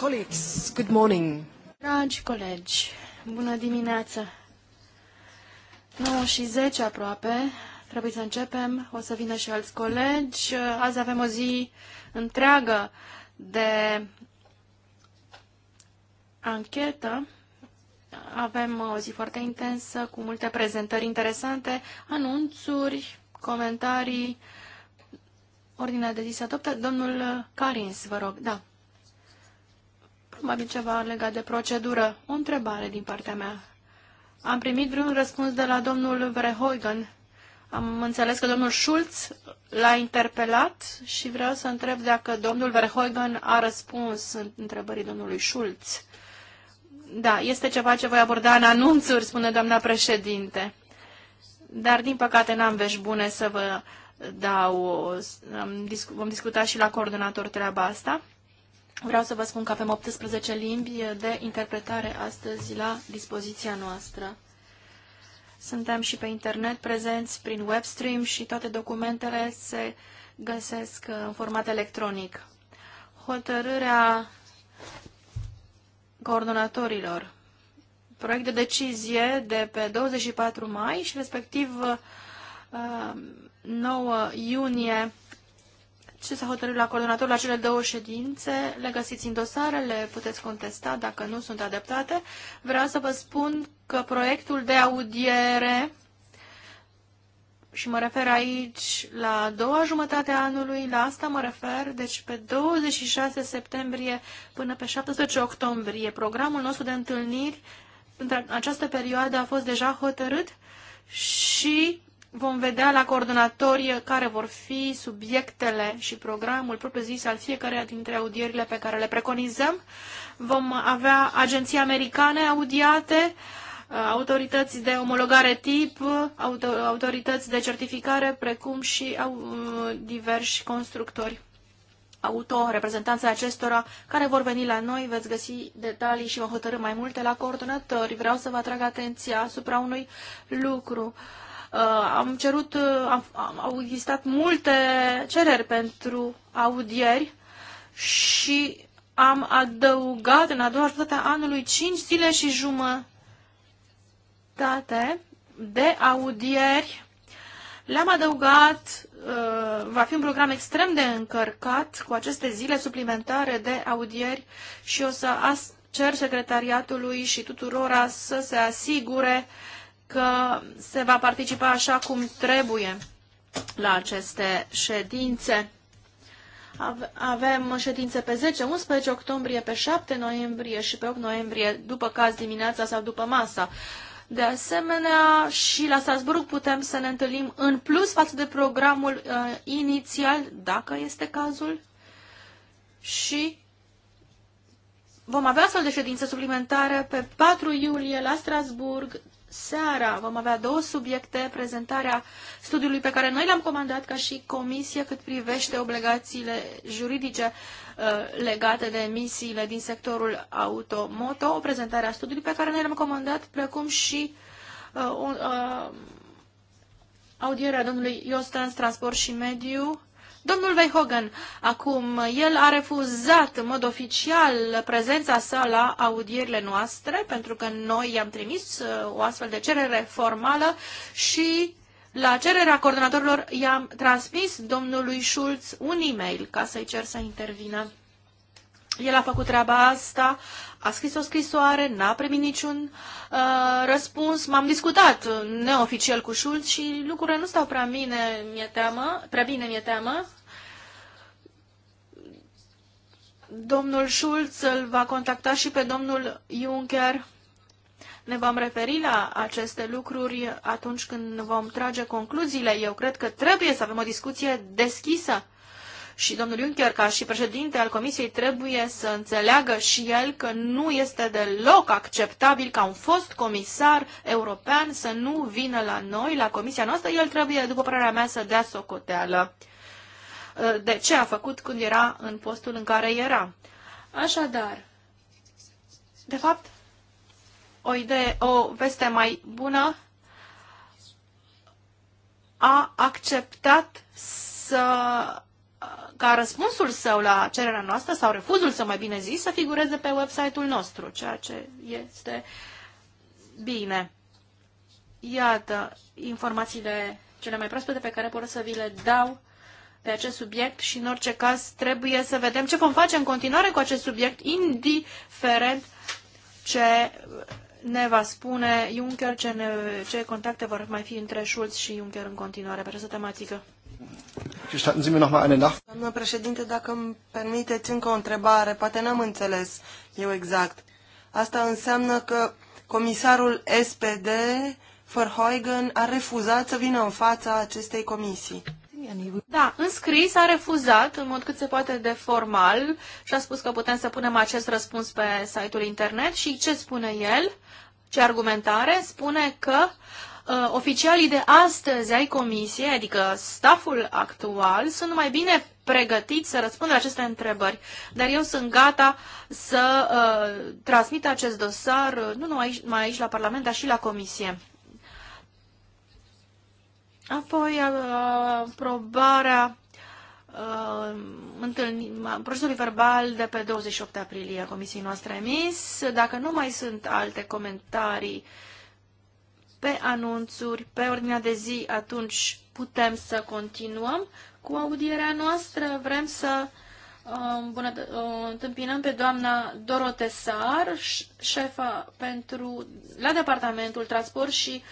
colleagues, good morning. Dragi colegi, bună dimineața. 9 și 10 aproape, trebuie să începem, o să vină și alți colegi. Azi avem o zi întreagă de anchetă. Avem o zi foarte intensă, cu multe prezentări interesante, anunțuri, comentarii, ordinea de zi se adoptă. Domnul Carins, vă rog, da probabil ceva legat de procedură. O întrebare din partea mea. Am primit vreun răspuns de la domnul Verhoeven. Am înțeles că domnul Schulz l-a interpelat și vreau să întreb dacă domnul Verhoeven a răspuns întrebării domnului Schulz. Da, este ceva ce voi aborda în anunțuri, spune doamna președinte. Dar, din păcate, n-am vești bune să vă dau. Vom discuta și la coordonator treaba asta. Vreau să vă spun că avem 18 limbi de interpretare astăzi la dispoziția noastră. Suntem și pe internet prezenți prin webstream și toate documentele se găsesc în format electronic. Hotărârea coordonatorilor. Proiect de decizie de pe 24 mai și respectiv 9 uh, iunie ce s-a hotărât la coordonator la cele două ședințe, le găsiți în dosare, le puteți contesta dacă nu sunt adaptate. Vreau să vă spun că proiectul de audiere, și mă refer aici la a doua jumătate a anului, la asta mă refer, deci pe 26 septembrie până pe 17 octombrie, programul nostru de întâlniri în această perioadă a fost deja hotărât și Vom vedea la coordonatori care vor fi subiectele și programul propriu-zis al fiecăreia dintre audierile pe care le preconizăm. Vom avea agenții americane audiate, uh, autorități de omologare tip, autorități de certificare, precum și uh, diversi constructori auto, reprezentanța acestora care vor veni la noi, veți găsi detalii și vom hotărâ mai multe la coordonatori. Vreau să vă atrag atenția asupra unui lucru. Uh, Uh, am cerut, uh, au existat multe cereri pentru audieri și am adăugat în a doua jumătate a anului 5 zile și jumătate de audieri. Le-am adăugat, uh, va fi un program extrem de încărcat cu aceste zile suplimentare de audieri și o să cer secretariatului și tuturora să se asigure uh, că se va participa așa cum trebuie la aceste ședințe. Avem ședințe pe 10-11 octombrie, pe 7 noiembrie și pe 8 noiembrie, după caz dimineața sau după masa. De asemenea, și la Salzburg putem să ne întâlnim în plus față de programul uh, inițial, dacă este cazul, și vom avea astfel de ședințe suplimentare pe 4 iulie la Strasburg, seara vom avea două subiecte, prezentarea studiului pe care noi l-am comandat ca și comisie cât privește obligațiile juridice uh, legate de emisiile din sectorul automoto, o prezentare a studiului pe care noi l-am comandat, precum și uh, uh, audierea domnului Iostans Transport și Mediu Domnul Weihogen, acum, el a refuzat în mod oficial prezența sa la audierile noastre, pentru că noi i-am trimis uh, o astfel de cerere formală și la cererea coordonatorilor i-am transmis domnului Schulz un e-mail ca să-i cer să intervină. El a făcut treaba asta, a scris o scrisoare, n-a primit niciun uh, răspuns. M-am discutat uh, neoficial cu Schulz și lucrurile nu stau prea bine, mi-e teamă, prea bine, mi-e teamă. Domnul Schulz îl va contacta și pe domnul Juncker. Ne vom referi la aceste lucruri atunci când vom trage concluziile. Eu cred că trebuie să avem o discuție deschisă și domnul Juncker, ca și președinte al Comisiei, trebuie să înțeleagă și el că nu este deloc acceptabil ca un fost comisar european să nu vină la noi, la Comisia noastră. El trebuie, după părerea mea, să dea socoteală de ce a făcut când era în postul în care era. Așadar, de fapt, o idee, o veste mai bună a acceptat să ca răspunsul său la cererea noastră, sau refuzul său mai bine zis, să figureze pe website-ul nostru, ceea ce este bine. Iată informațiile cele mai proaspete pe care pot să vi le dau pe acest subiect și în orice caz trebuie să vedem ce vom face în continuare cu acest subiect, indiferent ce ne va spune Juncker, ce, ne, ce contacte vor mai fi între Schulz și Juncker în continuare pe această tematică. Doamnă președinte, dacă îmi permiteți încă o întrebare, poate n-am înțeles eu exact. Asta înseamnă că comisarul SPD, Verheugen, a refuzat să vină în fața acestei comisii. Da, în scris a refuzat în mod cât se poate de formal și a spus că putem să punem acest răspuns pe site-ul internet și ce spune el? Ce argumentare? Spune că uh, oficialii de astăzi ai comisiei, adică staful actual, sunt mai bine pregătiți să răspundă aceste întrebări. Dar eu sunt gata să uh, transmit acest dosar, uh, nu numai aici, mai aici la Parlament, dar și la comisie. Apoi, uh, aprobarea uh, întâln... procesului verbal de pe 28 aprilie a comisiei noastre emis. Dacă nu mai sunt alte comentarii, uh, pe anunțuri, pe ordinea de zi, atunci putem să continuăm cu audierea noastră. Vrem să um, bună, uh, întâmpinăm pe doamna Dorotesar, șefa pentru, la Departamentul Transport și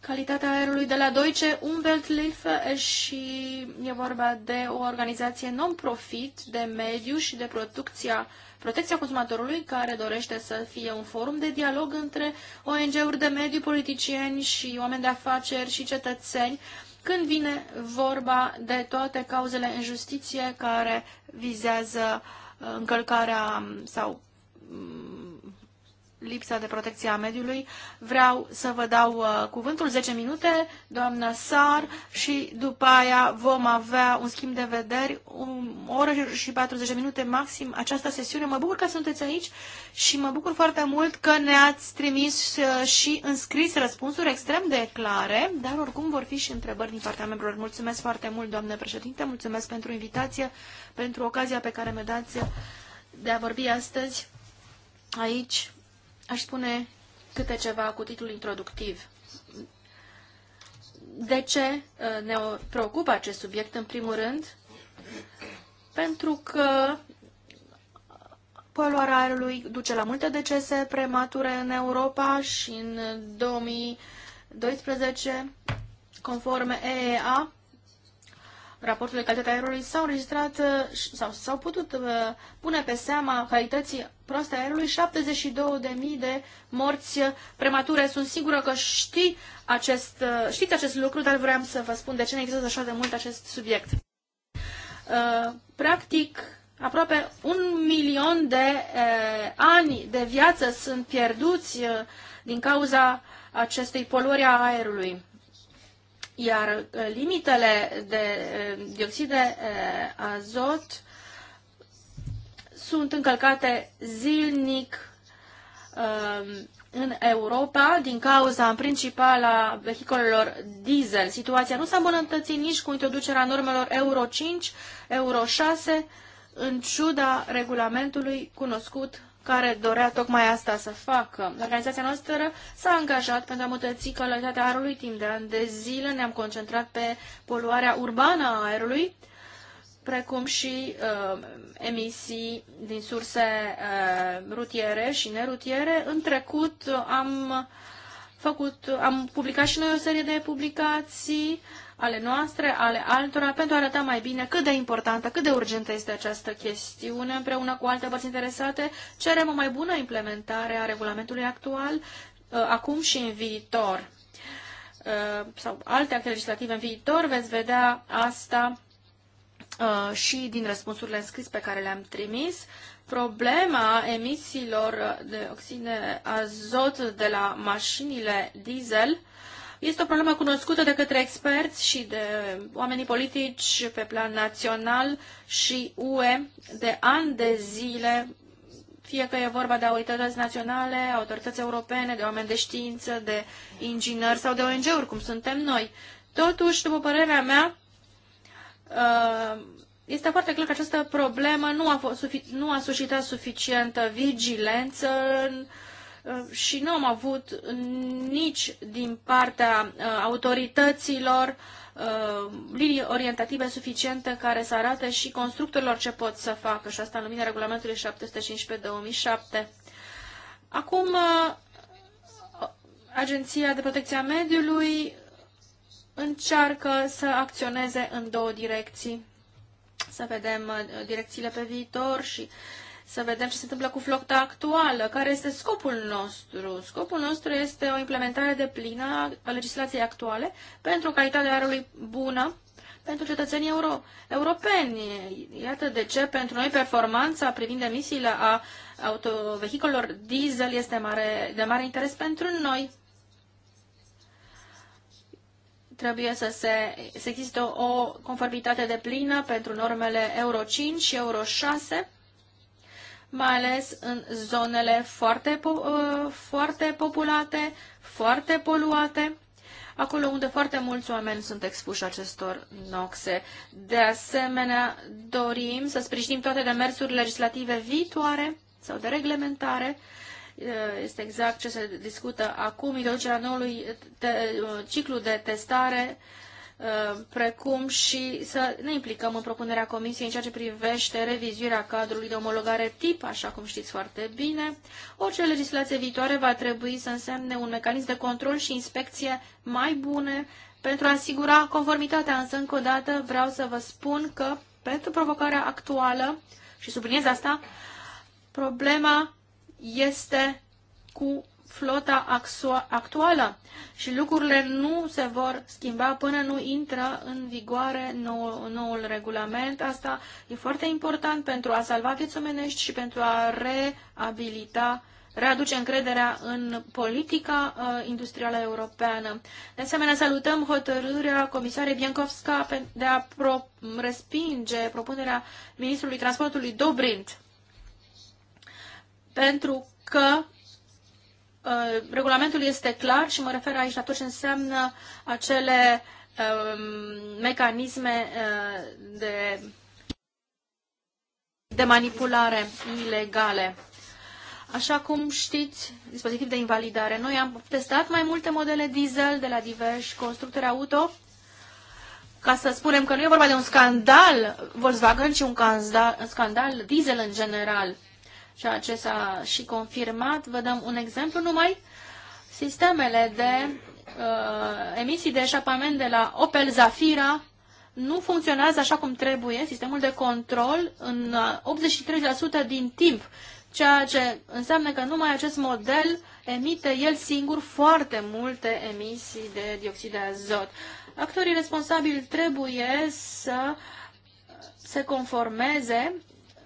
calitatea aerului de la Deutsche Umwelthilfe și e vorba de o organizație non-profit de mediu și de producția protecția consumatorului, care dorește să fie un forum de dialog între ONG-uri de mediu, politicieni și oameni de afaceri și cetățeni, când vine vorba de toate cauzele în justiție care vizează uh, încălcarea um, sau um, lipsa de protecție a mediului. Vreau să vă dau uh, cuvântul 10 minute, doamnă Sar, și după aia vom avea un schimb de vederi, o oră și 40 minute maxim această sesiune. Mă bucur că sunteți aici și mă bucur foarte mult că ne-ați trimis uh, și înscris răspunsuri extrem de clare, dar oricum vor fi și întrebări din partea membrilor. Mulțumesc foarte mult, doamnă președinte, mulțumesc pentru invitație, pentru ocazia pe care mi-o dați de a vorbi astăzi aici aș spune câte ceva cu titlul introductiv. De ce uh, ne preocupă acest subiect, în primul rând? Pentru că poluarea aerului duce la multe decese premature în Europa și în 2012, conform EEA, raportul de calitate aerului s-au înregistrat uh, sau s-au putut uh, pune pe seama calității proaste aerului, 72.000 de morți premature. Sunt sigură că știi acest, uh, știți acest lucru, dar vreau să vă spun de ce ne există așa de mult acest subiect. Uh, practic, aproape un milion de uh, ani de viață sunt pierduți din cauza acestei poluări a aerului. Iar limitele de dioxid de azot sunt încălcate zilnic um, în Europa din cauza în principal a vehicolelor diesel. Situația nu s-a îmbunătățit nici cu introducerea normelor Euro 5, Euro 6, în ciuda regulamentului cunoscut care dorea tocmai asta să facă. Organizația noastră s-a angajat pentru a mutăți calitatea aerului timp de ani de zile. Ne-am concentrat pe poluarea urbană a aerului, precum și uh, emisii din surse uh, rutiere și nerutiere. În trecut am făcut, am publicat și noi o serie de publicații ale noastre, ale altora, pentru a arăta mai bine cât de importantă, cât de urgentă este această chestiune. Împreună cu alte părți interesate, cerem o mai bună implementare a regulamentului actual, uh, acum și în viitor. Uh, sau alte acte legislative în viitor, veți vedea asta Uh, și din răspunsurile scris pe care le-am trimis, problema emisiilor de oxid de azot de la mașinile diesel este o problemă cunoscută de către experți și de oamenii politici pe plan național și UE de ani de zile, fie că e vorba de autorități naționale, autorități europene, de oameni de știință, de ingineri sau de ONG-uri, cum suntem noi. Totuși, după părerea mea, Uh, este foarte clar că această problemă nu a, fost, nu a suscitat suficientă vigilență uh, și nu am avut nici din partea uh, autorităților linii orientative suficiente care să arate și constructorilor ce pot să facă și asta în lumina regulamentului 715-2007. Acum, Agenția de Protecție a Mediului încearcă să acționeze în două direcții. Să vedem uh, direcțiile pe viitor și să vedem ce se întâmplă cu flota actuală, care este scopul nostru. Scopul nostru este o implementare de plină a legislației actuale pentru calitatea aerului bună pentru cetățenii euro europeni. Iată de ce pentru noi performanța privind emisiile a autovehicolor diesel este mare, de mare interes pentru noi trebuie să, se, să existe o, conformitate de plină pentru normele Euro 5 și Euro 6, mai ales în zonele foarte, uh, foarte populate, foarte poluate, acolo unde foarte mulți oameni sunt expuși acestor noxe. De asemenea, dorim să sprijinim toate demersurile legislative viitoare sau de reglementare Eh, este exact ce se discută acum, introducerea noului eh, ciclu de testare, eh, precum și să ne implicăm în propunerea Comisiei în ceea ce privește revizuirea cadrului de omologare tip, așa cum știți foarte bine. Orice legislație viitoare va trebui să însemne un mecanism de control și inspecție mai bune pentru a asigura conformitatea, însă încă o dată vreau să vă spun că pentru provocarea actuală, și subliniez asta, problema este cu flota actuală și lucrurile nu se vor schimba până nu intră în vigoare nou, noul regulament. Asta e foarte important pentru a salva vieți omenești și pentru a reabilita readuce încrederea în politica uh, industrială europeană. De asemenea, salutăm hotărârea comisarei Biancovska de a pro- respinge propunerea ministrului transportului Dobrint pentru că uh, regulamentul este clar și mă refer aici la tot ce înseamnă acele uh, mecanisme uh, de, de manipulare ilegale. Așa cum știți, dispozitiv de invalidare. Noi am testat mai multe modele diesel de la diversi constructori auto ca să spunem că nu e vorba de un scandal Volkswagen, ci un scandal diesel în general și ce s-a și confirmat. Vă dăm un exemplu numai. Sistemele de uh, emisii de eșapament de la Opel Zafira nu funcționează așa cum trebuie, sistemul de control, în 83% uh, din timp, ceea ce înseamnă că numai acest model emite el singur foarte multe emisii de dioxid de azot. Actorii responsabili trebuie să se conformeze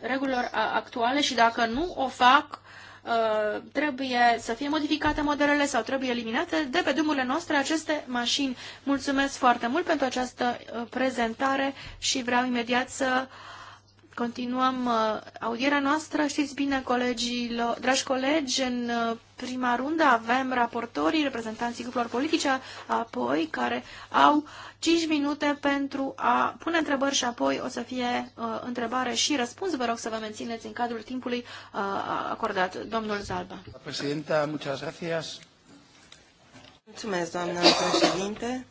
regulilor uh, actuale și dacă nu o fac, uh, trebuie să fie modificate modelele sau trebuie eliminate de pe drumurile noastre aceste mașini. Mulțumesc foarte mult pentru această uh, prezentare și vreau imediat să uh, Continuăm uh, audierea noastră. Știți bine, colegii, dragi colegi, în uh, prima rundă avem raportorii, reprezentanții grupurilor politice, apoi care au 5 minute pentru a pune întrebări și apoi o să fie uh, întrebare și răspuns. Vă rog să vă mențineți în cadrul timpului uh, acordat. Domnul Zalba. Președinte, muchas gracias. Mulțumesc, doamna președinte.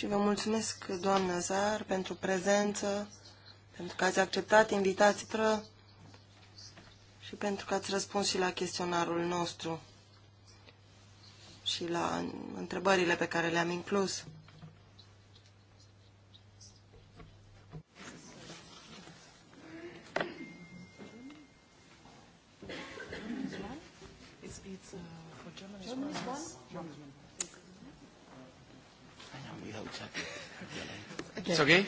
și vă mulțumesc, doamna Zar, pentru prezență, pentru că ați acceptat invitația și pentru că ați răspuns și la chestionarul nostru și la întrebările pe care le-am inclus. It's okay?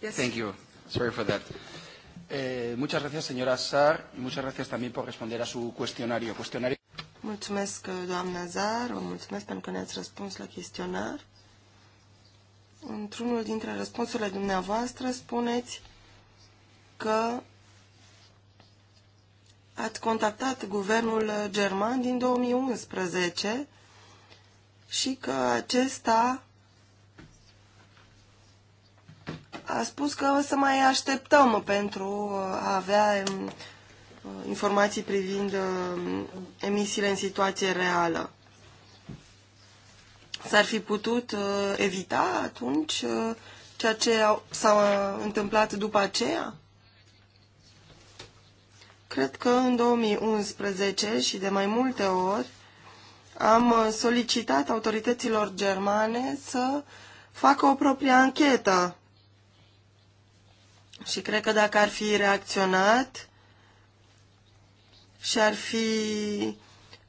Yes. Thank you. Sorry for that. Eh, muchas gracias, señora Sar, y muchas gracias también por responder a su cuestionario. cuestionario. Mulțumesc, eh, doamna Zar, vă mulțumesc pentru că ne-ați răspuns la chestionar. Într-unul dintre răspunsurile dumneavoastră spuneți că ați contactat guvernul eh, german din 2011 și că acesta a spus că o să mai așteptăm pentru a avea um, uh, informații privind um, emisiile în situație reală. S-ar fi putut uh, evita atunci uh, ceea ce s-a întâmplat după aceea? Cred că în 2011 și de mai multe ori am solicitat autorităților germane să facă o proprie anchetă și cred că dacă ar fi reacționat și ar fi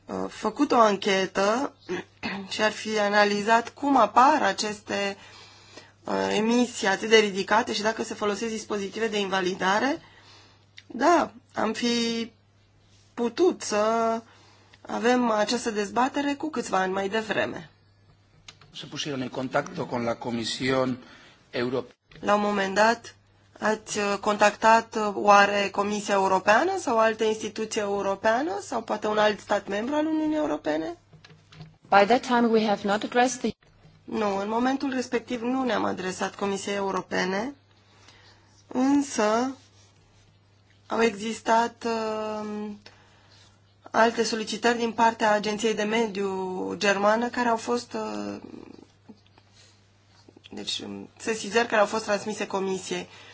uh, făcut o anchetă și ar fi analizat cum apar aceste uh, emisii atât de ridicate și dacă se folosesc dispozitive de invalidare, da, am fi putut să avem această dezbatere cu câțiva ani mai devreme. Se pusieron în contact cu la Comisión Europeană. La un moment dat, Ați uh, contactat uh, oare Comisia Europeană sau alte instituții europeană sau poate un alt stat membru al Uniunii Europene? By that time we have not addressed the... Nu, în momentul respectiv nu ne-am adresat Comisiei Europene, însă au existat uh, alte solicitări din partea Agenției de Mediu Germană care au fost uh, deci sesizări care au fost transmise Comisiei. Uh,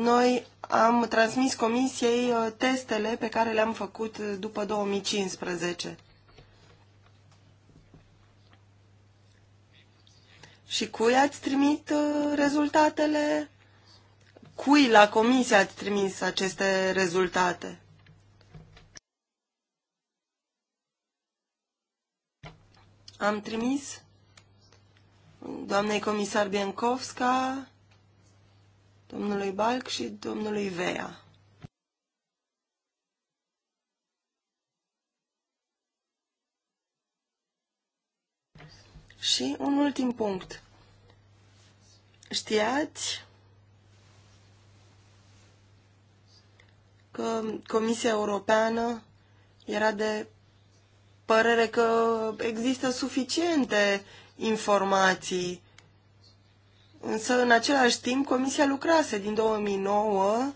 noi am transmis comisiei uh, testele pe care le-am făcut uh, după 2015. Și cui ați trimit uh, rezultatele? Cui la comisie ați trimis aceste rezultate? Am trimis doamnei comisar Biencovska, domnului Balc și domnului Vea. Și un ultim punct. Știați că Comisia Europeană era de părere că există suficiente informații Însă, în același timp, Comisia lucrase din 2009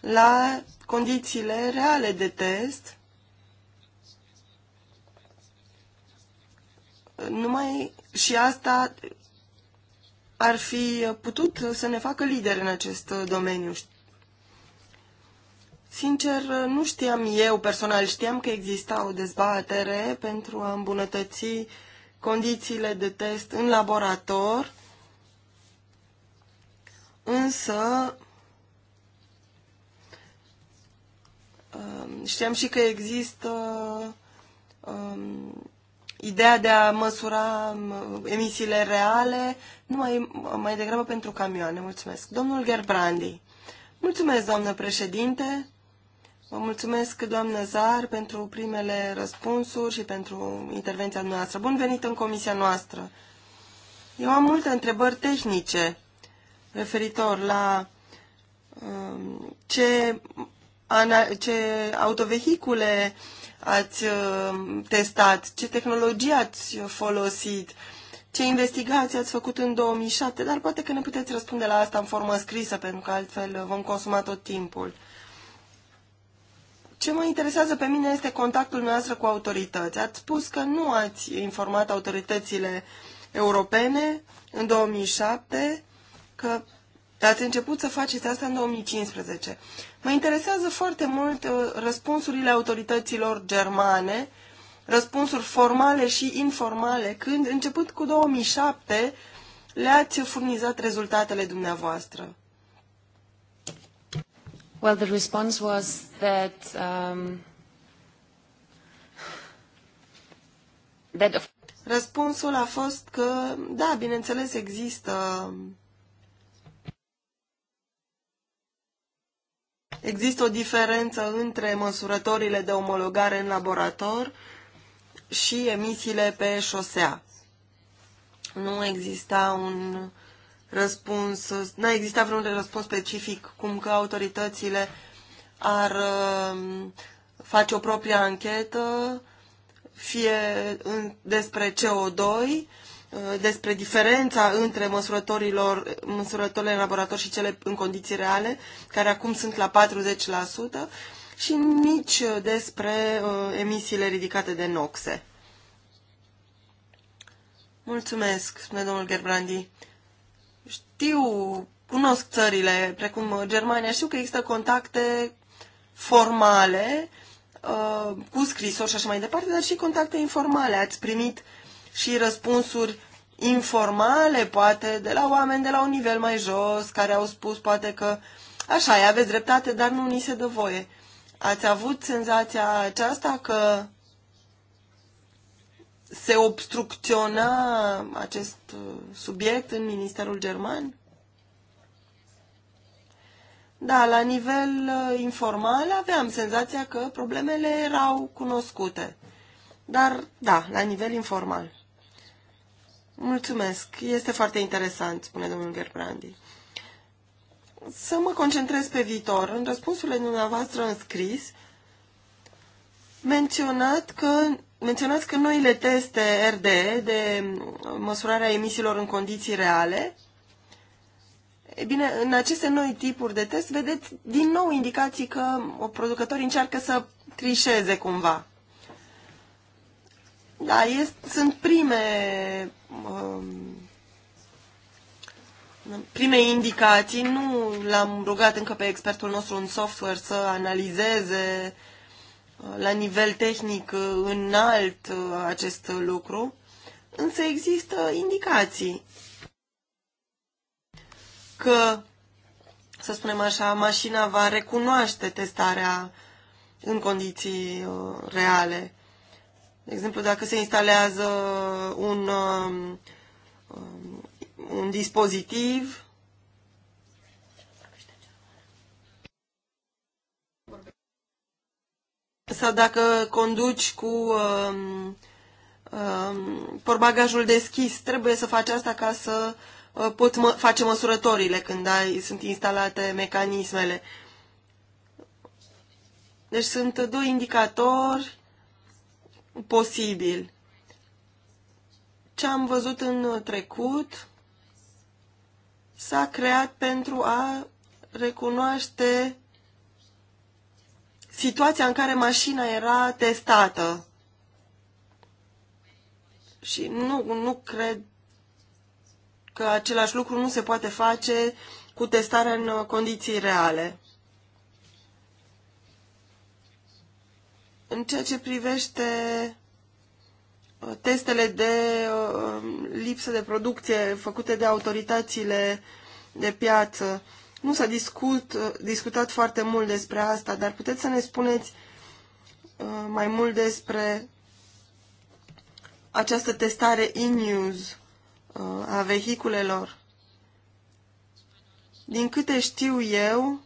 la condițiile reale de test, numai și asta ar fi putut să ne facă lideri în acest domeniu. Sincer, nu știam eu personal, știam că exista o dezbatere pentru a îmbunătăți condițiile de test în laborator Însă um, știam și că există um, ideea de a măsura um, emisiile reale, numai mai degrabă pentru camioane. Mulțumesc. Domnul Gerbrandi. Mulțumesc, doamnă președinte. Vă mulțumesc, doamnă Zar, pentru primele răspunsuri și pentru intervenția noastră. Bun venit în comisia noastră. Eu am multe întrebări tehnice referitor la um, ce, ce autovehicule ați um, testat, ce tehnologie ați folosit, ce investigații ați făcut în 2007, dar poate că ne puteți răspunde la asta în formă scrisă, pentru că altfel vom consuma tot timpul. Ce mă interesează pe mine este contactul noastră cu autorități. Ați spus că nu ați informat autoritățile europene în 2007 că ați început să faceți asta în 2015. Mă interesează foarte mult uh, răspunsurile autorităților germane, răspunsuri formale și informale, când, început cu 2007, le-ați furnizat rezultatele dumneavoastră. Well, the response was that um, that of... Răspunsul a fost că, da, bineînțeles, există Există o diferență între măsurătorile de omologare în laborator și emisiile pe șosea. Nu exista un răspuns, n-a existat vreun răspuns specific cum că autoritățile ar uh, face o proprie anchetă fie în, despre CO2 Uh, despre diferența între măsurătorilor, măsurătorile în laborator și cele în condiții reale, care acum sunt la 40%, și nici despre uh, emisiile ridicate de noxe. Mulțumesc, spune domnul Gerbrandi. Știu, cunosc țările, precum Germania, știu că există contacte formale, uh, cu scrisori și așa mai departe, dar și contacte informale. Ați primit uh, și răspunsuri informale, poate, de la oameni de la un nivel mai jos, care au spus poate că așa e, aveți dreptate, dar nu ni se dă voie. Ați avut senzația aceasta că se obstrucționa acest uh, subiect în Ministerul German? Da, la nivel uh, informal aveam senzația că problemele erau cunoscute. Dar, da, la nivel informal. Mulțumesc. Este foarte interesant, spune domnul Gerbrandi. Să mă concentrez pe viitor. În răspunsurile dumneavoastră în scris, menționat că, menționați că noile teste RDE de măsurarea emisiilor în condiții reale, e bine, în aceste noi tipuri de test vedeți din nou indicații că o producători încearcă să trișeze cumva. Da, este, sunt prime Um, prime indicații, nu l-am rugat încă pe expertul nostru în software să analizeze uh, la nivel tehnic uh, înalt uh, acest lucru, însă există indicații că, să spunem așa, mașina va recunoaște testarea în condiții reale. De exemplu, dacă se instalează un, um, un dispozitiv sau dacă conduci cu um, um, porbagajul deschis, trebuie să faci asta ca să uh, poți mă, face măsurătorile când ai, sunt instalate mecanismele. Deci sunt doi indicatori posibil. Ce am văzut în trecut s-a creat pentru a recunoaște situația în care mașina era testată. Și nu, nu cred că același lucru nu se poate face cu testarea în condiții reale. În ceea ce privește uh, testele de uh, lipsă de producție făcute de autoritățile de piață, nu s-a discut, uh, discutat foarte mult despre asta, dar puteți să ne spuneți mai mult despre această testare in-use a vehiculelor. Din câte știu eu,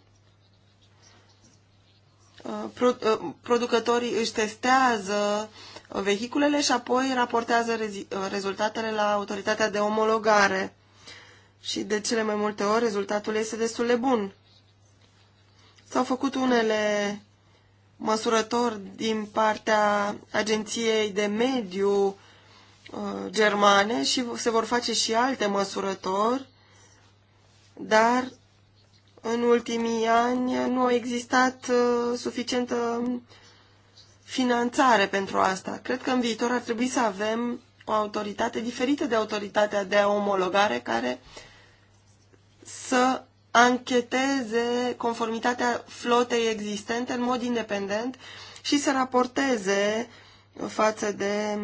Uh, uh, producătorii își testează vehiculele și apoi raportează uh, rezultatele la autoritatea de omologare. Și de cele mai multe ori rezultatul este destul de bun. S-au făcut unele măsurători din partea Agenției de Mediu germane și se vor face și alte măsurători, dar în ultimii ani nu a existat uh, suficientă finanțare pentru asta. Cred că în viitor ar trebui să avem o autoritate diferită de autoritatea de omologare care să ancheteze conformitatea flotei existente în mod independent și să raporteze față de,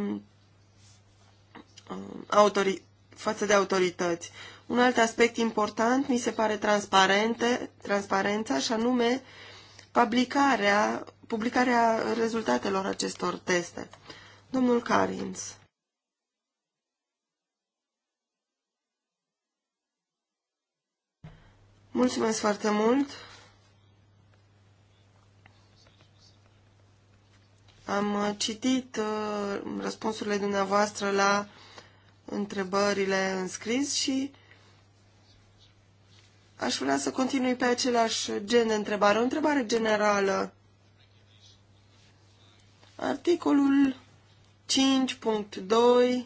um, autori, față de autorități. Un alt aspect important mi se pare transparente, transparența și anume publicarea, publicarea rezultatelor acestor teste. Domnul Carins. Mulțumesc foarte mult. Am citit uh, răspunsurile dumneavoastră la întrebările înscris și Aș vrea să continui pe același gen de întrebare, o întrebare generală. Articolul 5.2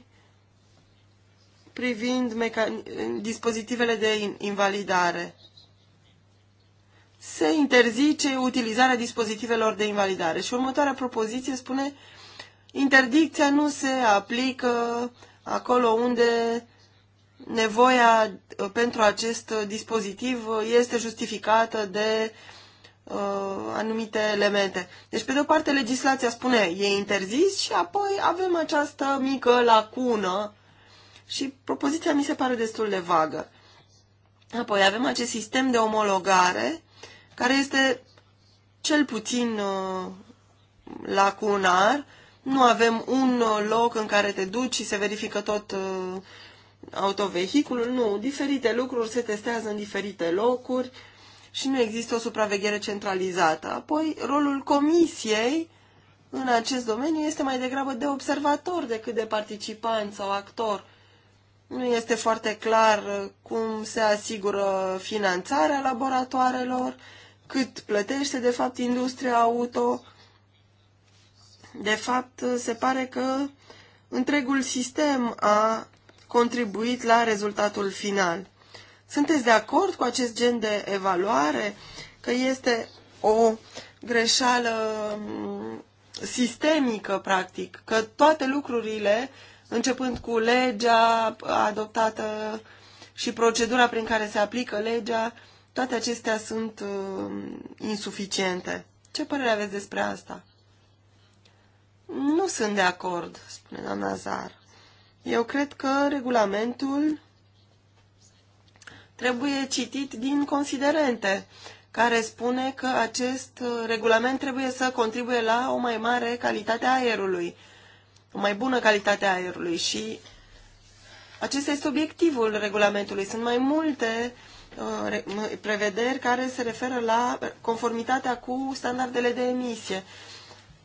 privind dispozitivele de invalidare. Se interzice utilizarea dispozitivelor de invalidare și următoarea propoziție spune interdicția nu se aplică acolo unde nevoia uh, pentru acest uh, dispozitiv uh, este justificată de uh, anumite elemente. Deci, pe de o parte, legislația spune e interzis și apoi avem această mică lacună și propoziția mi se pare destul de vagă. Apoi avem acest sistem de omologare care este cel puțin uh, lacunar. Nu avem un loc în care te duci și se verifică tot uh, autovehiculul, nu. Diferite lucruri se testează în diferite locuri și nu există o supraveghere centralizată. Apoi, rolul comisiei în acest domeniu este mai degrabă de observator decât de participant sau actor. Nu este foarte clar uh, cum se asigură finanțarea laboratoarelor, cât plătește de fapt industria auto. De fapt, uh, se pare că întregul sistem a contribuit la rezultatul final. Sunteți de acord cu acest gen de evaluare? Că este o greșeală mm, sistemică, practic, că toate lucrurile, începând cu legea adoptată și procedura prin care se aplică legea, toate acestea sunt uh, insuficiente. Ce părere aveți despre asta? Nu sunt de acord, spune doamna Zar. Eu cred că regulamentul trebuie citit din considerente, care spune că acest regulament trebuie să contribuie la o mai mare calitate a aerului, o mai bună calitate a aerului și acesta este obiectivul regulamentului. Sunt mai multe uh, prevederi care se referă la conformitatea cu standardele de emisie.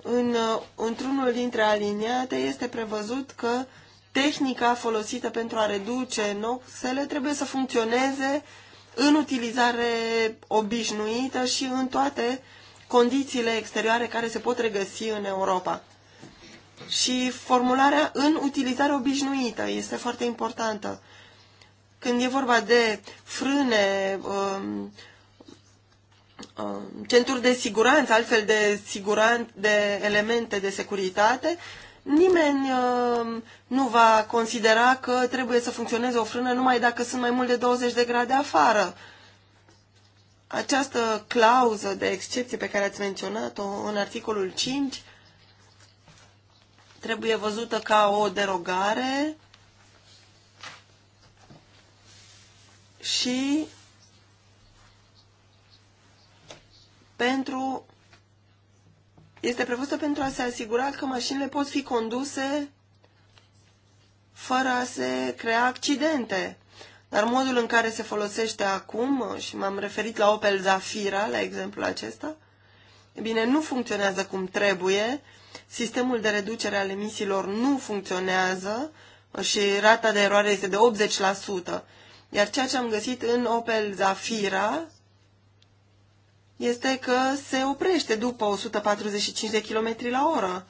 În, uh, într-unul dintre aliniate este prevăzut că uh, tehnica folosită pentru a reduce noxele trebuie să funcționeze în utilizare obișnuită și în toate condițiile exterioare care se pot regăsi în Europa. Și formularea în utilizare obișnuită este foarte importantă. Când e vorba de frâne, um, um, centuri de siguranță, altfel de, siguran, de elemente de securitate, Nimeni uh, nu va considera că trebuie să funcționeze o frână numai dacă sunt mai mult de 20 de grade afară. Această clauză de excepție pe care ați menționat-o în articolul 5 trebuie văzută ca o derogare și pentru este prevăzută pentru a se asigura că mașinile pot fi conduse fără a se crea accidente. Dar modul în care se folosește acum, și m-am referit la Opel Zafira, la exemplul acesta, e bine, nu funcționează cum trebuie, sistemul de reducere al emisiilor nu funcționează și rata de eroare este de 80%. Iar ceea ce am găsit în Opel Zafira este că se oprește după 145 de km la oră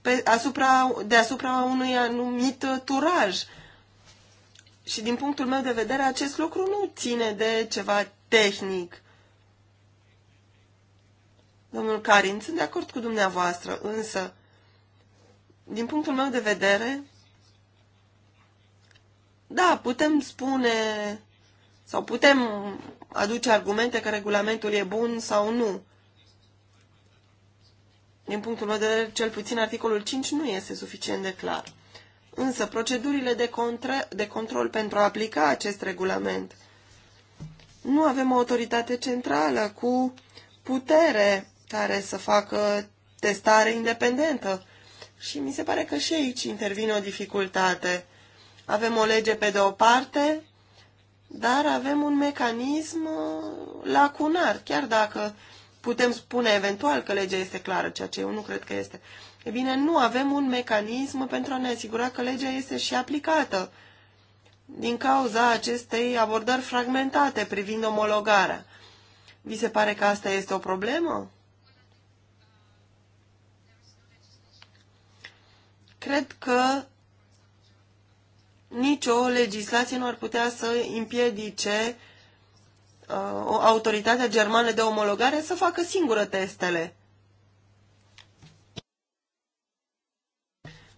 pe, asupra, deasupra unui anumit turaj. Și din punctul meu de vedere, acest lucru nu ține de ceva tehnic. Domnul Carin, sunt de acord cu dumneavoastră, însă, din punctul meu de vedere, da, putem spune sau putem aduce argumente că regulamentul e bun sau nu. Din punctul meu de vedere, cel puțin articolul 5 nu este suficient de clar. Însă, procedurile de, contra, de control pentru a aplica acest regulament. Nu avem o autoritate centrală cu putere care să facă testare independentă. Și mi se pare că și aici intervine o dificultate. Avem o lege pe de o parte dar avem un mecanism uh, lacunar, chiar dacă putem spune eventual că legea este clară, ceea ce eu nu cred că este. E bine, nu avem un mecanism pentru a ne asigura că legea este și aplicată din cauza acestei abordări fragmentate privind omologarea. Vi se pare că asta este o problemă? Cred că nicio legislație nu ar putea să împiedice uh, o autoritate germană de omologare să facă singură testele.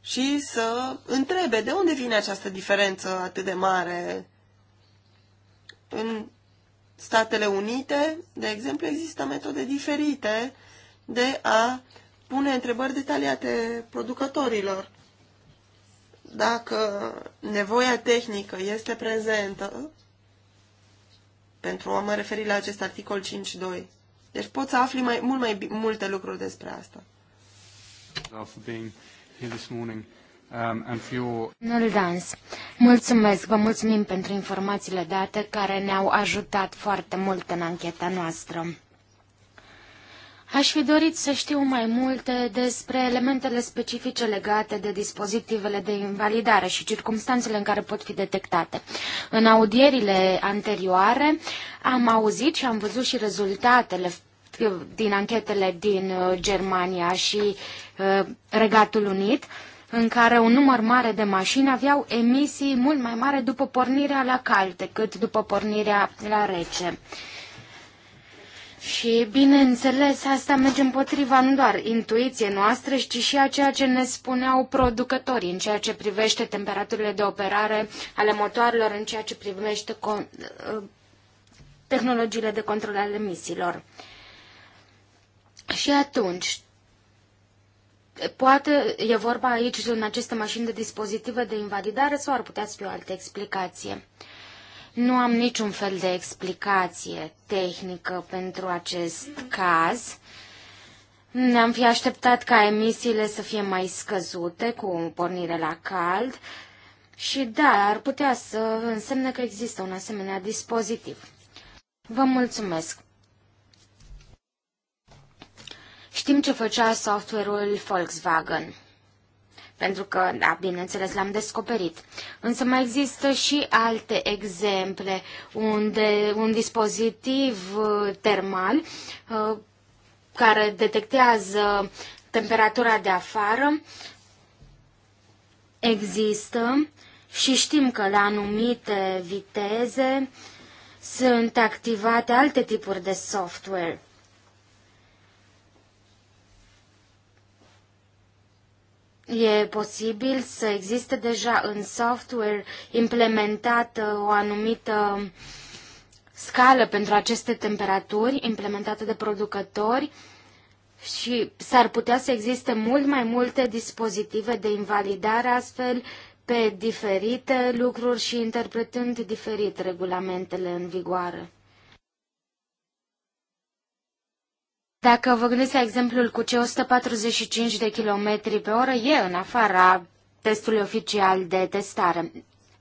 Și să întrebe de unde vine această diferență atât de mare. În Statele Unite, de exemplu, există metode diferite de a pune întrebări detaliate producătorilor dacă nevoia tehnică este prezentă, pentru a mă referi la acest articol 5.2, deci poți să afli mai, mult mai multe lucruri despre asta. Um, Dans, mulțumesc, vă mulțumim pentru informațiile date care ne-au ajutat foarte mult în ancheta noastră. Aș fi dorit să știu mai multe despre elementele specifice legate de dispozitivele de invalidare și circumstanțele în care pot fi detectate. În audierile anterioare am auzit și am văzut și rezultatele din anchetele din uh, Germania și uh, Regatul Unit, în care un număr mare de mașini aveau emisii mult mai mare după pornirea la cald decât după pornirea la rece. Și, bineînțeles, asta merge împotriva nu doar intuiției noastre, ci și a ceea ce ne spuneau producătorii în ceea ce privește temperaturile de operare ale motoarelor, în ceea ce privește uh, tehnologiile de control ale emisiilor. Și atunci, poate e vorba aici în aceste mașini de dispozitive de invalidare sau ar putea fi o altă explicație. Nu am niciun fel de explicație tehnică pentru acest caz. Ne-am fi așteptat ca emisiile să fie mai scăzute cu o pornire la cald și da, ar putea să însemne că există un asemenea dispozitiv. Vă mulțumesc! Știm ce făcea software-ul Volkswagen pentru că, da, bineînțeles, l-am descoperit. Însă mai există și alte exemple unde un dispozitiv uh, termal uh, care detectează temperatura de afară există și știm că la anumite viteze sunt activate alte tipuri de software. E posibil să existe deja în software implementată o anumită scală pentru aceste temperaturi implementată de producători și s-ar putea să existe mult mai multe dispozitive de invalidare astfel pe diferite lucruri și interpretând diferit regulamentele în vigoare. Dacă vă gândiți la exemplul cu cei 145 de km pe oră, e în afara testului oficial de testare,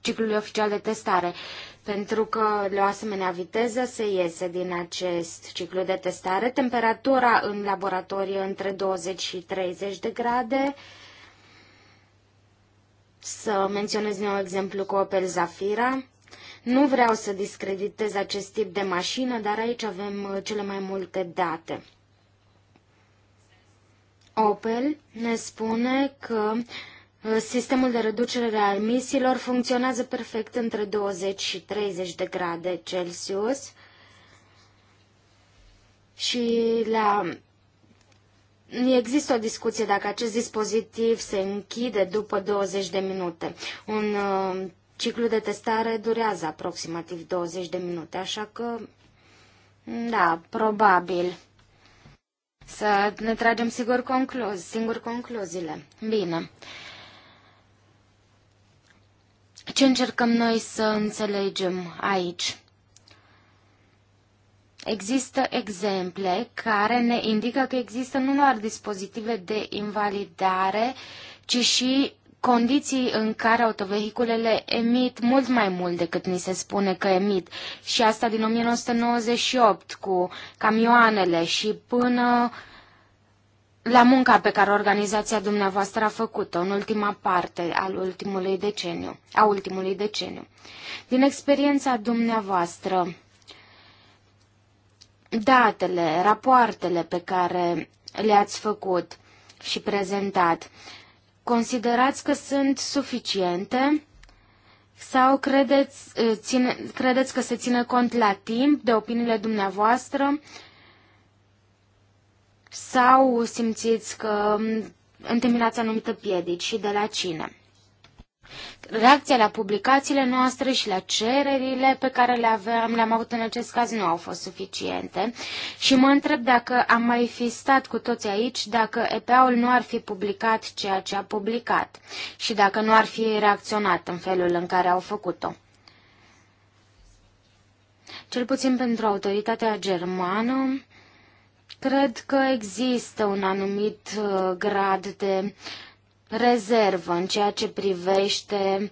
ciclului oficial de testare, pentru că la o asemenea viteză se iese din acest ciclu de testare. Temperatura în laboratorie între 20 și 30 de grade. Să menționez un exemplu cu Opel Zafira. Nu vreau să discreditez acest tip de mașină, dar aici avem cele mai multe date. Opel ne spune că uh, sistemul de reducere a emisiilor funcționează perfect între 20 și 30 de grade Celsius și la Există o discuție dacă acest dispozitiv se închide după 20 de minute. Un uh, ciclu de testare durează aproximativ 20 de minute, așa că, da, probabil. Să ne tragem sigur concluzi, singur concluziile. Bine. Ce încercăm noi să înțelegem aici? Există exemple care ne indică că există nu doar dispozitive de invalidare, ci și condiții în care autovehiculele emit mult mai mult decât ni se spune că emit. Și asta din 1998 cu camioanele și până la munca pe care organizația dumneavoastră a făcut-o în ultima parte al ultimului deceniu, a ultimului deceniu. Din experiența dumneavoastră, datele, rapoartele pe care le-ați făcut și prezentat, uh, Considerați că sunt suficiente sau credeți, ă, ține, credeți că se ține cont la timp de opiniile dumneavoastră sau simțiți că mm, întâmpinați anumite piedici și de la cine? Reacția la publicațiile noastre și la cererile pe care le aveam, le-am avut în acest caz, nu au fost suficiente. Și mă întreb dacă am mai fi stat cu toți aici, dacă EPA-ul nu ar fi publicat ceea ce a publicat și dacă nu ar fi reacționat în felul în care au făcut-o. Cel puțin pentru autoritatea germană, cred că există un anumit uh, grad de rezervă în ceea ce privește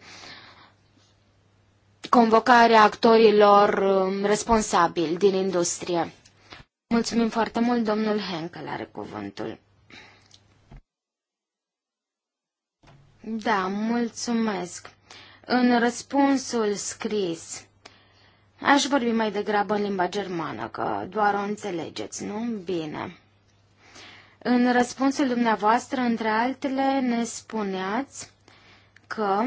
convocarea actorilor um, responsabili din industrie. Mulțumim foarte mult, domnul Henkel are cuvântul. Da, mulțumesc. În răspunsul scris, aș vorbi mai degrabă în limba germană, că doar o înțelegeți, nu? Bine. În răspunsul dumneavoastră, între altele, ne spuneați că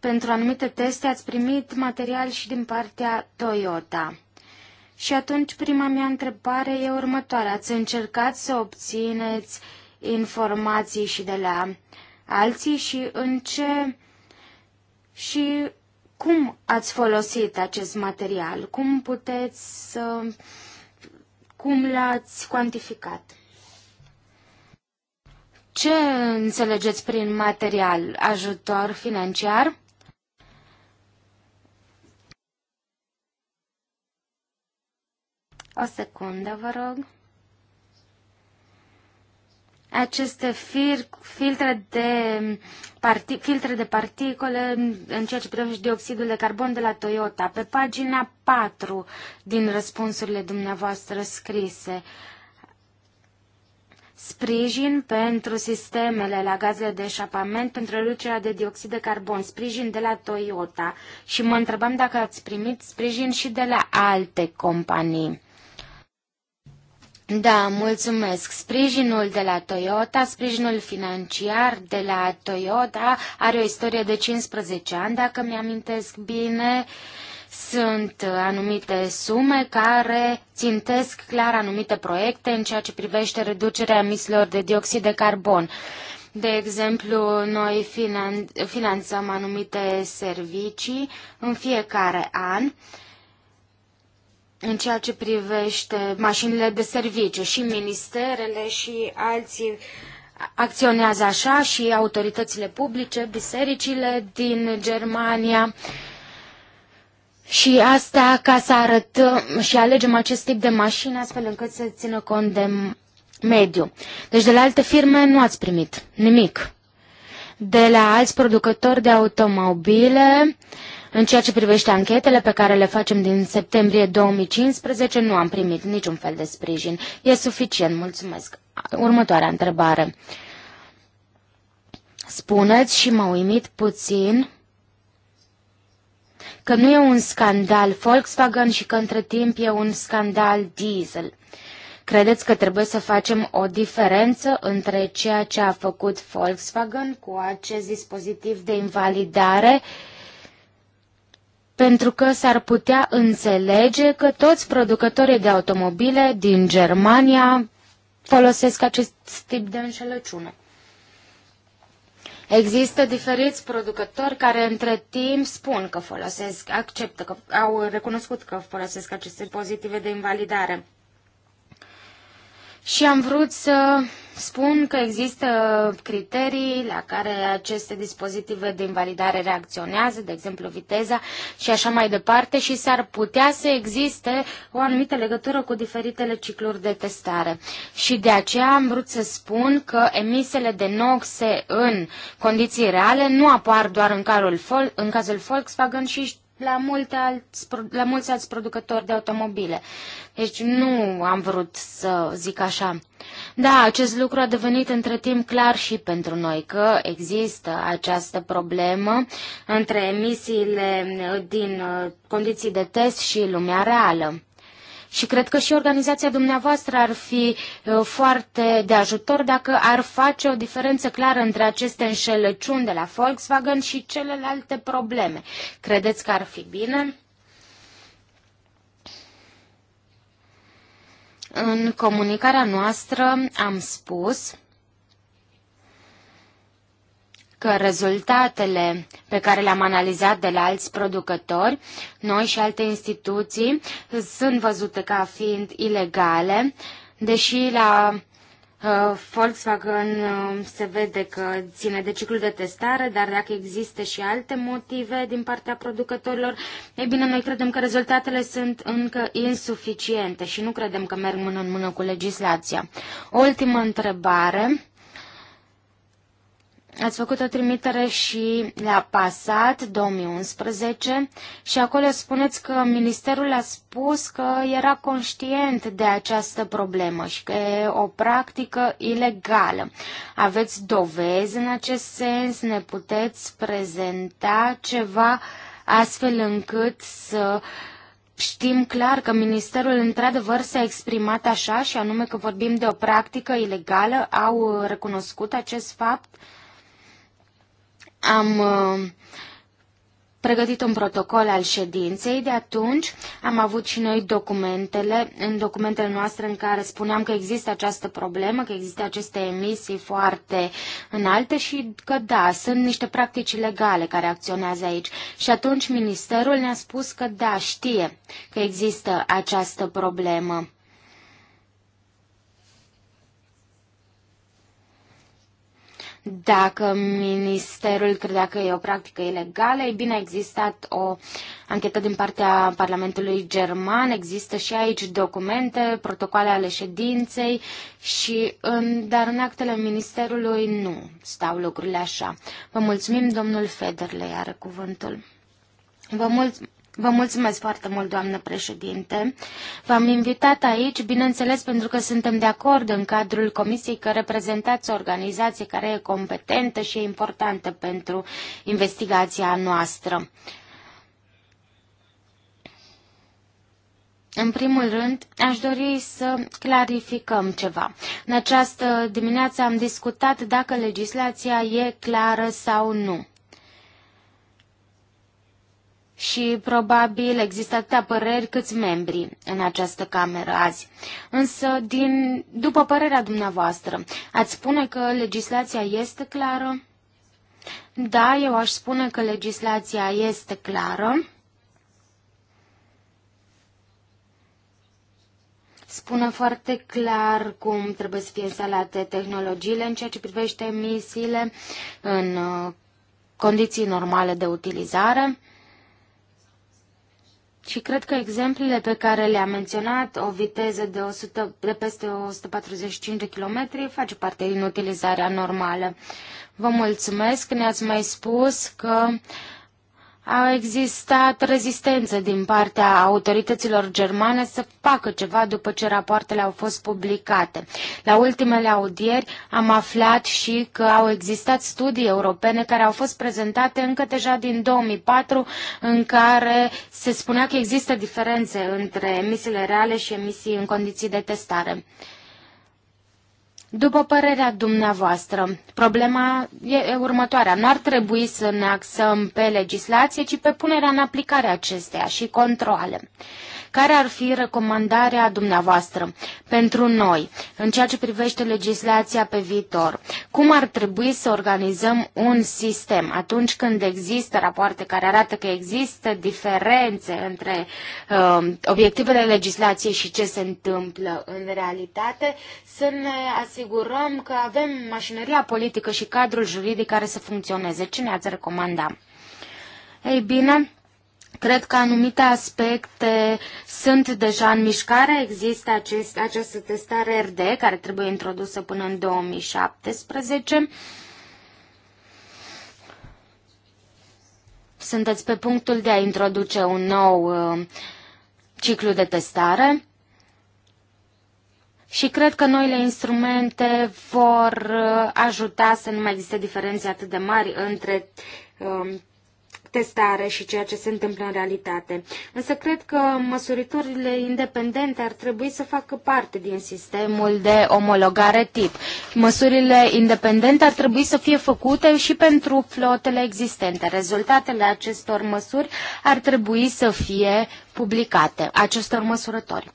pentru anumite teste ați primit material și din partea Toyota. Și atunci prima mea întrebare e următoarea. Ați încercat să obțineți informații și de la alții și în ce și cum ați folosit acest material? Cum puteți să uh, cum l-ați cuantificat? Ce înțelegeți prin material? Ajutor financiar? O secundă, vă rog aceste fir, filtre, de parti, filtre de particole în ceea ce privește dioxidul de carbon de la Toyota. Pe pagina 4 din răspunsurile dumneavoastră scrise, sprijin pentru sistemele la gaze de eșapament pentru reducerea de dioxid de carbon, sprijin de la Toyota și mă întrebam dacă ați primit sprijin și de la alte companii. Da, mulțumesc. Sprijinul de la Toyota, sprijinul financiar de la Toyota are o istorie de 15 ani, dacă mi-amintesc bine. Sunt anumite sume care țintesc clar anumite proiecte în ceea ce privește reducerea emisiilor de dioxid de carbon. De exemplu, noi finan- finanțăm anumite servicii în fiecare an. Uh, în ceea ce privește mașinile de serviciu și ministerele și alții acționează așa și autoritățile publice, bisericile din Germania. Și asta ca să arătăm și alegem acest tip de mașini astfel încât să țină cont de mediu. Deci de la alte firme nu ați primit nimic. De la alți producători de automobile, uh, în ceea ce privește anchetele pe care le facem din septembrie 2015, nu am primit niciun fel de sprijin. E suficient, mulțumesc. Următoarea întrebare. Spuneți și m-a uimit puțin că nu e un scandal Volkswagen și că între timp e un scandal diesel. Credeți că trebuie să facem o diferență între ceea ce a făcut Volkswagen cu acest dispozitiv de invalidare uh, pentru că s-ar putea înțelege că toți producătorii de automobile din Germania folosesc acest tip de înșelăciune. Există diferiți producători care între timp spun că folosesc, acceptă, că au recunoscut că folosesc aceste pozitive de invalidare și am vrut să spun că există criterii la care aceste dispozitive de invalidare reacționează, de exemplu viteza și așa mai departe și s-ar putea să existe o anumită legătură cu diferitele cicluri de testare. Și de aceea am vrut să spun că emisele de noxe în condiții reale nu apar doar în, carul, în cazul Volkswagen, și la, multe alți, la mulți alți producători de automobile. Deci nu am vrut să zic așa. Da, acest lucru a devenit între timp clar și pentru noi că există această problemă între emisiile din uh, condiții de test și lumea reală. Și cred că și organizația dumneavoastră ar fi uh, foarte de ajutor dacă ar face o diferență clară între aceste înșelăciuni de la Volkswagen și celelalte probleme. Credeți că ar fi bine? În comunicarea noastră am spus că rezultatele pe care le-am analizat de la alți producători, noi și alte instituții, sunt văzute ca fiind ilegale, deși la uh, Volkswagen uh, se vede că ține de ciclul de testare, dar dacă există și alte motive din partea producătorilor, ei bine, noi credem că rezultatele sunt încă insuficiente și nu credem că merg mână în mână cu legislația. O ultimă întrebare ați făcut o trimitere și la PASAT 2011 și acolo spuneți că ministerul a spus că era conștient de această problemă și că e o practică ilegală. Aveți dovezi în acest sens? Ne puteți prezenta ceva astfel încât să știm clar că ministerul într-adevăr s-a exprimat așa și anume că vorbim de o practică ilegală? Au recunoscut acest fapt? am uh, pregătit un protocol al ședinței. De atunci am avut și noi documentele, în documentele noastre în care spuneam că există această problemă, că există aceste emisii foarte înalte și că da, sunt niște practici legale care acționează aici. Și atunci ministerul ne-a spus că da, știe că există această problemă. Dacă ministerul credea că e o practică ilegală, e bine, a existat o anchetă din partea Parlamentului German, există și aici documente, protocoale ale ședinței, și în, dar în actele ministerului nu stau lucrurile așa. Vă mulțumim, domnul Federle, are cuvântul. Vă mulțumim. Vă mulțumesc foarte mult, doamnă președinte. V-am invitat aici, bineînțeles, pentru că suntem de acord în cadrul comisiei că reprezentați o organizație care e competentă și e importantă pentru investigația noastră. În primul rând, aș dori să clarificăm ceva. În această dimineață am discutat dacă legislația e clară sau nu și probabil există atâtea păreri câți membri în această cameră azi. Însă, din, după părerea dumneavoastră, ați spune că legislația este clară? Da, eu aș spune că legislația este clară. spune foarte clar cum trebuie să fie instalate tehnologiile în ceea ce privește emisiile în uh, condiții normale de utilizare. Și cred că exemplele pe care le-am menționat, o viteză de, 100, de peste 145 de km, face parte din utilizarea normală. Vă mulțumesc, ne-ați mai spus că uh, a existat rezistență din partea autorităților germane să facă ceva după ce rapoartele au fost publicate. La ultimele audieri am aflat și că au existat studii europene care au fost prezentate încă deja din 2004 în care se spunea că există diferențe între emisiile reale și emisii în condiții de testare. După părerea dumneavoastră, problema e următoarea. Nu ar trebui să ne axăm pe legislație, ci pe punerea în aplicare acesteia și controale. Care ar fi recomandarea dumneavoastră pentru noi în ceea ce privește legislația pe viitor? Cum ar trebui să organizăm un sistem atunci când există rapoarte care arată că există diferențe între uh, obiectivele legislației și ce se întâmplă în realitate? Să ne asigurăm că avem mașinăria politică și cadrul juridic care să funcționeze. Ce ne-ați recomanda? Ei bine, Cred că anumite aspecte sunt deja în mișcare. Există acest, această testare RD care trebuie introdusă până în 2017. Sunteți pe punctul de a introduce un nou uh, ciclu de testare și cred că noile instrumente vor uh, ajuta să nu mai existe diferențe atât de mari între uh, testare și ceea ce se întâmplă în realitate. Însă cred că măsuritorile independente ar trebui să facă parte din sistemul de omologare tip. Măsurile independente ar trebui să fie făcute și pentru flotele existente. Rezultatele acestor măsuri ar trebui să fie publicate acestor măsurători.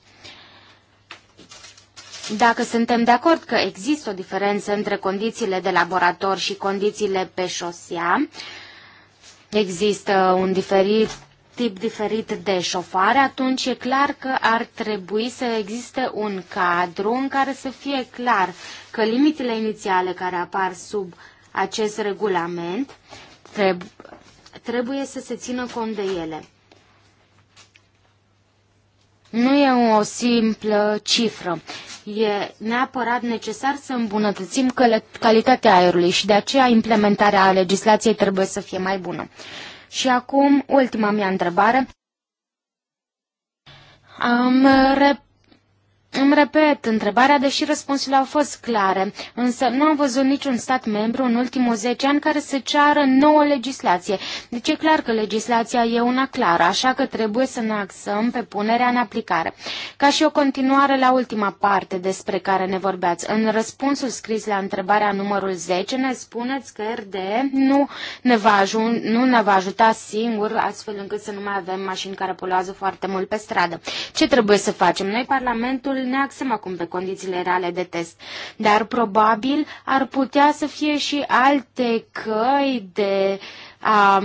Dacă suntem de acord că există o diferență între condițiile de laborator și condițiile pe șosea, există un diferit tip diferit de șofare, atunci e clar că ar trebui să existe un cadru în care să fie clar că limitele inițiale care apar sub acest regulament trebuie să se țină cont de ele. Nu e o simplă cifră. E neapărat necesar să îmbunătățim calitatea aerului și de aceea implementarea legislației trebuie să fie mai bună. Și acum, ultima mea întrebare. Am rep- îmi repet întrebarea, deși răspunsurile au fost clare, însă nu am văzut niciun stat membru în ultimul 10 ani care să ceară nouă legislație. Deci e clar că legislația e una clară, așa că trebuie să ne axăm pe punerea în aplicare. Ca și o continuare la ultima parte despre care ne vorbeați, în răspunsul scris la întrebarea numărul 10 ne spuneți că RDE nu ne va, ajun, nu ne va ajuta singur astfel încât să nu mai avem mașini care poluează foarte mult pe stradă. Ce trebuie să facem? Noi, Parlamentul, ne axăm acum pe condițiile reale de test, dar probabil ar putea să fie și alte căi de a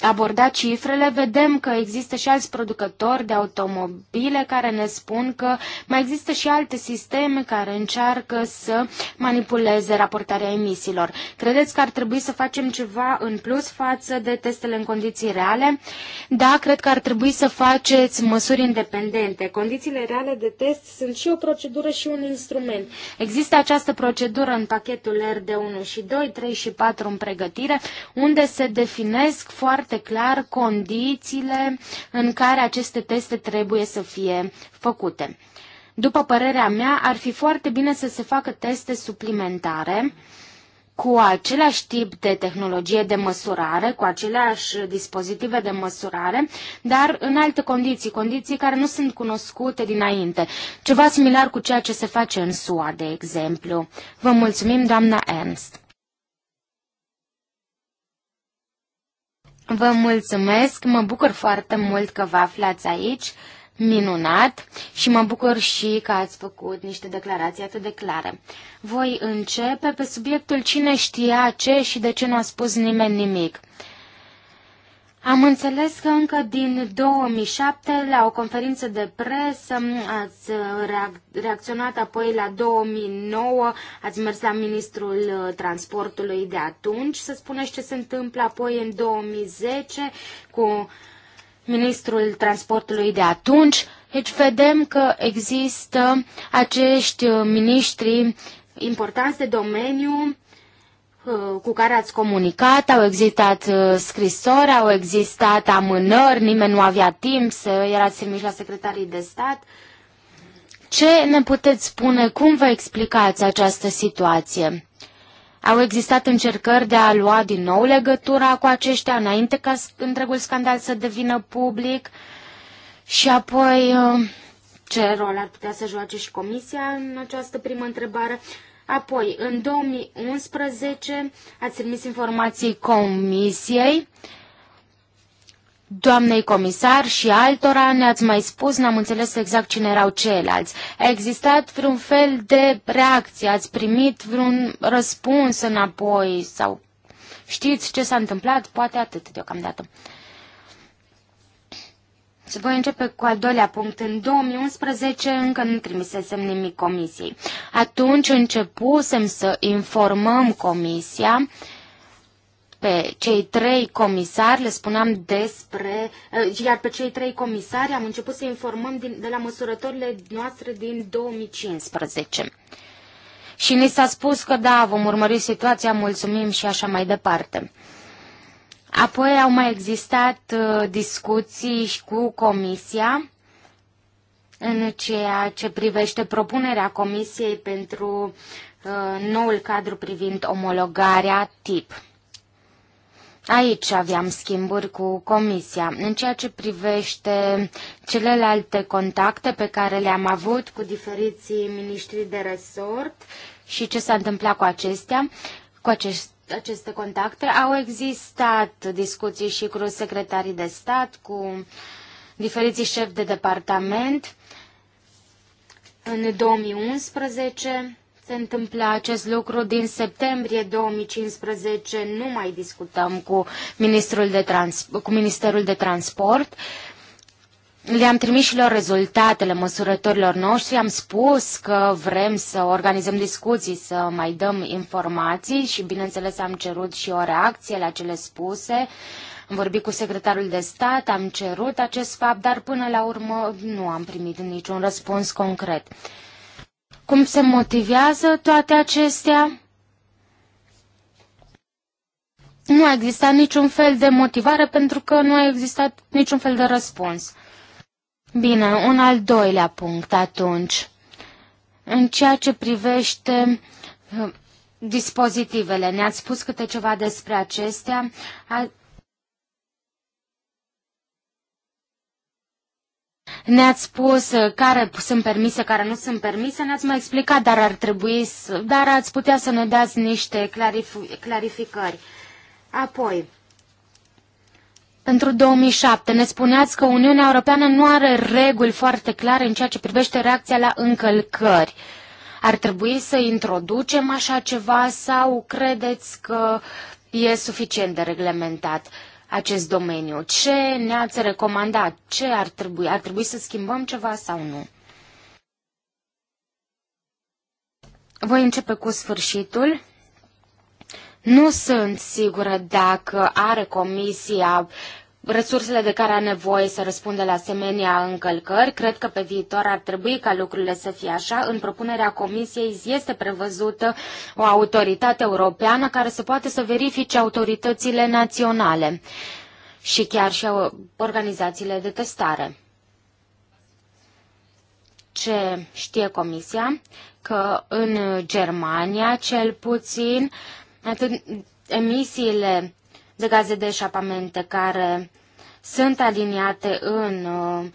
aborda cifrele, vedem că există și alți producători de automobile care ne spun că mai există și alte sisteme care încearcă să manipuleze raportarea emisiilor. Credeți că ar trebui să facem ceva în plus față de testele în condiții reale? Da, cred că ar trebui să faceți măsuri independente. Condițiile reale de test sunt și o procedură și un instrument. Există această procedură în pachetul RD1 și 2, 3 și 4 în pregătire, unde se definesc foarte foarte clar condițiile în care aceste teste trebuie să fie făcute. După părerea mea, ar fi foarte bine să se facă teste suplimentare cu același tip de tehnologie de măsurare, cu aceleași dispozitive de măsurare, dar în alte condiții, condiții care nu sunt cunoscute dinainte. Ceva similar cu ceea ce se face în SUA, de exemplu. Vă mulțumim, doamna Ernst. Vă mulțumesc, mă bucur foarte mult că vă aflați aici, minunat, și mă bucur și că ați făcut niște declarații atât de clare. Voi începe pe subiectul cine știa ce și de ce nu a spus nimeni nimic. Am înțeles că încă din 2007, la o conferință de presă, ați reacționat apoi la 2009, ați mers la ministrul uh, transportului de atunci, să spuneți ce se întâmplă apoi în 2010 cu ministrul transportului de atunci. Deci vedem că există acești uh, miniștri importanți de domeniu Uh, cu care ați comunicat, au existat uh, scrisori, au existat amânări, nimeni nu avea timp să erați trimiși la secretarii de stat. Ce ne puteți spune, cum vă explicați această situație? Au existat încercări de a lua din nou legătura cu aceștia înainte ca întregul scandal să devină public și apoi uh, ce rol ar putea să joace și comisia în această primă întrebare? Apoi, în 2011, ați trimis informații comisiei, doamnei comisar și altora, ne-ați mai spus, n-am înțeles exact cine erau ceilalți. A existat vreun fel de reacție, ați primit vreun răspuns înapoi sau știți ce s-a întâmplat? Poate atât deocamdată. Și voi începe cu al doilea punct. În 2011 încă nu trimisesem nimic comisiei. Atunci începusem să informăm comisia pe cei trei comisari, le spuneam despre, eh, iar pe cei trei comisari am început să informăm din, de la măsurătorile noastre din 2015. Și ni s-a spus că da, vom urmări situația, mulțumim și așa mai departe. Apoi au mai existat uh, discuții cu Comisia în ceea ce privește propunerea Comisiei pentru uh, noul cadru privind omologarea tip. Aici aveam schimburi cu Comisia. În ceea ce privește celelalte contacte pe care le-am avut cu diferiții miniștri de resort și ce s-a întâmplat cu acestea, cu acest, aceste contacte, au existat discuții și cu secretarii de stat, cu diferiții șefi de departament. În 2011 se întâmplă acest lucru. Din septembrie 2015 nu mai discutăm cu, ministrul de trans- cu Ministerul de Transport. Uh, le-am trimis și lor rezultatele măsurătorilor noștri, am spus că vrem să organizăm discuții, să mai dăm informații și, bineînțeles, am cerut și o reacție la cele spuse. Am vorbit cu secretarul de stat, am cerut acest fapt, dar până la urmă nu am primit niciun răspuns concret. Cum se motivează toate acestea? Nu a existat niciun fel de motivare pentru că nu a existat niciun fel de răspuns. Bine, un al doilea punct atunci. În ceea ce privește uh, dispozitivele, ne-ați spus câte ceva despre acestea. Ne-ați spus uh, care sunt permise, care nu sunt permise, ne-ați mai explicat, dar ar trebui, să, dar ați putea să ne dați niște clarificări. Apoi, pentru 2007. Ne spuneați că Uniunea Europeană nu are reguli foarte clare în ceea ce privește reacția la încălcări. Ar trebui să introducem așa ceva sau credeți că e suficient de reglementat acest domeniu? Ce ne-ați recomandat? Ce ar trebui? Ar trebui să schimbăm ceva sau nu? Voi începe cu sfârșitul. Nu sunt sigură dacă are comisia resursele de care are nevoie să răspundă la asemenea încălcări. Cred că pe viitor ar trebui ca lucrurile să fie așa. În propunerea Comisiei este prevăzută o autoritate europeană care să poată să verifice autoritățile naționale și chiar și organizațiile de testare. Ce știe Comisia? Că în Germania, cel puțin, uh, atât emisiile de gaze de eșapamente care sunt aliniate în uh,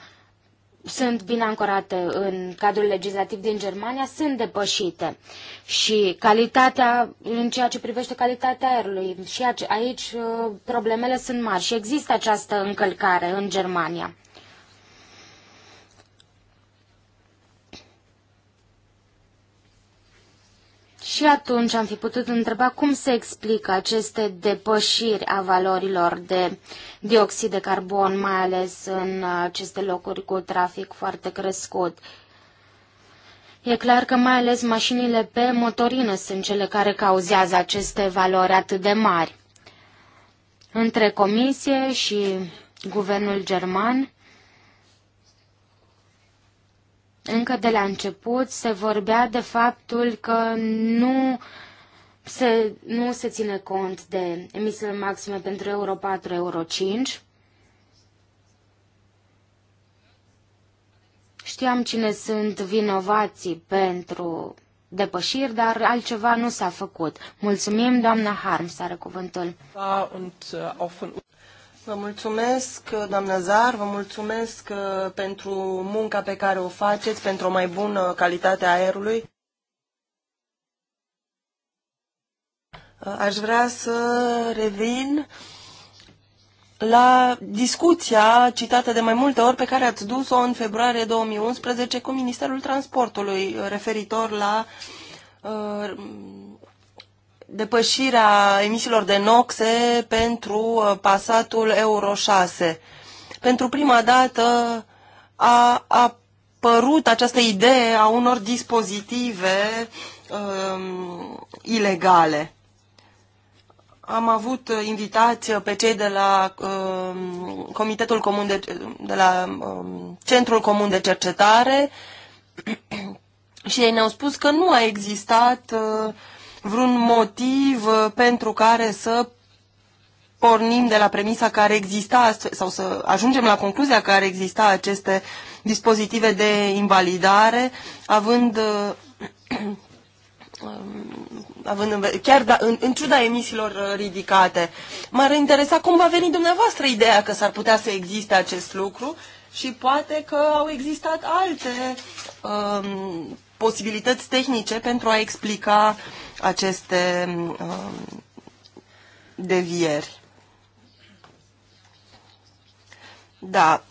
sunt bine ancorate în cadrul legislativ din Germania, sunt depășite. Și calitatea, în ceea ce privește calitatea aerului, și aici uh, problemele sunt mari și există această încălcare în Germania. Și atunci am fi putut întreba cum se explică aceste depășiri a valorilor de dioxid de carbon, mai ales în aceste locuri cu trafic foarte crescut. E clar că mai ales mașinile pe motorină sunt cele care cauzează aceste valori atât de mari. Între comisie și guvernul german Încă de la început se vorbea de faptul că nu se, nu se ține cont de emisiile maxime pentru Euro 4, Euro 5. Știam cine sunt vinovații pentru depășiri, dar altceva nu s-a făcut. Mulțumim, doamna Harms, are cuvântul. Da, uh, Vă mulțumesc, doamnă Zar, vă mulțumesc uh, pentru munca pe care o faceți, pentru o mai bună calitate a aerului. Uh, aș vrea să revin la discuția citată de mai multe ori pe care ați dus-o în februarie 2011 cu Ministerul Transportului uh, referitor la uh, depășirea emisiilor de noxe pentru uh, pasatul Euro 6. Pentru prima dată a apărut această idee a unor dispozitive um, ilegale. Am avut uh, invitați uh, pe cei de la um, Comitetul Comun de, de la um, Centrul Comun de Cercetare și ei ne-au spus că nu a existat uh, vreun motiv uh, pentru care să pornim de la premisa care exista sau să ajungem la concluzia care exista aceste dispozitive de invalidare, având, uh, um, având chiar da, în, în ciuda emisiilor uh, ridicate. M-ar interesa cum va veni dumneavoastră ideea că s-ar putea să existe acest lucru și poate că au existat alte um, posibilități tehnice pentru a explica aceste um, devieri. Da,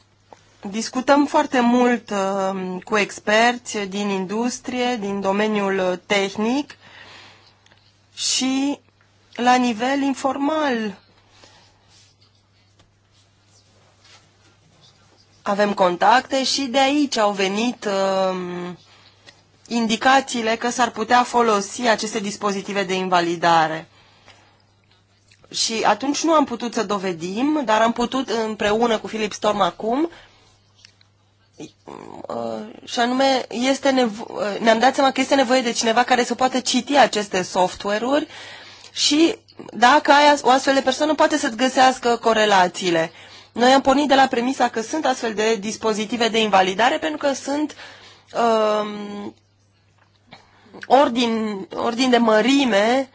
discutăm foarte mult uh, cu experți din industrie, din domeniul tehnic și la nivel informal. Avem contacte și de aici au venit uh, indicațiile că s-ar putea folosi aceste dispozitive de invalidare. Și atunci nu am putut să dovedim, dar am putut împreună cu Philip Storm acum, și anume este nevo- ne-am dat seama că este nevoie de cineva care să poată citi aceste software-uri și dacă ai o astfel de persoană poate să-ți găsească corelațiile. Noi am pornit de la premisa că sunt astfel de dispozitive de invalidare pentru că sunt uh, ordin, ordin de mărime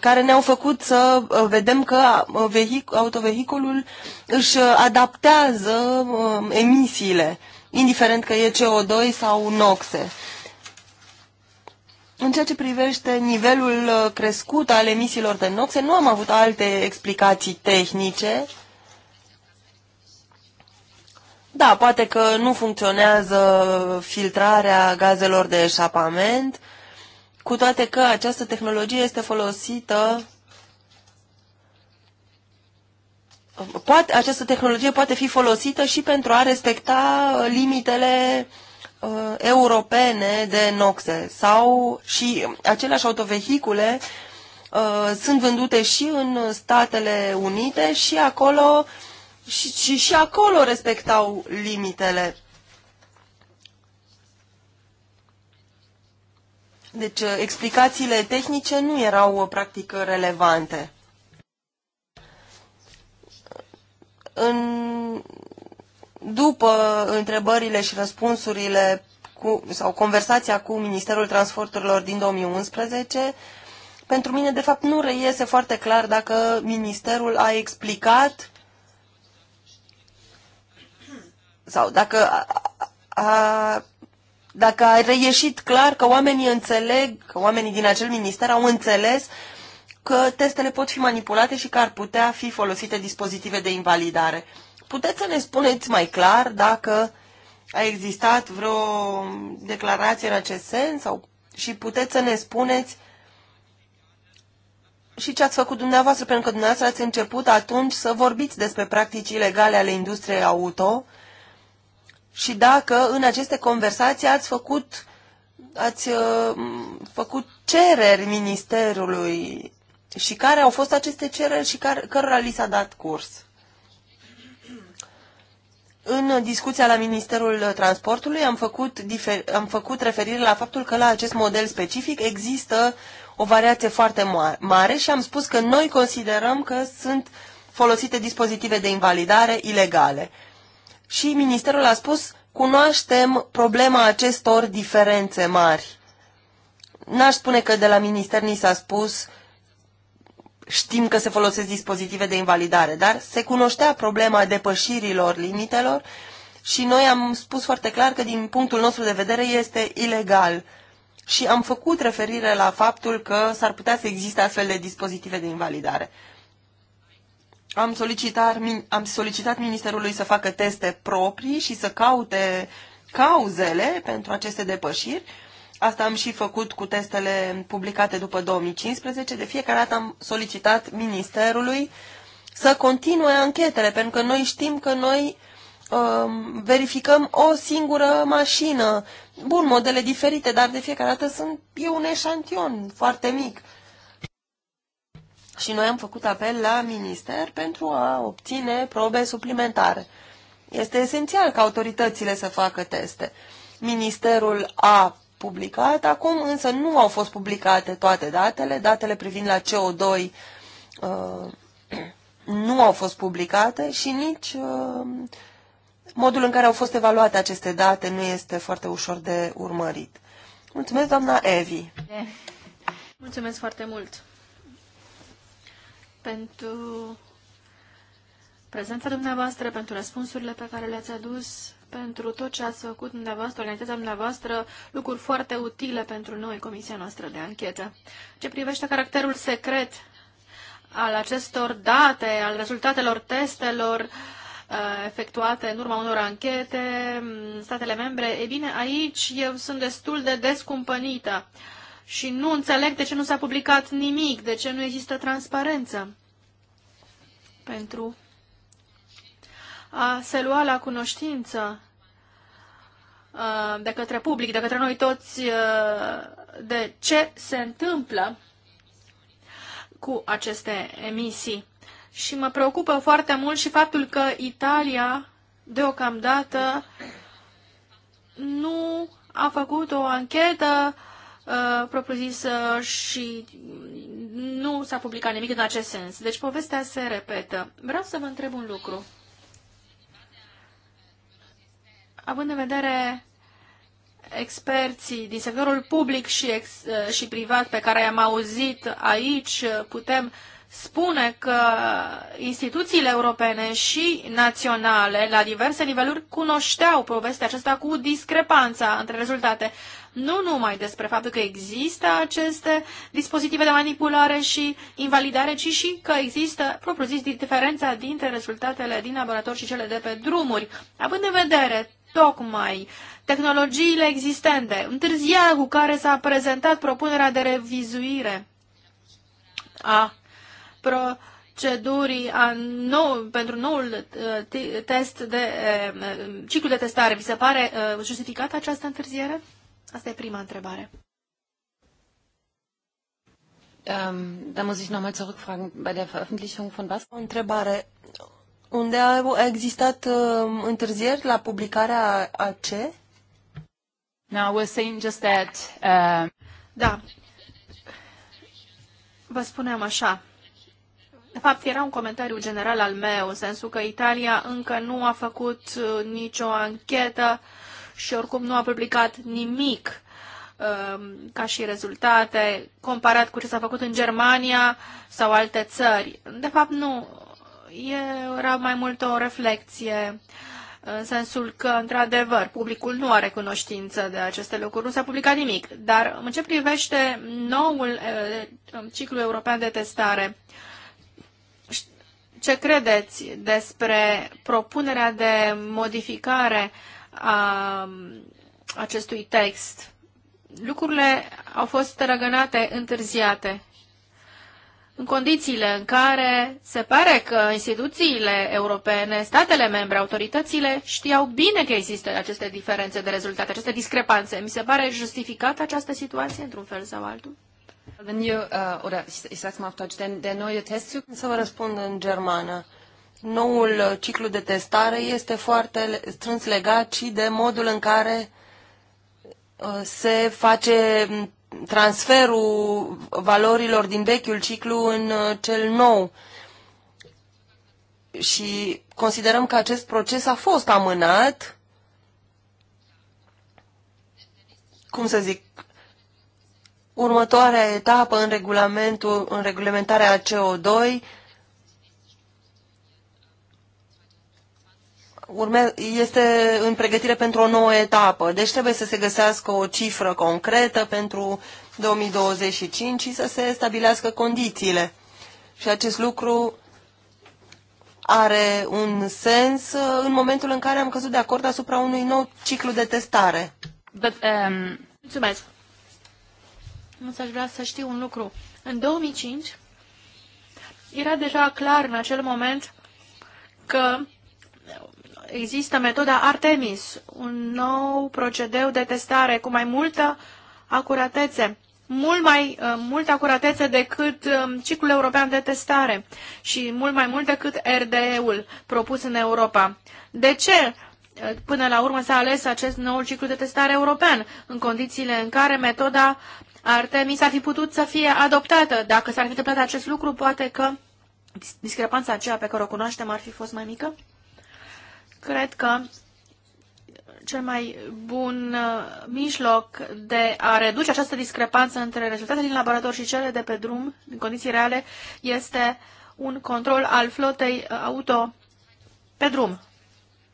care ne-au făcut să uh, vedem că uh, autovehiculul își uh, adaptează um, emisiile, indiferent că e CO2 sau noxe. În ceea ce privește nivelul crescut al emisiilor de noxe, nu am avut alte explicații tehnice. Da, poate că nu funcționează filtrarea gazelor de eșapament, cu toate că această tehnologie este folosită poate, această tehnologie poate fi folosită și pentru a respecta limitele uh, europene de noxe sau și aceleași autovehicule uh, sunt vândute și în Statele Unite și acolo uh, și, și, și acolo respectau limitele. Deci uh, explicațiile tehnice nu erau uh, practic relevante. În, după întrebările și răspunsurile cu, sau conversația cu Ministerul Transporturilor din 2011, pentru mine, de fapt, nu reiese foarte clar dacă Ministerul a explicat sau dacă a, a, dacă a reieșit clar că oamenii înțeleg, că oamenii din acel minister au înțeles că testele pot fi manipulate și că ar putea fi folosite dispozitive de invalidare. Puteți să ne spuneți mai clar dacă a existat vreo declarație în acest sens sau, și puteți să ne spuneți și ce ați făcut dumneavoastră, pentru că dumneavoastră ați început atunci să vorbiți despre practici ilegale ale industriei auto, și dacă în aceste conversații ați făcut, ați uh, făcut cereri ministerului și care au fost aceste cereri și care, cărora li s-a dat curs. În discuția la Ministerul Transportului am făcut, am făcut referire la faptul că la acest model specific există o variație foarte mare și am spus că noi considerăm că sunt folosite dispozitive de invalidare ilegale și ministerul a spus cunoaștem problema acestor diferențe mari. N-aș spune că de la minister ni s-a spus știm că se folosesc dispozitive de invalidare, dar se cunoștea problema depășirilor limitelor și noi am spus foarte clar că din punctul nostru de vedere este ilegal. Și am făcut referire la faptul că s-ar putea să existe astfel de dispozitive de invalidare. Am solicitat, am solicitat Ministerului să facă teste proprii și să caute cauzele pentru aceste depășiri. Asta am și făcut cu testele publicate după 2015. De fiecare dată am solicitat Ministerului să continue anchetele, pentru că noi știm că noi um, verificăm o singură mașină. Bun, modele diferite, dar de fiecare dată sunt, e un eșantion foarte mic și noi am făcut apel la minister pentru a obține probe suplimentare. Este esențial ca autoritățile să facă teste. Ministerul a publicat, acum însă nu au fost publicate toate datele, datele privind la CO2 uh, nu au fost publicate și nici uh, modul în care au fost evaluate aceste date nu este foarte ușor de urmărit. Mulțumesc, doamna Evi. Mulțumesc foarte mult pentru prezența dumneavoastră, pentru răspunsurile pe care le-ați adus, pentru tot ce ați făcut dumneavoastră, organizația dumneavoastră, lucruri foarte utile pentru noi, comisia noastră de anchetă. Ce privește caracterul secret al acestor date, al rezultatelor testelor uh, efectuate în urma unor anchete, statele membre, e bine, aici eu sunt destul de descumpănită. Uh, și nu înțeleg de ce nu s-a publicat nimic, de ce nu există transparență pentru a se lua la cunoștință uh, de către public, de către noi toți, uh, de ce se întâmplă cu aceste emisii. Și mă preocupă foarte mult și faptul că Italia, deocamdată, nu a făcut o anchetă uh, Uh, propriu zis și nu s-a publicat nimic în acest sens. Deci povestea se repetă. Vreau să vă întreb un lucru. Având în vedere experții din sectorul public și, ex, uh, și privat pe care i-am auzit aici, putem uh, spune că instituțiile europene și naționale, la diverse niveluri, cunoșteau povestea aceasta cu discrepanța între rezultate. Nu numai despre faptul că există aceste dispozitive de manipulare și invalidare, ci și că există, propriu-zis, diferența dintre rezultatele din laborator și cele de pe drumuri. Având în vedere tocmai tehnologiile existente, întârziarea cu care s-a prezentat propunerea de revizuire a procedurii a nou, pentru noul uh, test de, uh, uh, ciclu de testare. Vi se pare justificată această întârziere? Asta e prima întrebare. Um, da muss ich nochmal zurückfragen, bei der Veröffentlichung von was? O întrebare. Unde au existat uh, întârzieri la publicarea a ce? No, we're saying just that... Uh... Da. Vă spuneam așa. De fapt, era un comentariu general al meu, în sensul că Italia încă nu a făcut uh, nicio anchetă și oricum nu a publicat nimic um, ca și rezultate, comparat cu ce s-a făcut în Germania sau alte țări. De fapt, nu. Era mai mult o reflexie în sensul că, într-adevăr, publicul nu are cunoștință de aceste lucruri, nu s-a publicat nimic. Dar în ce privește noul uh, ciclu european de testare, uh, ce credeți despre propunerea de modificare a um, acestui text? Lucrurile au fost răgănate întârziate în condițiile în care se pare că instituțiile europene, statele membre, autoritățile știau bine că există aceste diferențe de rezultate, aceste discrepanțe. Mi se pare justificată această situație într-un fel sau altul? Wenn ihr, uh, oder ich, ich sag's mal auf Deutsch, der, der neue Testzyklus. Să vă răspund în germană. Noul uh, ciclu de testare este foarte strâns legat și de modul în care uh, se face transferul valorilor din vechiul ciclu în uh, cel nou. Și considerăm că acest proces a fost amânat, cum să zic, următoarea etapă în, regulamentul, în reglementarea CO2 urme, este în pregătire pentru o nouă etapă. Deci trebuie să se găsească o cifră concretă pentru 2025 și să se stabilească condițiile. Și acest lucru are un sens uh, în momentul în care am căzut de acord asupra unui nou ciclu de testare. But, um... Mulțumesc însă aș vrea să știu un lucru. În 2005 era deja clar în acel moment că există metoda Artemis, un nou procedeu de testare cu mai multă acuratețe, mult mai uh, multă acuratețe decât uh, ciclul european de testare și mult mai mult decât RDE-ul propus în Europa. De ce uh, până la urmă s-a ales acest nou ciclu de testare european, în condițiile în care metoda Artemis ar fi putut să fie adoptată. Dacă s-ar fi întâmplat acest lucru, poate că discrepanța aceea pe care o cunoaștem ar fi fost mai mică. Cred că cel mai bun uh, mijloc de a reduce această discrepanță între rezultatele din laborator și cele de pe drum, în condiții reale, este un control al flotei uh, auto pe drum,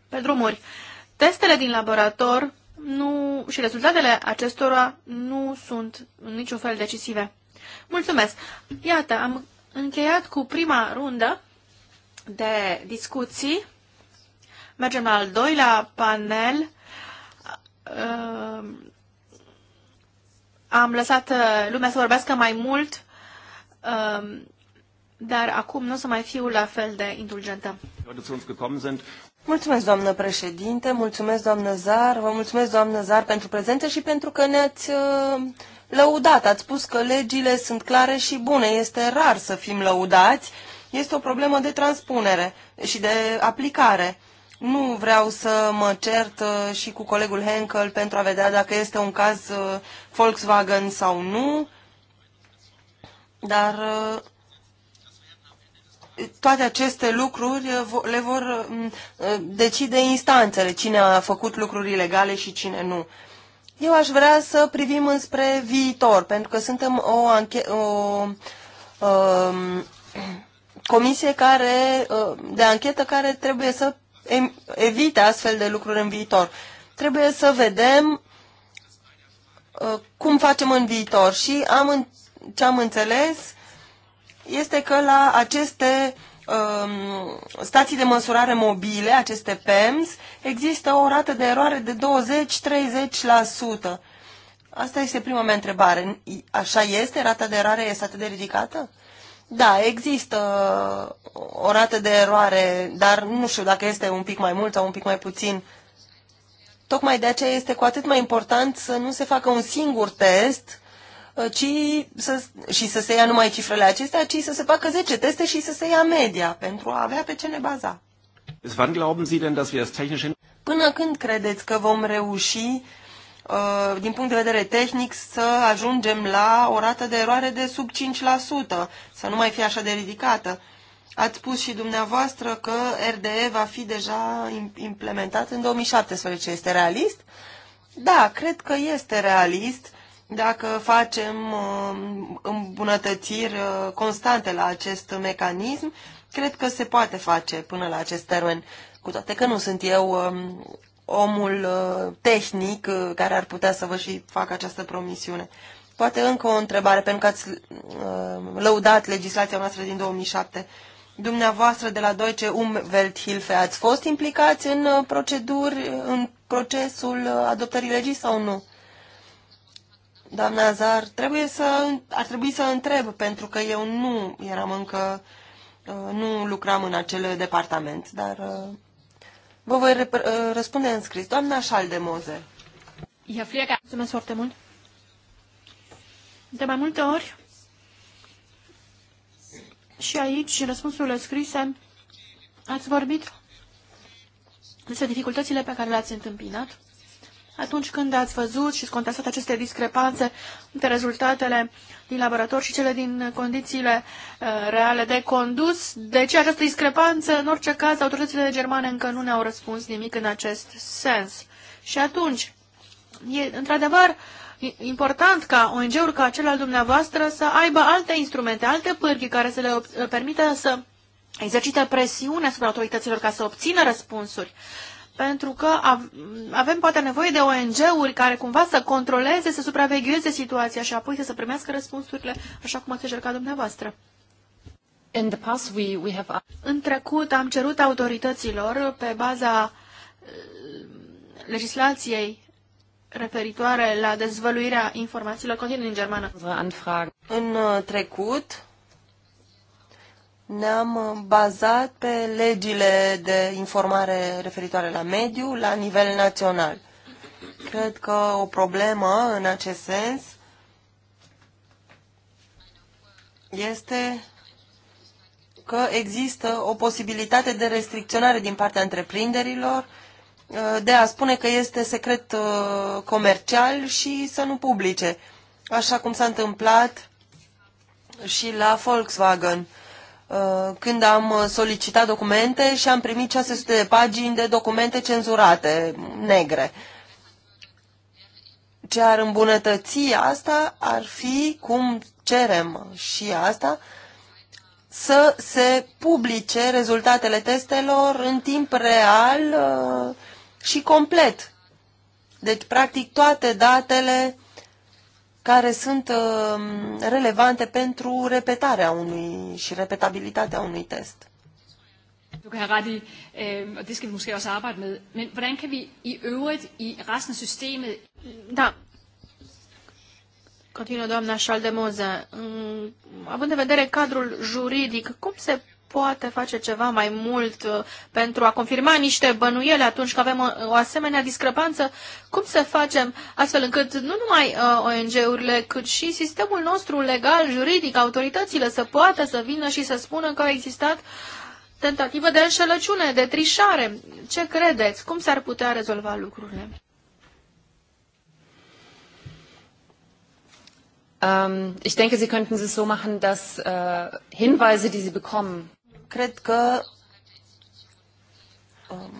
pe drumuri. Testele din laborator nu, și rezultatele acestora nu sunt în niciun fel decisive. Mulțumesc! Iată, am încheiat cu prima rundă de discuții. Mergem la al doilea panel. Am lăsat uh, lumea să vorbească mai mult, um, dar acum nu o să mai fiu la fel de indulgentă. Mulțumesc, doamnă președinte, mulțumesc, doamnă Zar, vă mulțumesc, doamnă Zar, pentru prezență și pentru că ne-ați uh, lăudat. Ați spus că legile sunt clare și bune, este rar să fim lăudați, este o problemă de transpunere și de aplicare. Nu vreau să mă cert uh, și cu colegul Henkel pentru a vedea dacă este un caz uh, Volkswagen sau nu, dar... Uh, toate aceste lucruri uh, le vor mm, uh, decide instanțele, cine a făcut lucruri ilegale și cine nu. Eu aș vrea să privim înspre viitor, pentru că suntem o, anche- o um, comisie care, uh, de anchetă care trebuie să evite astfel de lucruri în viitor. Trebuie să vedem cum facem în viitor și am, ce am înțeles este că la aceste um, stații de măsurare mobile, aceste PEMS, există o rată de eroare de 20-30%. Asta este prima mea întrebare. Așa este? Rata de eroare este atât de ridicată? Da, există o rată de eroare, dar nu știu dacă este un pic mai mult sau un pic mai puțin. Tocmai de aceea este cu atât mai important să nu se facă un singur test Uh, ci să, și să se ia numai cifrele acestea, ci să se facă 10 teste și să se ia media pentru a avea pe ce ne baza. Până când credeți că vom reuși, uh, din punct de vedere tehnic, să ajungem la o rată de eroare de sub 5%, să nu mai fie așa de ridicată? Ați spus și dumneavoastră că RDE va fi deja implementat în 2017. Este realist? Da, cred că este realist dacă facem uh, îmbunătățiri uh, constante la acest mecanism, cred că se poate face până la acest termen, cu toate că nu sunt eu um, omul uh, tehnic care ar putea să vă și fac această promisiune. Poate încă o întrebare, pentru că ați lăudat legislația noastră din 2007. Dumneavoastră de la Deutsche Umwelthilfe ați fost implicați în proceduri, în procesul adoptării legii sau nu? Doamna Azar, trebuie să, ar trebui să întreb, pentru că eu nu eram încă, uh, nu lucram în acel departament, dar uh, vă voi uh, răspunde în scris. Doamna Șaldemoze. Mulțumesc foarte mult. De mai multe ori, și aici, în răspunsurile scrise, ați vorbit despre dificultățile pe care le-ați întâmpinat atunci când ați văzut și contestat aceste discrepanțe între rezultatele din laborator și cele din condițiile uh, reale de condus. De deci ce această discrepanță? În orice caz, autoritățile germane încă nu ne-au răspuns nimic în acest sens. Și atunci, e într-adevăr important ca ONG-uri ca acel al dumneavoastră să aibă alte instrumente, alte pârghii care să le permită să exercită presiune asupra autorităților ca să obțină răspunsuri pentru că avem poate nevoie de ONG-uri care cumva să controleze, să supravegheze situația și apoi să se primească răspunsurile așa cum ați încercat dumneavoastră. In the past we, we have... În trecut am cerut autorităților pe baza uh, legislației referitoare la dezvăluirea informațiilor, continuă în germană. Uh, în trecut ne-am uh, bazat pe legile de informare referitoare la mediu la nivel național. Cred că o problemă în acest sens este că există o posibilitate de restricționare din partea întreprinderilor uh, de a spune că este secret uh, comercial și să nu publice, așa cum s-a întâmplat și la Volkswagen Uh, când am uh, solicitat documente și am primit 600 de pagini de documente cenzurate, negre. Ce ar îmbunătăți asta ar fi, cum cerem și asta, să se publice rezultatele testelor în timp real uh, și complet. Deci, practic, toate datele care sunt uh, relevante pentru repetarea unui și repetabilitatea unui test. Du kan have ret i, øh, og det skal vi måske også arbejde med, men hvordan kan vi i øvrigt i resten af systemet... Da. Continuă doamna Șaldemoza. Mm, având în vedere cadrul juridic, cum se poate face ceva mai mult uh, pentru a confirma niște bănuiele atunci când avem o, uh, o asemenea discrepanță? Cum să facem astfel încât nu numai uh, ONG-urile, cât și sistemul nostru legal, juridic, autoritățile să poată să vină și să spună că a existat tentativă de înșelăciune, de trișare? Ce credeți? Cum s-ar putea rezolva lucrurile? Ähm, ich denke, Sie könnten es so machen, dass äh, Hinweise, die Sie bekommen, cred că um,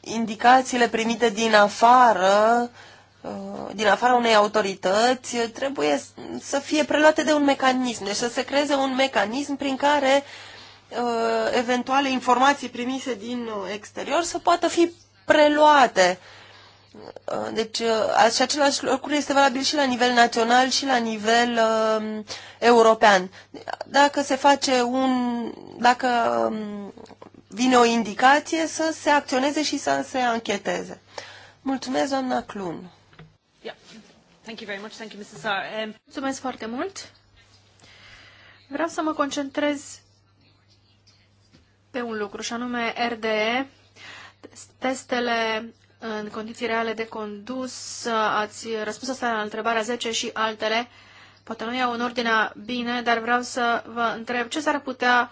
indicațiile primite din afară, uh, din afara unei autorități, trebuie să fie preluate de un mecanism, deci să se creeze un mecanism prin care uh, eventuale informații primise din uh, exterior să poată fi preluate Uh, deci, uh, și același lucru este valabil și la nivel național și la nivel uh, european. Dacă se face un... dacă um, vine o indicație, să se acționeze și să se ancheteze. Mulțumesc, doamna Clun. Thank you very much. Thank you, um, Mulțumesc foarte mult. Vreau să mă concentrez pe un lucru, și anume RDE, testele în condiții reale de condus. Ați răspuns asta la întrebarea 10 și altele. Poate nu iau în ordinea bine, dar vreau să vă întreb ce s-ar putea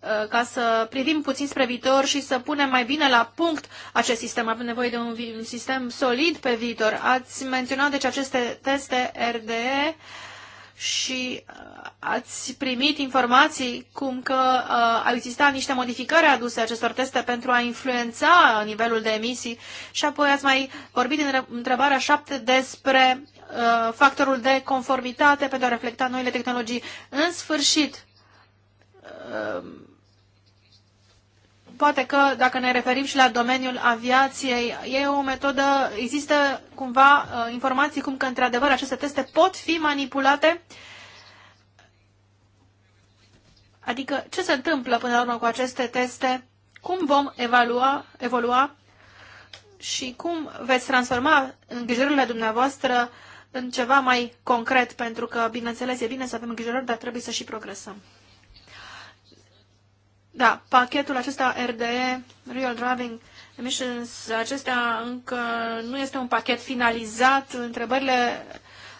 uh, ca să privim puțin spre viitor și să punem mai bine la punct acest sistem. Avem nevoie de un, un sistem solid pe viitor. Ați menționat deci aceste teste RDE și uh, ați primit informații cum că uh, au existat niște modificări aduse acestor teste pentru a influența nivelul de emisii și apoi ați mai vorbit în întrebarea 7 despre uh, factorul de conformitate pentru a reflecta noile tehnologii. În sfârșit, uh, poate că dacă ne referim și la domeniul aviației, e o metodă, există cumva uh, informații cum că într-adevăr aceste teste pot fi manipulate? Adică ce se întâmplă până la urmă cu aceste teste? Cum vom evalua, evolua și cum veți transforma îngrijorările dumneavoastră în ceva mai concret? Pentru că, bineînțeles, e bine să avem îngrijorări, dar trebuie să și progresăm. Da, pachetul acesta RDE, Real Driving Emissions, acesta încă nu este un pachet finalizat. Întrebările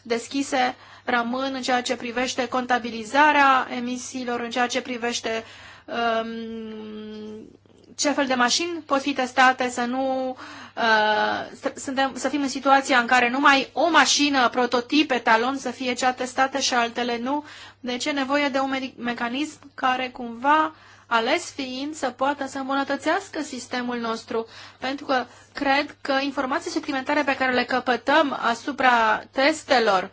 deschise rămân în ceea ce privește contabilizarea emisiilor, în ceea ce privește um, ce fel de mașini pot fi testate, să nu uh, să, suntem, să fim în situația în care numai o mașină, prototip, etalon să fie cea testată și altele nu. Deci e nevoie de un mecanism care cumva ales fiind să poată să îmbunătățească sistemul nostru, pentru că cred că informații suplimentare pe care le căpătăm asupra testelor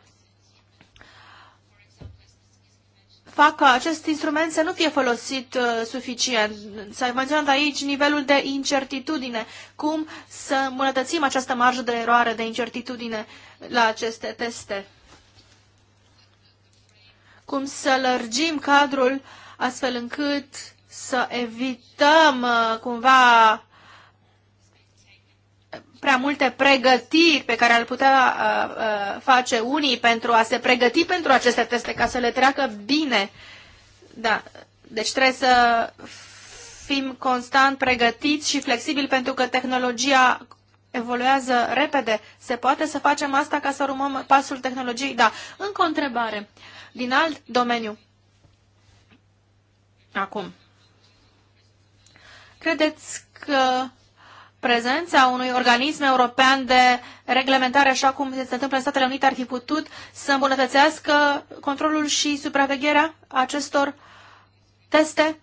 fac ca acest instrument să nu fie folosit uh, suficient. S-a menționat aici nivelul de incertitudine, cum să îmbunătățim această marjă de eroare, de incertitudine la aceste teste. Cum să lărgim cadrul astfel încât să evităm uh, cumva prea multe pregătiri pe care ar putea uh, uh, face unii pentru a se pregăti pentru aceste teste ca să le treacă bine. Da. Deci trebuie să fim constant pregătiți și flexibili pentru că tehnologia evoluează repede. Se poate să facem asta ca să urmăm pasul tehnologiei? Da. Încă o întrebare. Din alt domeniu. Acum. Credeți că prezența unui organism european de reglementare, așa cum se întâmplă în Statele Unite, ar fi putut să îmbunătățească controlul și supravegherea acestor teste?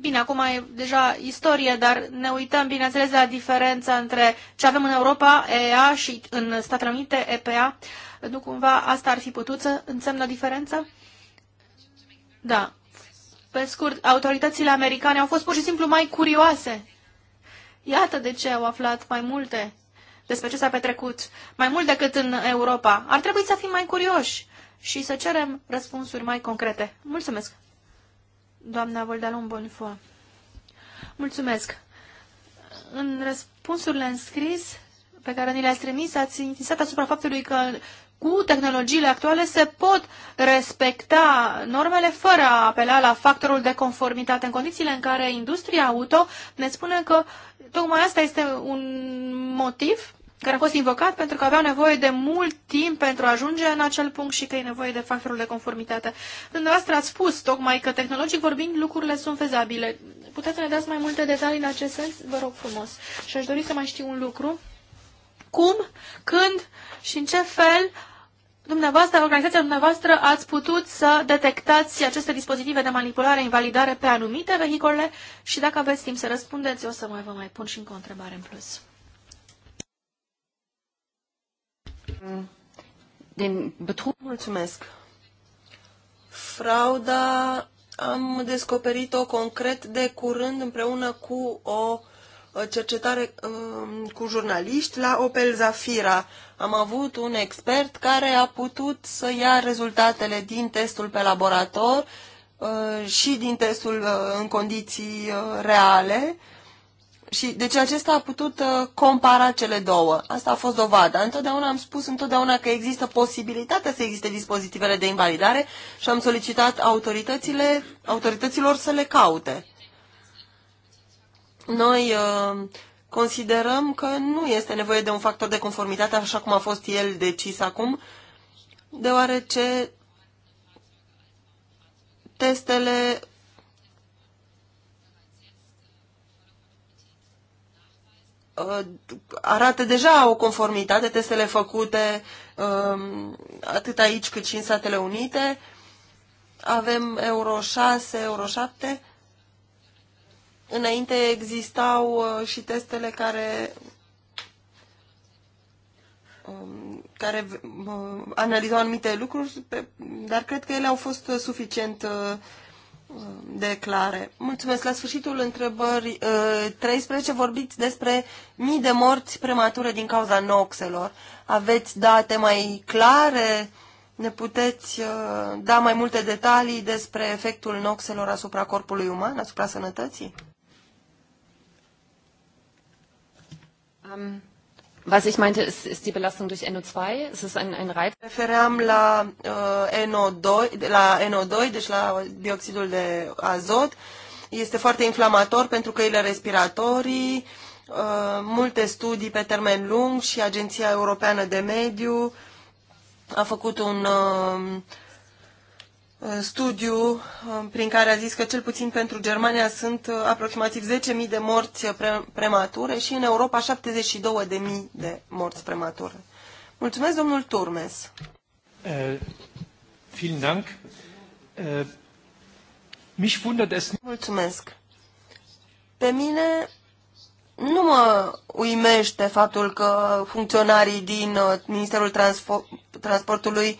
Bine, acum e deja istorie, dar ne uităm, bineînțeles, la diferența între ce avem în Europa, EA, și în Statele Unite, EPA. Nu cumva asta ar fi putut să însemnă diferența? Da. Pe scurt, autoritățile americane au fost pur și simplu mai curioase. Iată de ce au aflat mai multe despre ce s-a petrecut, mai mult decât în Europa. Ar trebui să fim mai curioși și să cerem răspunsuri mai concrete. Mulțumesc! Doamna Voldalon Bonifoa. Mulțumesc! În răspunsurile înscris pe care ni le-ați trimis, ați insistat asupra faptului că cu tehnologiile actuale se pot respecta normele fără a apela la factorul de conformitate în condițiile în care industria auto ne spune că tocmai asta este un motiv care a fost invocat pentru că aveau nevoie de mult timp pentru a ajunge în acel punct și că e nevoie de factorul de conformitate. Dumneavoastră ați spus tocmai că tehnologic vorbind lucrurile sunt fezabile. Puteți să ne dați mai multe detalii în acest sens? Vă rog frumos. Și aș dori să mai știu un lucru. Cum, când și în ce fel dumneavoastră, organizația dumneavoastră, ați putut să detectați aceste dispozitive de manipulare, invalidare pe anumite vehicole și dacă aveți timp să răspundeți, o să mai vă mai pun și încă o întrebare în plus. Din betrug, mulțumesc. Frauda am descoperit-o concret de curând împreună cu o cercetare um, cu jurnaliști la Opel Zafira. Am avut un expert care a putut să ia rezultatele din testul pe laborator uh, și din testul uh, în condiții uh, reale. Și, deci acesta a putut compara cele două. Asta a fost dovada. Întotdeauna am spus întotdeauna că există posibilitatea să existe dispozitivele de invalidare și am solicitat autoritățile, autorităților să le caute. Noi uh, considerăm că nu este nevoie de un factor de conformitate așa cum a fost el decis acum, deoarece testele uh, arată deja o conformitate, testele făcute um, atât aici cât și în Statele Unite. Avem Euro 6, Euro 7 Înainte existau uh, și testele care um, care uh, analizau anumite lucruri, dar cred că ele au fost uh, suficient de clare. Mulțumesc. La sfârșitul întrebării 13 vorbiți despre mii de morți premature din cauza noxelor. Aveți date mai clare? Ne puteți da mai multe detalii despre efectul noxelor asupra corpului uman, asupra sănătății? Um, was ich meinte, ist, ist die Belastung durch NO2. Es ist ein, ein Reiz. Referam la, uh, äh, NO2, la NO2, deci la dioxidul de azot. Este foarte inflamator pentru căile respiratorii, uh, multe studii pe termen lung și Agenția Europeană de Mediu a făcut un uh, studiu um, prin care a zis că cel puțin pentru Germania sunt uh, aproximativ 10.000 de morți uh, premature și în Europa 72.000 de morți premature. Mulțumesc, domnul Turmes. Uh, vielen Dank. Uh, mich wundert es... Mulțumesc. Pe mine nu mă uimește faptul că funcționarii din uh, Ministerul Transfo- Transportului uh,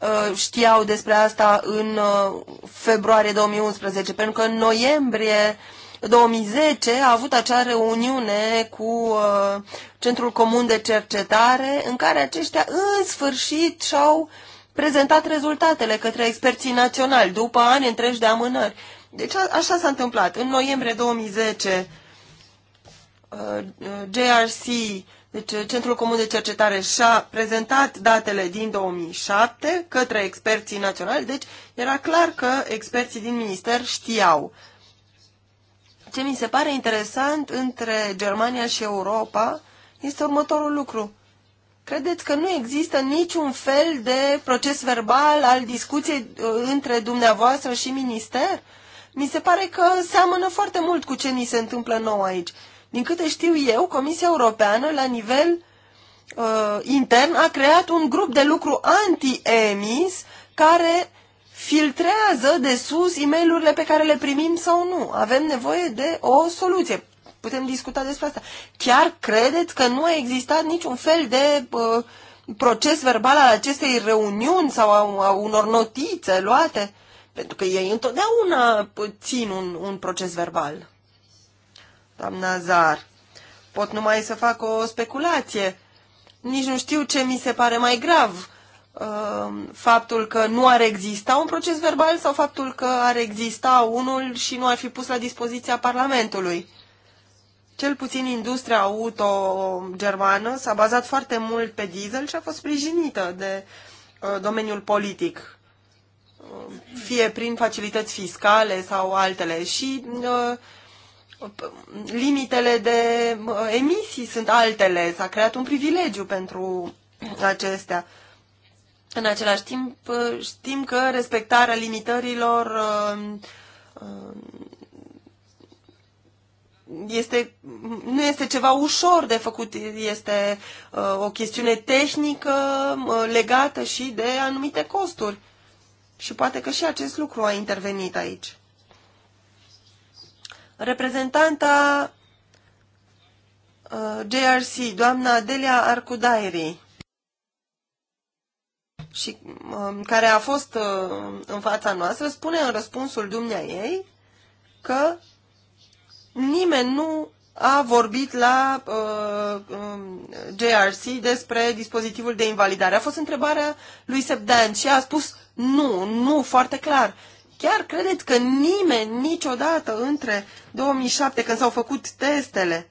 Uh, știau despre asta în uh, februarie 2011, pentru că în noiembrie 2010 a avut acea reuniune cu uh, Centrul Comun de Cercetare, în care aceștia în sfârșit și-au prezentat rezultatele către experții naționali, după ani întregi de amânări. Deci a, așa s-a întâmplat. În noiembrie 2010, JRC deci, uh, Centrul Comun de Cercetare și-a prezentat datele din 2007 către experții naționali, deci era clar că experții din minister știau. Ce mi se pare interesant între Germania și Europa este următorul lucru. Credeți că nu există niciun fel de proces verbal al discuției uh, între dumneavoastră și minister? Mi se pare că seamănă foarte mult cu ce ni se întâmplă nou aici. Din câte știu eu, Comisia Europeană, la nivel uh, intern, a creat un grup de lucru anti-emis care filtrează de sus e mail pe care le primim sau nu. Avem nevoie de o soluție. Putem discuta despre asta. Chiar credeți că nu a existat niciun fel de uh, proces verbal al acestei reuniuni sau a, a unor notițe luate? Pentru că ei întotdeauna țin un, un proces verbal doamna Zar. Pot numai să fac o speculație. Nici nu știu ce mi se pare mai grav. Ehm, faptul că nu ar exista un proces verbal sau faptul că ar exista unul și nu ar fi pus la dispoziția Parlamentului. Cel puțin industria auto germană s-a bazat foarte mult pe diesel și a fost sprijinită de uh, domeniul politic fie prin facilități fiscale sau altele. Și uh, limitele de uh, emisii sunt altele, s-a creat un privilegiu pentru acestea. În același timp, uh, știm că respectarea limitărilor uh, este, nu este ceva ușor de făcut, este o chestiune tehnică legată și de anumite costuri. Și poate că și acest lucru a intervenit aici. Reprezentanta uh, JRC, doamna Delia Arcudairi, și, um, care a fost uh, în fața noastră, spune în răspunsul dumnea ei că nimeni nu a vorbit la uh, um, JRC despre dispozitivul de invalidare. A fost întrebarea lui Seb și a spus nu, nu, foarte clar. Chiar credeți că nimeni niciodată între 2007, când s-au făcut testele,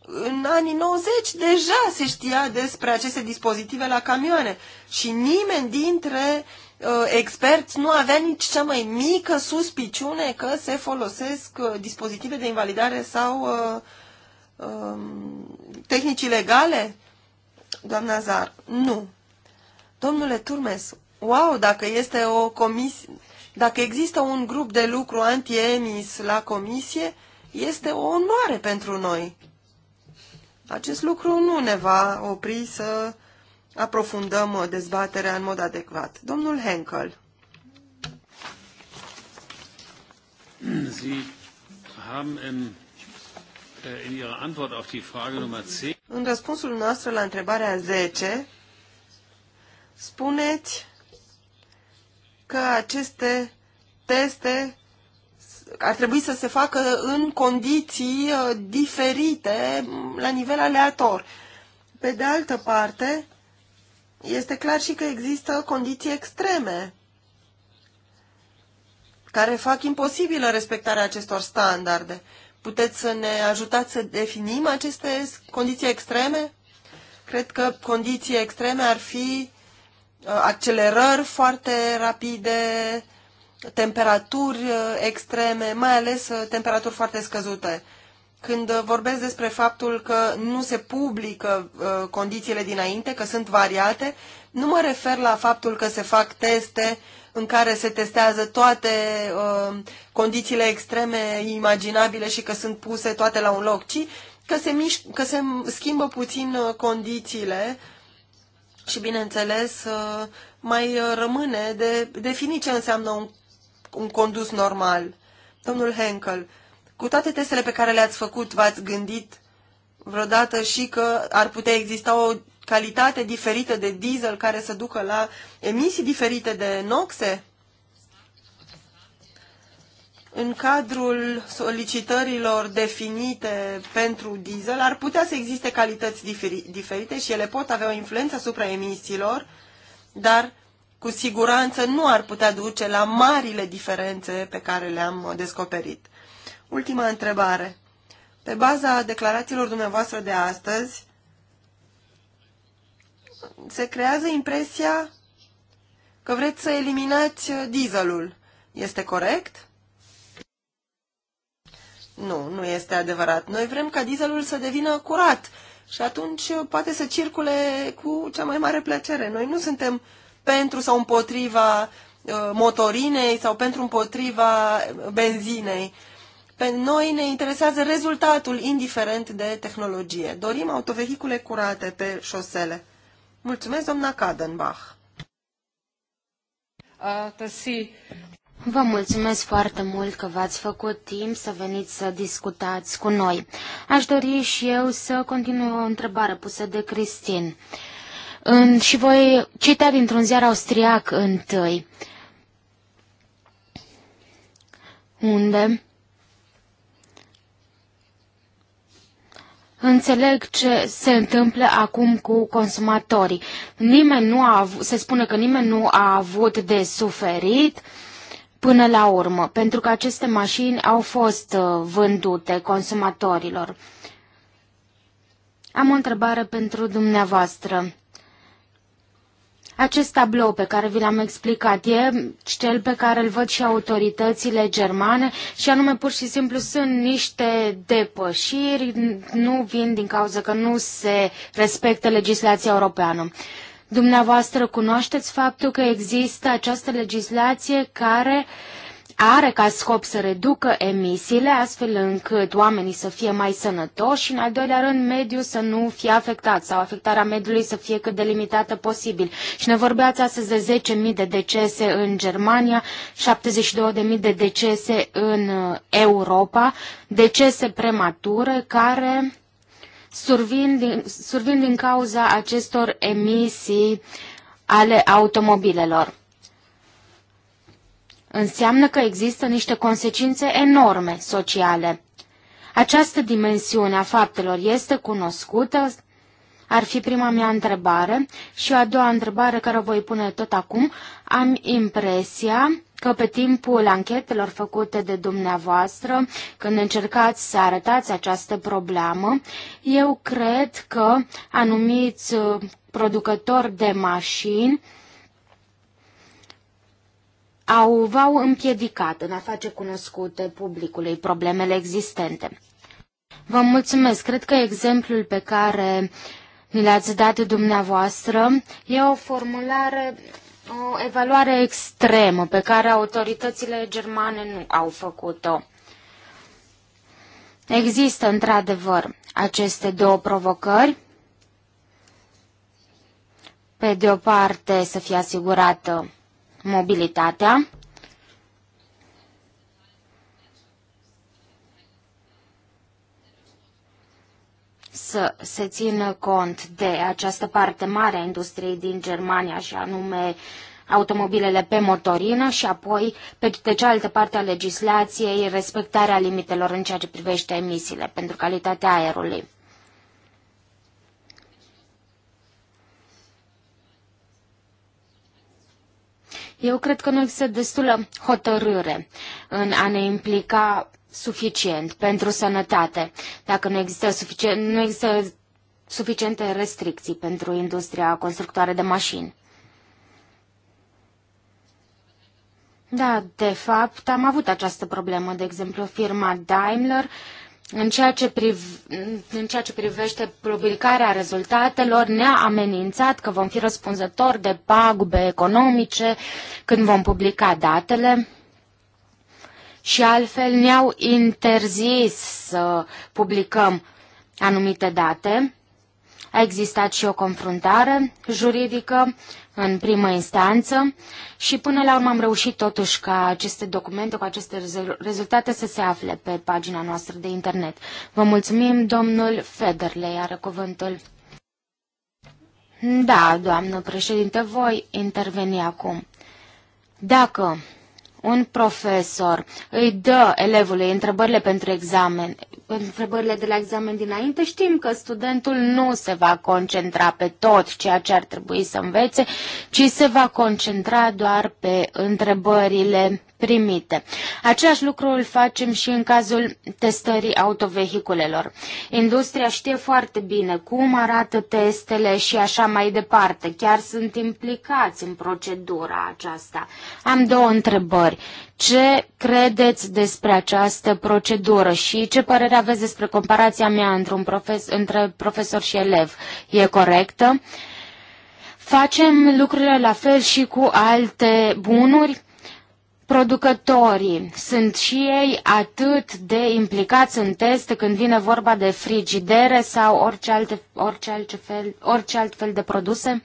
în anii 90 deja se știa despre aceste dispozitive la camioane și nimeni dintre uh, experți nu avea nici cea mai mică suspiciune că se folosesc uh, dispozitive de invalidare sau uh, uh, tehnici ilegale? Doamna Zar, nu. Domnule Turmes, wow, dacă este o comisie, dacă există un grup de lucru anti-emis la comisie, este o onoare pentru noi. Acest lucru nu ne va opri să aprofundăm dezbaterea în mod adecvat. Domnul Henkel. Sie haben im äh, în răspunsul nostru la întrebarea 10, spuneți că aceste teste ar trebui să se facă în condiții uh, diferite, mm, la nivel aleator. Pe de altă parte, este clar și că există condiții extreme care fac imposibilă respectarea acestor standarde. Puteți să ne ajutați să definim aceste condiții extreme? Cred că condiții extreme ar fi Uh, accelerări foarte rapide, temperaturi uh, extreme, mai ales uh, temperaturi foarte scăzute. Când vorbesc despre faptul că nu se publică condițiile dinainte, că sunt variate, nu mă refer la faptul că se fac teste în care se testează toate condițiile extreme imaginabile și că sunt puse toate la un loc, ci că se, mișc, că se schimbă puțin condițiile și, bineînțeles, uh, mai uh, rămâne de definit ce înseamnă un, un condus normal. Domnul Henkel, cu toate testele pe care le-ați făcut, v-ați gândit vreodată și că ar putea exista o calitate diferită de diesel care să ducă la emisii diferite de noxe? în cadrul solicitărilor definite pentru diesel ar putea să existe calități diferite și ele pot avea o influență asupra emisiilor, dar cu siguranță nu ar putea duce la marile diferențe pe care le-am descoperit. Ultima întrebare. Pe baza declarațiilor dumneavoastră de astăzi, se creează impresia că vreți să eliminați dieselul. Este corect? Nu, nu este adevărat. Noi vrem ca dieselul să devină curat și atunci poate să circule cu cea mai mare plăcere. Noi nu suntem pentru sau împotriva uh, motorinei sau pentru împotriva benzinei. Pe noi ne interesează rezultatul, indiferent de tehnologie. Dorim autovehicule curate pe șosele. Mulțumesc, doamna Kadenbach. Uh, Vă mulțumesc foarte mult că v-ați făcut timp să veniți să discutați cu noi. Aș dori și eu să continui o întrebare pusă de Cristin. În, și voi cita dintr-un ziar austriac întâi. Unde? Înțeleg ce se întâmplă acum cu consumatorii. Nimeni nu a avut, se spune că nimeni nu a avut de suferit. Uh, până la urmă, pentru că aceste mașini au fost uh, vândute consumatorilor. Am o întrebare pentru dumneavoastră. Acest tablou pe care vi l-am explicat e cel pe care îl văd și autoritățile germane și anume pur și simplu sunt niște depășiri, nu vin din cauza că nu se respectă legislația europeană. Dumneavoastră cunoașteți faptul că există această legislație care are ca scop să reducă emisiile, astfel încât oamenii să fie mai sănătoși și, în al doilea rând, mediul să nu fie afectat sau afectarea mediului să fie cât de limitată posibil. Și ne vorbeați astăzi de 10.000 de decese în Germania, 72.000 de decese în uh, Europa, decese premature care survin din, survin din cauza acestor emisii ale automobilelor. Înseamnă că există niște consecințe enorme sociale. Această dimensiune a faptelor este cunoscută? Ar fi prima mea întrebare și a doua întrebare care o voi pune tot acum. Am impresia că pe timpul anchetelor făcute de dumneavoastră, când încercați să arătați această problemă, eu cred că anumiți uh, producători de mașini au, v-au împiedicat în a face cunoscute publicului problemele existente. Vă mulțumesc. Cred că exemplul pe care ni l-ați dat dumneavoastră e o formulare o evaluare extremă pe care autoritățile germane nu au făcut-o. Există într-adevăr aceste două provocări. Pe de o parte să fie asigurată mobilitatea să se țină cont de această parte mare a industriei din Germania și anume automobilele pe motorină și apoi, pe de cealaltă parte a legislației, respectarea limitelor în ceea ce privește emisiile pentru calitatea aerului. Eu cred că nu există destulă hotărâre în a ne implica suficient pentru sănătate, dacă nu există, suficient, nu există suficiente restricții pentru industria constructoare de mașini. Da, de fapt, am avut această problemă. De exemplu, firma Daimler, în ceea ce, priv- în ceea ce privește publicarea rezultatelor, ne-a amenințat că vom fi răspunzători de pagube economice când vom publica datele și altfel ne-au interzis să publicăm anumite date. A existat și o confruntare juridică în primă instanță și până la urmă am reușit totuși ca aceste documente cu aceste rezultate să se afle pe pagina noastră de internet. Vă mulțumim, domnul Federley are cuvântul. Da, doamnă președinte, voi interveni acum. Dacă un profesor îi dă elevului întrebările pentru examen, întrebările de la examen dinainte, știm că studentul nu se va concentra pe tot ceea ce ar trebui să învețe, ci se va concentra doar pe întrebările primite. Același lucru îl facem și în cazul testării autovehiculelor. Industria știe foarte bine cum arată testele și așa mai departe. Chiar sunt implicați în procedura aceasta. Am două întrebări. Ce credeți despre această procedură și ce părere aveți despre comparația mea între, un profes- între profesor și elev? E corectă? Facem lucrurile la fel și cu alte bunuri? Producătorii sunt și ei atât de implicați în teste când vine vorba de frigidere sau orice, alte, orice, alt fel, orice alt fel de produse?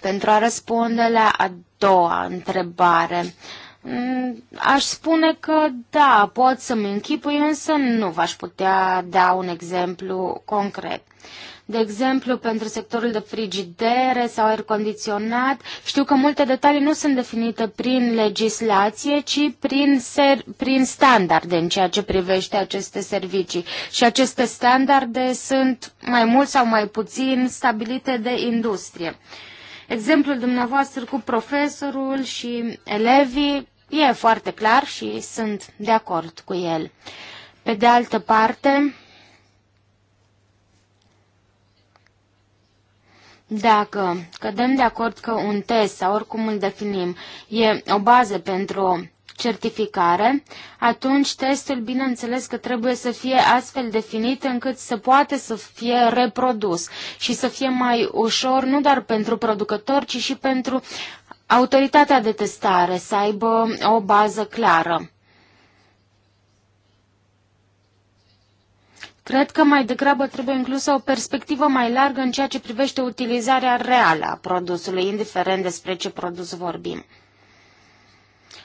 Pentru a răspunde la a doua întrebare, mm, aș spune că da, pot să-mi închipui, însă nu v-aș putea da un exemplu concret. Uh, de exemplu pentru sectorul de frigidere sau aer condiționat. Știu că multe detalii nu sunt definite prin legislație, ci prin, ser- prin standarde în ceea ce privește aceste servicii. Și aceste standarde sunt mai mult sau mai puțin stabilite de industrie. Exemplul dumneavoastră cu profesorul și elevii e foarte clar și sunt de acord cu el. Pe de altă parte, Dacă cădem de acord că un test, sau oricum îl definim, e o bază pentru certificare, atunci testul, bineînțeles că trebuie să fie astfel definit încât să poată să fie reprodus și să fie mai ușor, nu doar pentru producător, ci și pentru autoritatea de testare, să aibă o bază clară. Cred că mai degrabă trebuie inclusă o perspectivă mai largă în ceea ce privește utilizarea reală a produsului, indiferent despre ce produs vorbim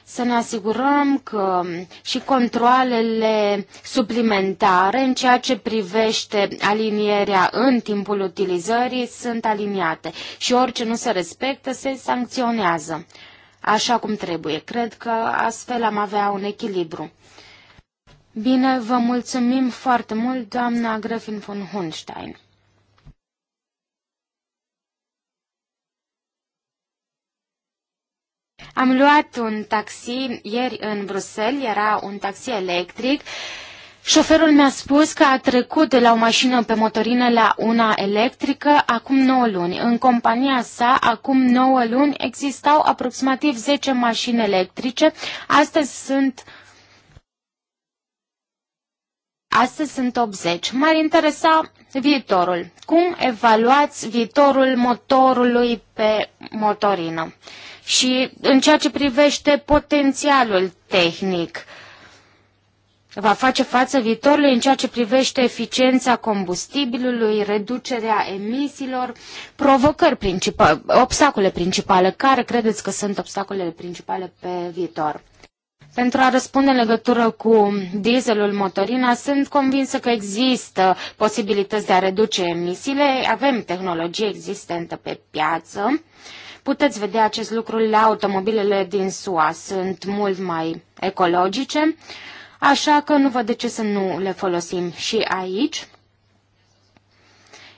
să ne asigurăm că și controlele suplimentare în ceea ce privește alinierea în timpul utilizării sunt aliniate și orice nu se respectă se sancționează așa cum trebuie. Cred că astfel am avea un echilibru. Bine, vă mulțumim foarte mult, doamna Grefin von Hunstein. Am luat un taxi ieri în Bruxelles, era un taxi electric. Șoferul mi-a spus că a trecut de la o mașină pe motorină la una electrică acum 9 luni. În compania sa, acum 9 luni, existau aproximativ 10 mașini electrice. Astăzi sunt Astăzi sunt 80. M-ar interesa viitorul. Cum evaluați viitorul motorului pe motorină? Și în ceea ce privește potențialul tehnic, va face față viitorului în ceea ce privește eficiența combustibilului, reducerea emisiilor, provocări principale, obstacole principale. Care credeți că sunt obstacolele principale pe viitor? Pentru a răspunde în legătură cu dieselul motorina, sunt convinsă că există posibilități de a reduce emisiile. Avem tehnologie existentă pe piață. Puteți vedea acest lucru la automobilele din SUA. Sunt mult mai ecologice, așa că nu văd de ce să nu le folosim și aici.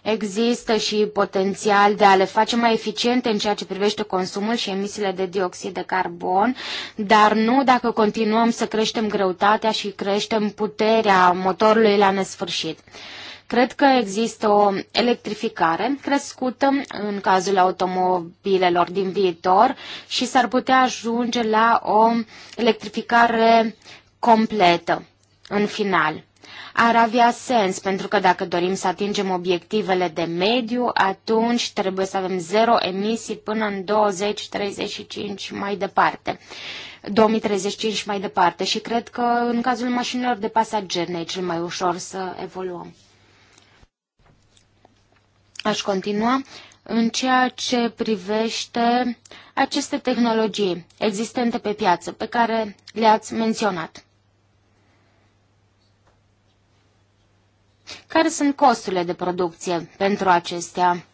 Există și potențial de a le face mai eficiente în ceea ce privește consumul și emisiile de dioxid de carbon, dar nu dacă continuăm să creștem greutatea și creștem puterea motorului la nesfârșit. Cred că există o electrificare crescută în cazul automobilelor din viitor și s-ar putea ajunge la o electrificare completă în final ar avea sens, pentru că dacă dorim să atingem obiectivele de mediu, atunci trebuie să avem zero emisii până în 2035 mai departe. 2035 mai departe și cred că în cazul mașinilor de pasageri ne e cel mai ușor să evoluăm. Aș continua în ceea ce privește aceste tehnologii existente pe piață pe care le-ați menționat. Care sunt costurile de producție pentru acestea?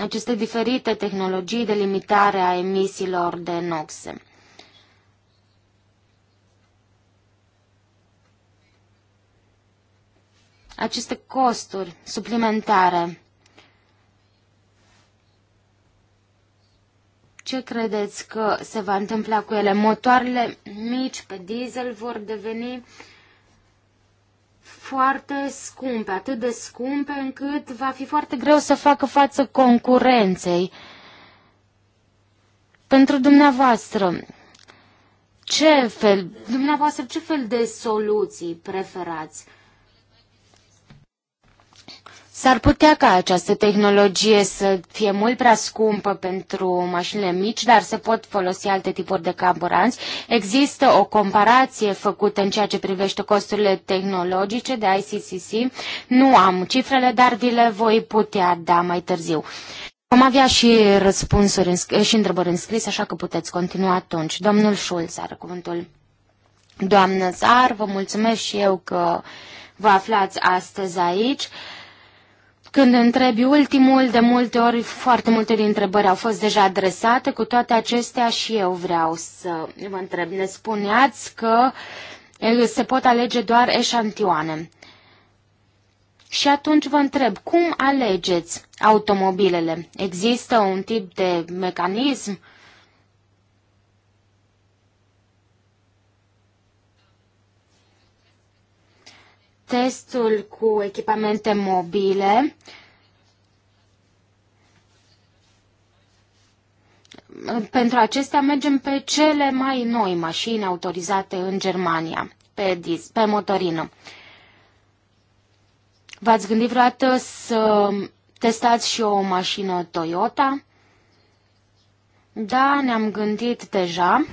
Aceste diferite tehnologii de limitare a emisiilor de noxe. Aceste costuri suplimentare ce credeți că se va întâmpla cu ele? Motoarele mici pe diesel vor deveni foarte scumpe, atât de scumpe încât va fi foarte greu să facă față concurenței. Pentru dumneavoastră, ce fel, dumneavoastră, ce fel de soluții preferați? S-ar putea ca această tehnologie să fie mult prea scumpă pentru mașinile mici, dar se pot folosi alte tipuri de carburanți. Există o comparație făcută în ceea ce privește costurile tehnologice de ICCC. Nu am cifrele, dar vi le voi putea da mai târziu. Vom avea și răspunsuri și întrebări înscrise, așa că puteți continua atunci. Domnul Schulz are cuvântul. Doamnă Zar, vă mulțumesc și eu că vă aflați astăzi aici. Uh, când întrebi ultimul, de multe ori foarte multe din întrebări au fost deja adresate, cu toate acestea și eu vreau să vă întreb. Ne spuneați că se pot alege doar eșantioane. Și atunci vă întreb, cum alegeți automobilele? Există un tip de mecanism? testul cu echipamente mobile pentru acestea mergem pe cele mai noi mașini autorizate în Germania, pe, dis, pe motorină. V-ați gândit vreodată să testați și o mașină Toyota? Da, ne-am gândit deja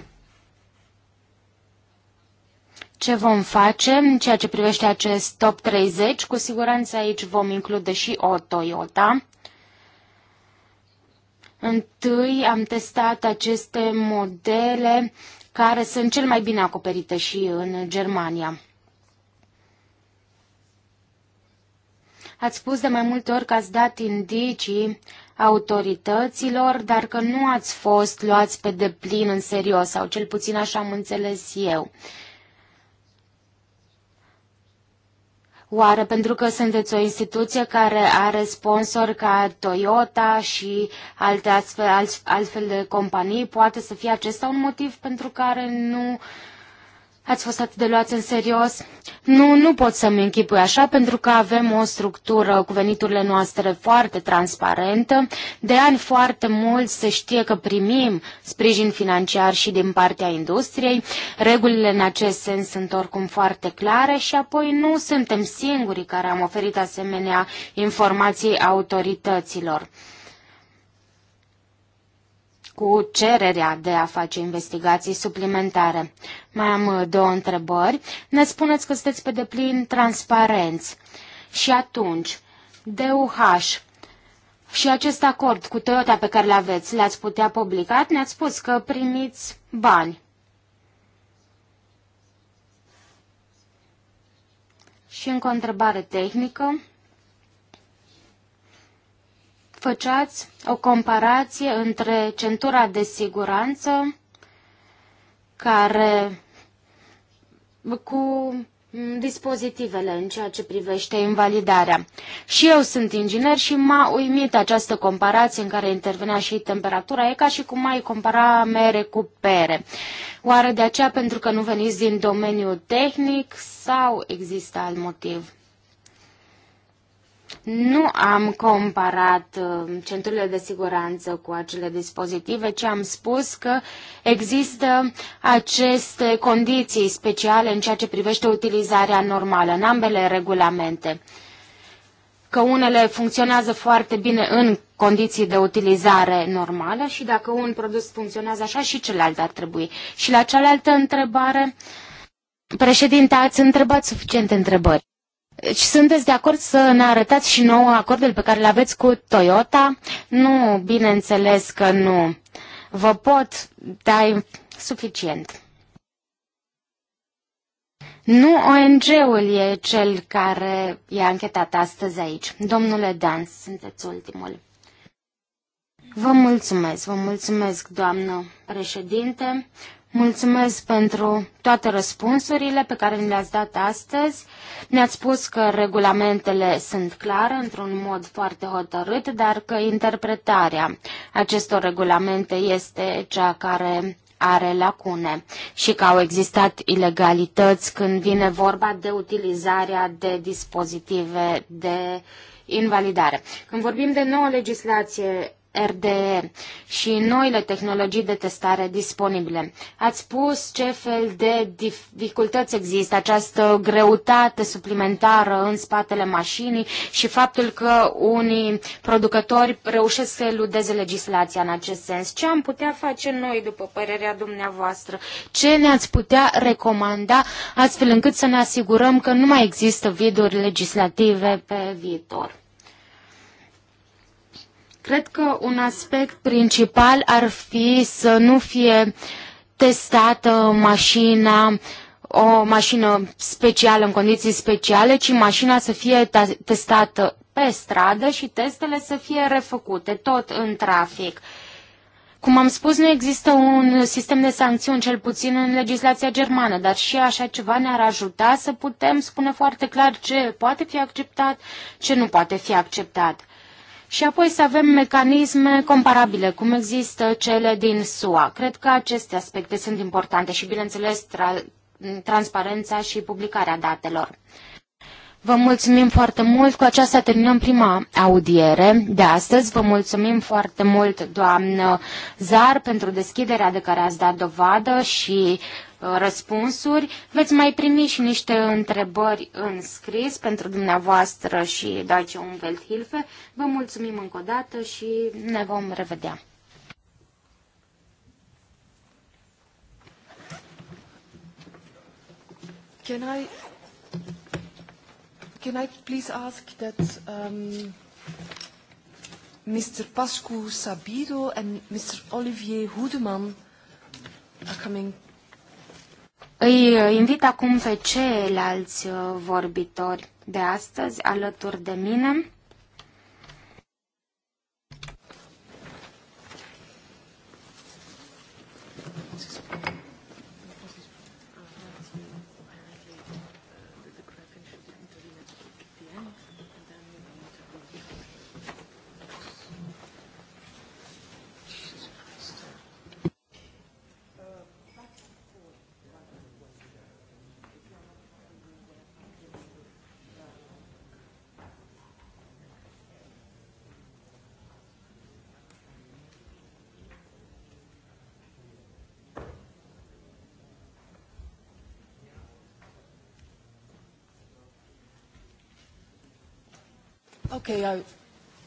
ce vom face în ceea ce privește acest top 30. Cu siguranță aici vom include și o Toyota. Întâi am testat aceste modele care sunt cel mai bine acoperite și în Germania. Ați spus de mai multe ori că ați dat indicii autorităților, dar că nu ați fost luați pe deplin în serios, sau cel puțin așa am înțeles eu. Uh, Oare pentru că sunteți o instituție care are sponsori ca Toyota și alte astfel, alt, altfel de companii, poate să fie acesta un motiv pentru care nu uh, Ați fost atât de luați în serios? Nu, nu pot să-mi închipui așa, pentru că avem o structură cu veniturile noastre foarte transparentă. De ani foarte mult se știe că primim sprijin financiar și din partea industriei. Regulile în acest sens sunt oricum foarte clare și apoi nu suntem singurii care am oferit asemenea informații autorităților cu cererea de a face investigații suplimentare. Mai am uh, două întrebări. Ne spuneți că sunteți pe deplin transparenți. Și atunci, DUH, și acest acord cu Toyota pe care l-aveți, l-ați putea publica? Ne-ați spus că primiți bani. Și încă o întrebare tehnică făceați o comparație între centura de siguranță care cu dispozitivele în ceea ce privește invalidarea. Și eu sunt inginer și m-a uimit această comparație în care intervenea și temperatura. E ca și cum mai compara mere cu pere. Oare de aceea pentru că nu veniți din domeniul tehnic sau există alt motiv? Nu am comparat uh, centurile de siguranță cu acele dispozitive, ci am spus că există aceste condiții speciale în ceea ce privește utilizarea normală în ambele regulamente că unele funcționează foarte bine în condiții de utilizare normală și dacă un produs funcționează așa și celălalt ar trebui. Și la cealaltă întrebare, președinte, ați întrebat suficiente întrebări. Și deci sunteți de acord să ne arătați și nouă acordul pe care îl aveți cu Toyota? Nu, bineînțeles că nu. Vă pot, da suficient. Nu ONG-ul e cel care e anchetat astăzi aici. Domnule Dan, sunteți ultimul. Vă mulțumesc, vă mulțumesc, doamnă președinte. Mulțumesc pentru toate răspunsurile pe care ni le-ați dat astăzi. Ne-ați spus că regulamentele sunt clare într-un mod foarte hotărât, dar că interpretarea acestor regulamente este cea care are lacune și că au existat ilegalități când vine vorba de utilizarea de dispozitive de invalidare. Când vorbim de nouă legislație RDE și noile tehnologii de testare disponibile. Ați spus ce fel de dificultăți există, această greutate suplimentară în spatele mașinii și faptul că unii producători reușesc să eludeze legislația în acest sens. Ce am putea face noi, după părerea dumneavoastră? Ce ne-ați putea recomanda astfel încât să ne asigurăm că nu mai există viduri legislative pe viitor? Cred că un aspect principal ar fi să nu fie testată mașina, o mașină specială, în condiții speciale, ci mașina să fie testată pe stradă și testele să fie refăcute tot în trafic. Cum am spus, nu există un sistem de sancțiuni, cel puțin în legislația germană, dar și așa ceva ne-ar ajuta să putem spune foarte clar ce poate fi acceptat, ce nu poate fi acceptat și apoi să avem mecanisme comparabile, cum există cele din SUA. Cred că aceste aspecte sunt importante și, bineînțeles, tra- transparența și publicarea datelor. Vă mulțumim foarte mult. Cu aceasta terminăm prima audiere de astăzi. Vă mulțumim foarte mult, doamnă Zar, pentru deschiderea de care ați dat dovadă și uh, Uh, răspunsuri. Veți mai primi și niște întrebări în scris pentru dumneavoastră și Dacia Umwelt Hilfe. Vă mulțumim încă o dată și ne vom revedea. Can I, can I please ask that um, Mr. Pascu Sabido and Mr. Olivier Hoedeman are coming îi invit acum pe ceilalți uh, vorbitori de astăzi alături de mine. Okay, I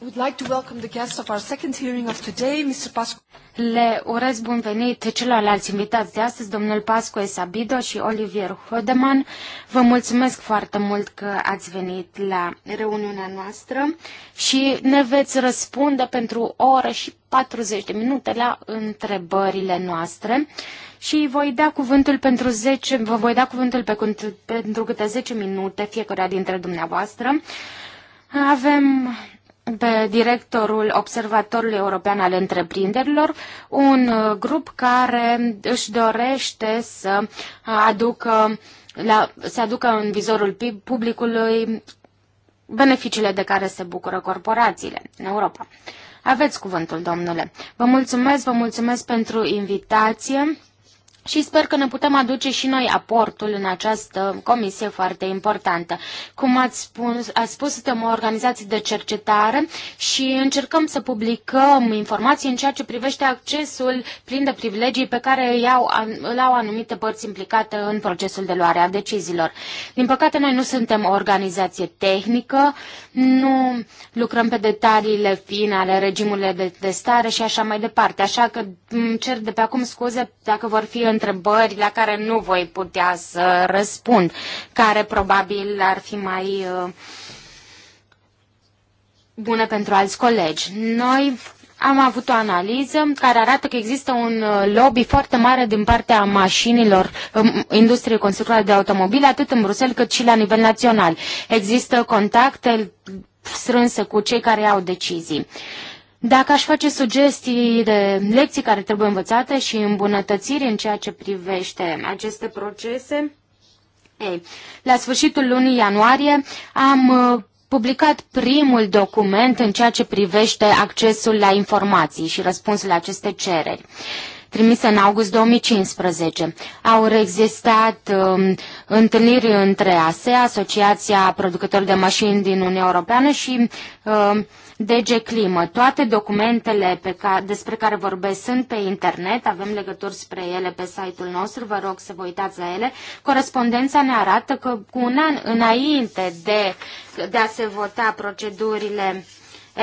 would like to welcome the guests of our second hearing of today, Mr. Pascu. Le urez bun venit celorlalți invitați de astăzi, domnul Pascu Esabido și Olivier Hodeman. Vă mulțumesc foarte mult că ați venit la reuniunea noastră și ne veți răspunde pentru o oră și 40 de minute la întrebările noastre și voi da cuvântul pentru 10, vă voi da cuvântul pe, pentru câte 10 minute fiecare dintre dumneavoastră. Avem pe directorul Observatorului European al Întreprinderilor, un uh, grup care își dorește să uh, aducă la, să aducă în vizorul publicului beneficiile de care se bucură corporațiile în Europa. Aveți cuvântul, domnule. Vă mulțumesc, vă mulțumesc pentru invitație și sper că ne putem aduce și noi aportul în această comisie foarte importantă. Cum ați spus, ați spus, suntem o organizație de cercetare și încercăm să publicăm informații în ceea ce privește accesul plin de privilegii pe care iau, îl au anumite părți implicate în procesul de luare a deciziilor. Din păcate, noi nu suntem o organizație tehnică, nu lucrăm pe detaliile fine ale regimurilor de testare și așa mai departe. Așa că cer de pe acum scuze dacă vor fi în întrebări la care nu voi putea să răspund, care probabil ar fi mai uh, bune pentru alți colegi. Noi am avut o analiză care arată că există un uh, lobby foarte mare din partea mașinilor, um, industriei constructoare de automobile, atât în Bruxelles cât și la nivel național. Există contacte strânse cu cei care au decizii. Uh, dacă aș face sugestii de lecții care trebuie învățate și îmbunătățiri în ceea ce privește aceste procese, ei, la sfârșitul lunii ianuarie am uh, publicat primul document în ceea ce privește accesul la informații și răspunsul la aceste cereri trimise în august 2015. Au existat um, întâlniri între ASE, Asociația Producătorilor de Mașini din Uniunea Europeană și um, DG Climă. Toate documentele pe ca, despre care vorbesc sunt pe internet, avem legături spre ele pe site-ul nostru, vă rog să vă uitați la ele. Corespondența ne arată că cu un an înainte de, de a se vota procedurile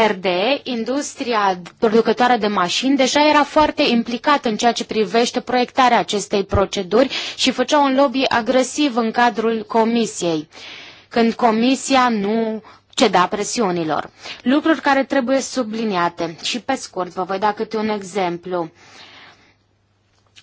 RD, industria producătoare de mașini, deja era foarte implicată în ceea ce privește proiectarea acestei proceduri și făcea un lobby agresiv în cadrul comisiei. Când comisia nu ceda presiunilor. Lucruri care trebuie subliniate și pe scurt vă voi da câte un exemplu.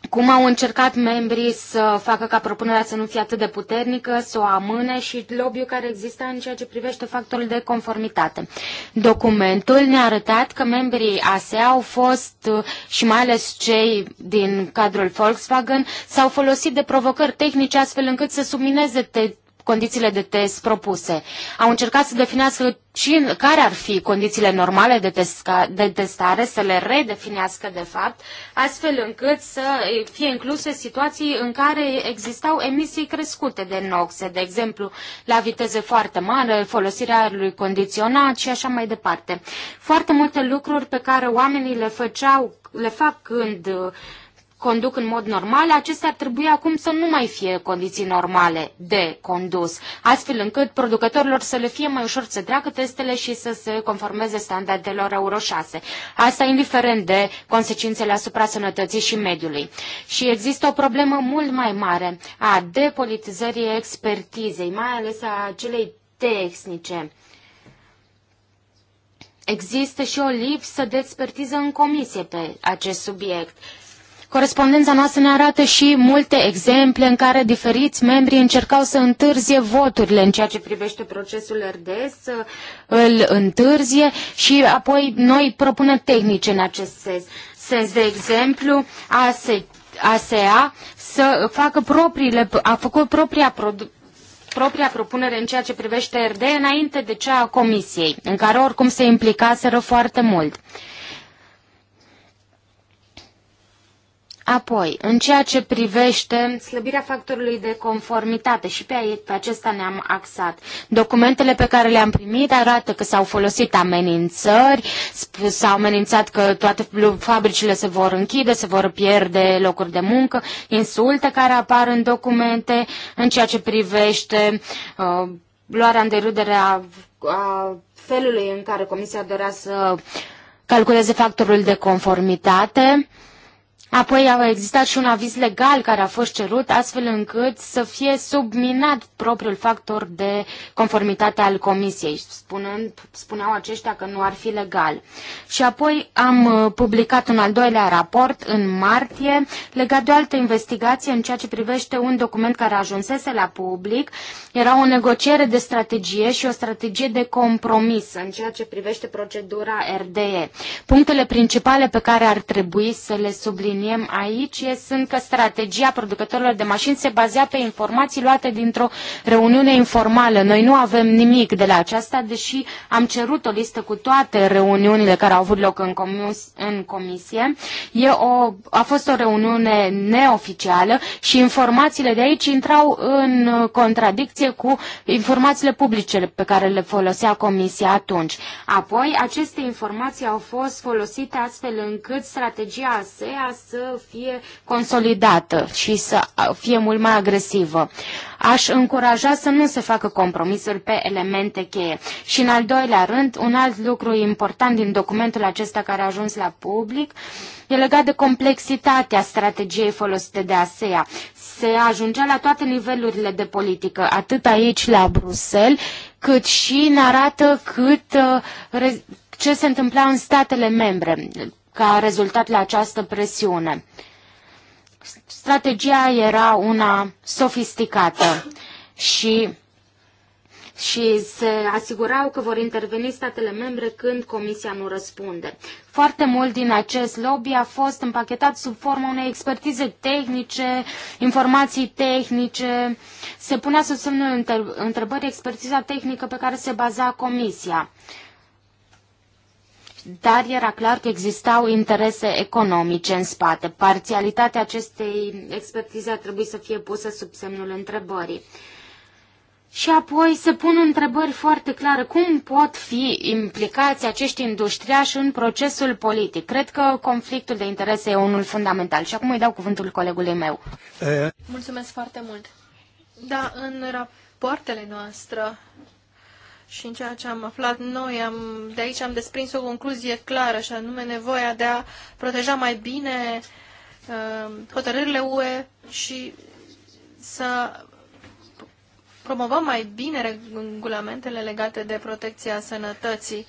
Cum au încercat membrii să facă ca propunerea să nu fie atât de puternică, să o amâne și lobby-ul care există în ceea ce privește factorul de conformitate. Documentul ne-a arătat că membrii ASE au fost, uh, și mai ales cei din cadrul Volkswagen, s-au folosit de provocări tehnice astfel încât să submineze condițiile de test propuse. Au încercat să definească cine, care ar fi condițiile normale de, de testare, să le redefinească de fapt, astfel încât să fie incluse situații în care existau emisii crescute de noxe, de exemplu la viteze foarte mare, folosirea aerului condiționat și așa mai departe. Foarte multe lucruri pe care oamenii le făceau le fac când conduc în mod normal, acestea ar trebui acum să nu mai fie condiții normale de condus, astfel încât producătorilor să le fie mai ușor să treacă testele și să se conformeze standardelor Euro 6. Asta indiferent de consecințele asupra sănătății și mediului. Și există o problemă mult mai mare a depolitizării expertizei, mai ales a celei tehnice. Există și o lipsă de expertiză în comisie pe acest subiect Corespondența noastră ne arată și multe exemple în care diferiți membri încercau să întârzie voturile în ceea ce privește procesul RDS, să îl întârzie și apoi noi propunem tehnice în acest sens. Sens, de exemplu, ASE, ASEA să facă propriile, a făcut propria producție propria propunere în ceea ce privește RD înainte de cea a Comisiei, în care oricum se implicaseră foarte mult. Apoi, în ceea ce privește slăbirea factorului de conformitate și pe acesta ne-am axat. Documentele pe care le-am primit arată că s-au folosit amenințări, s-au amenințat că toate fabricile se vor închide, se vor pierde locuri de muncă, insulte care apar în documente, în ceea ce privește uh, luarea în derudere a, a felului în care Comisia dorea să calculeze factorul de conformitate. Apoi a existat și un aviz legal care a fost cerut, astfel încât să fie subminat propriul factor de conformitate al comisiei, spunând, spuneau aceștia că nu ar fi legal. Și apoi am uh, publicat un al doilea raport în martie, legat de o altă investigație în ceea ce privește un document care ajunsese la public. Era o negociere de strategie și o strategie de compromis în ceea ce privește procedura RDE. Punctele principale pe care ar trebui să le subliniem subliniem aici sunt că strategia producătorilor de mașini se bazea pe informații luate dintr-o reuniune informală. Noi nu avem nimic de la aceasta, deși am cerut o listă cu toate reuniunile care au avut loc în, comis, în comisie. E o, a fost o reuniune neoficială și informațiile de aici intrau în contradicție cu informațiile publice pe care le folosea comisia atunci. Apoi, aceste informații au fost folosite astfel încât strategia ASEA să fie consolidată și să fie mult mai agresivă. Aș încuraja să nu se facă compromisuri pe elemente cheie. Și în al doilea rând, un alt lucru important din documentul acesta care a ajuns la public e legat de complexitatea strategiei folosite de ASEA. Se ajungea la toate nivelurile de politică, atât aici la Bruxelles, cât și ne arată cât uh, ce se întâmpla în statele membre ca rezultat la această presiune. Strategia era una sofisticată și și se asigurau că vor interveni statele membre când Comisia nu răspunde. Foarte mult din acest lobby a fost împachetat sub forma unei expertize tehnice, informații tehnice. Se punea sub semnul întrebării expertiza tehnică pe care se baza Comisia dar era clar că existau interese economice în spate. Parțialitatea acestei expertize a trebuit să fie pusă sub semnul întrebării. Și apoi se pun întrebări foarte clare. Cum pot fi implicați acești industriași în procesul politic? Cred că conflictul de interese e unul fundamental. Și acum îi dau cuvântul colegului meu. Eh. Mulțumesc foarte mult. Da, în rapoartele noastre și în ceea ce am aflat noi, am, de aici am desprins o concluzie clară, și anume nevoia de a proteja mai bine uh, hotărârile UE și să promovăm mai bine regulamentele legate de protecția sănătății.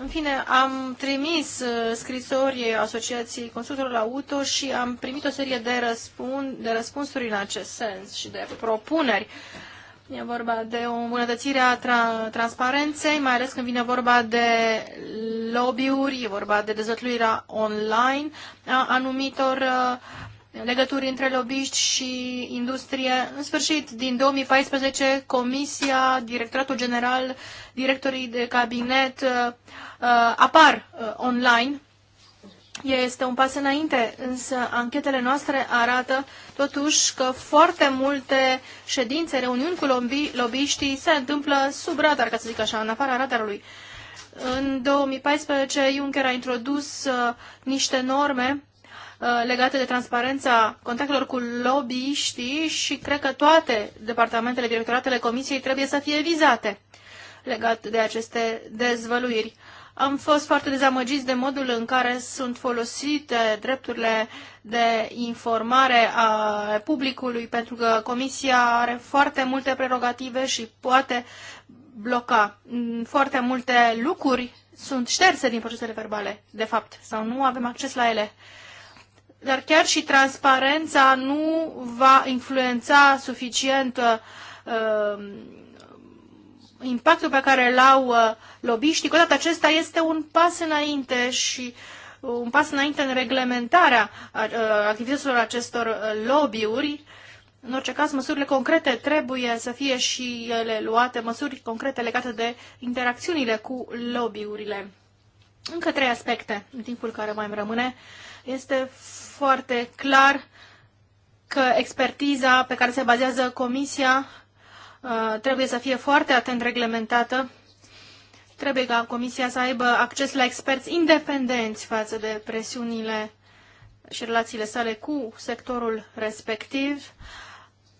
În fine, am trimis uh, scrisori Asociației Constructorilor Auto și am primit o serie de, răspun, de răspunsuri în acest sens și de propuneri. Uh, E vorba de o îmbunătățire a tra- transparenței, mai ales când vine vorba de lobby-uri, e vorba de dezvăluirea online a anumitor uh, legături între lobbyști și industrie. În sfârșit, din 2014, Comisia, Directoratul General, directorii de cabinet uh, uh, apar online este un pas înainte, însă anchetele noastre arată totuși că foarte multe ședințe, reuniuni cu lobby, se întâmplă sub radar, ca să zic așa, în afara radarului. În 2014, Juncker a introdus uh, niște norme uh, legate de transparența contactelor cu lobbyiștii și cred că toate departamentele, directoratele comisiei trebuie să fie vizate legat de aceste dezvăluiri. Am fost foarte dezamăgiți de modul în care sunt folosite drepturile de informare a publicului, pentru că Comisia are foarte multe prerogative și poate bloca. Foarte multe lucruri sunt șterse din procesele verbale, de fapt, sau nu avem acces la ele. Dar chiar și transparența nu va influența suficient uh, impactul pe care îl au uh, lobiștii, cu toate acesta este un pas înainte și uh, un pas înainte în reglementarea uh, activităților acestor lobby-uri. În orice caz, măsurile concrete trebuie să fie și ele luate, măsuri concrete legate de interacțiunile cu lobby-urile. Încă trei aspecte în timpul care mai îmi rămâne. Este foarte clar că expertiza pe care se bazează Comisia Uh, trebuie să fie foarte atent reglementată. Trebuie ca Comisia să aibă acces la experți independenți față de presiunile și relațiile sale cu sectorul respectiv.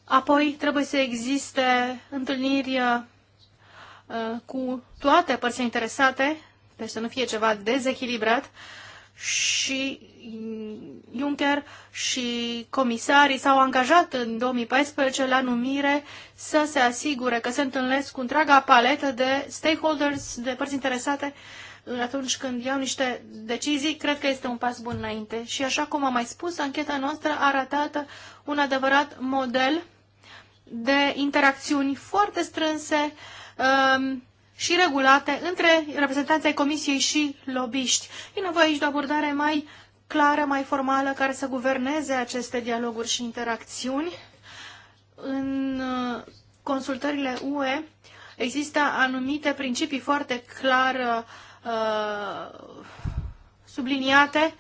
Apoi trebuie să existe întâlniri uh, cu toate părțile interesate, deci să nu fie ceva dezechilibrat și Juncker și comisarii s-au angajat în 2014 la numire să se asigure că se întâlnesc cu întreaga paletă de stakeholders, de părți interesate atunci când iau niște decizii, cred că este un pas bun înainte. Și așa cum am mai spus, ancheta noastră a arătat un adevărat model de interacțiuni foarte strânse, um, și regulate între reprezentanții ai Comisiei și lobiști. E nevoie aici de o abordare mai clară, mai formală, care să guverneze aceste dialoguri și interacțiuni. În uh, consultările UE există anumite principii foarte clar uh, subliniate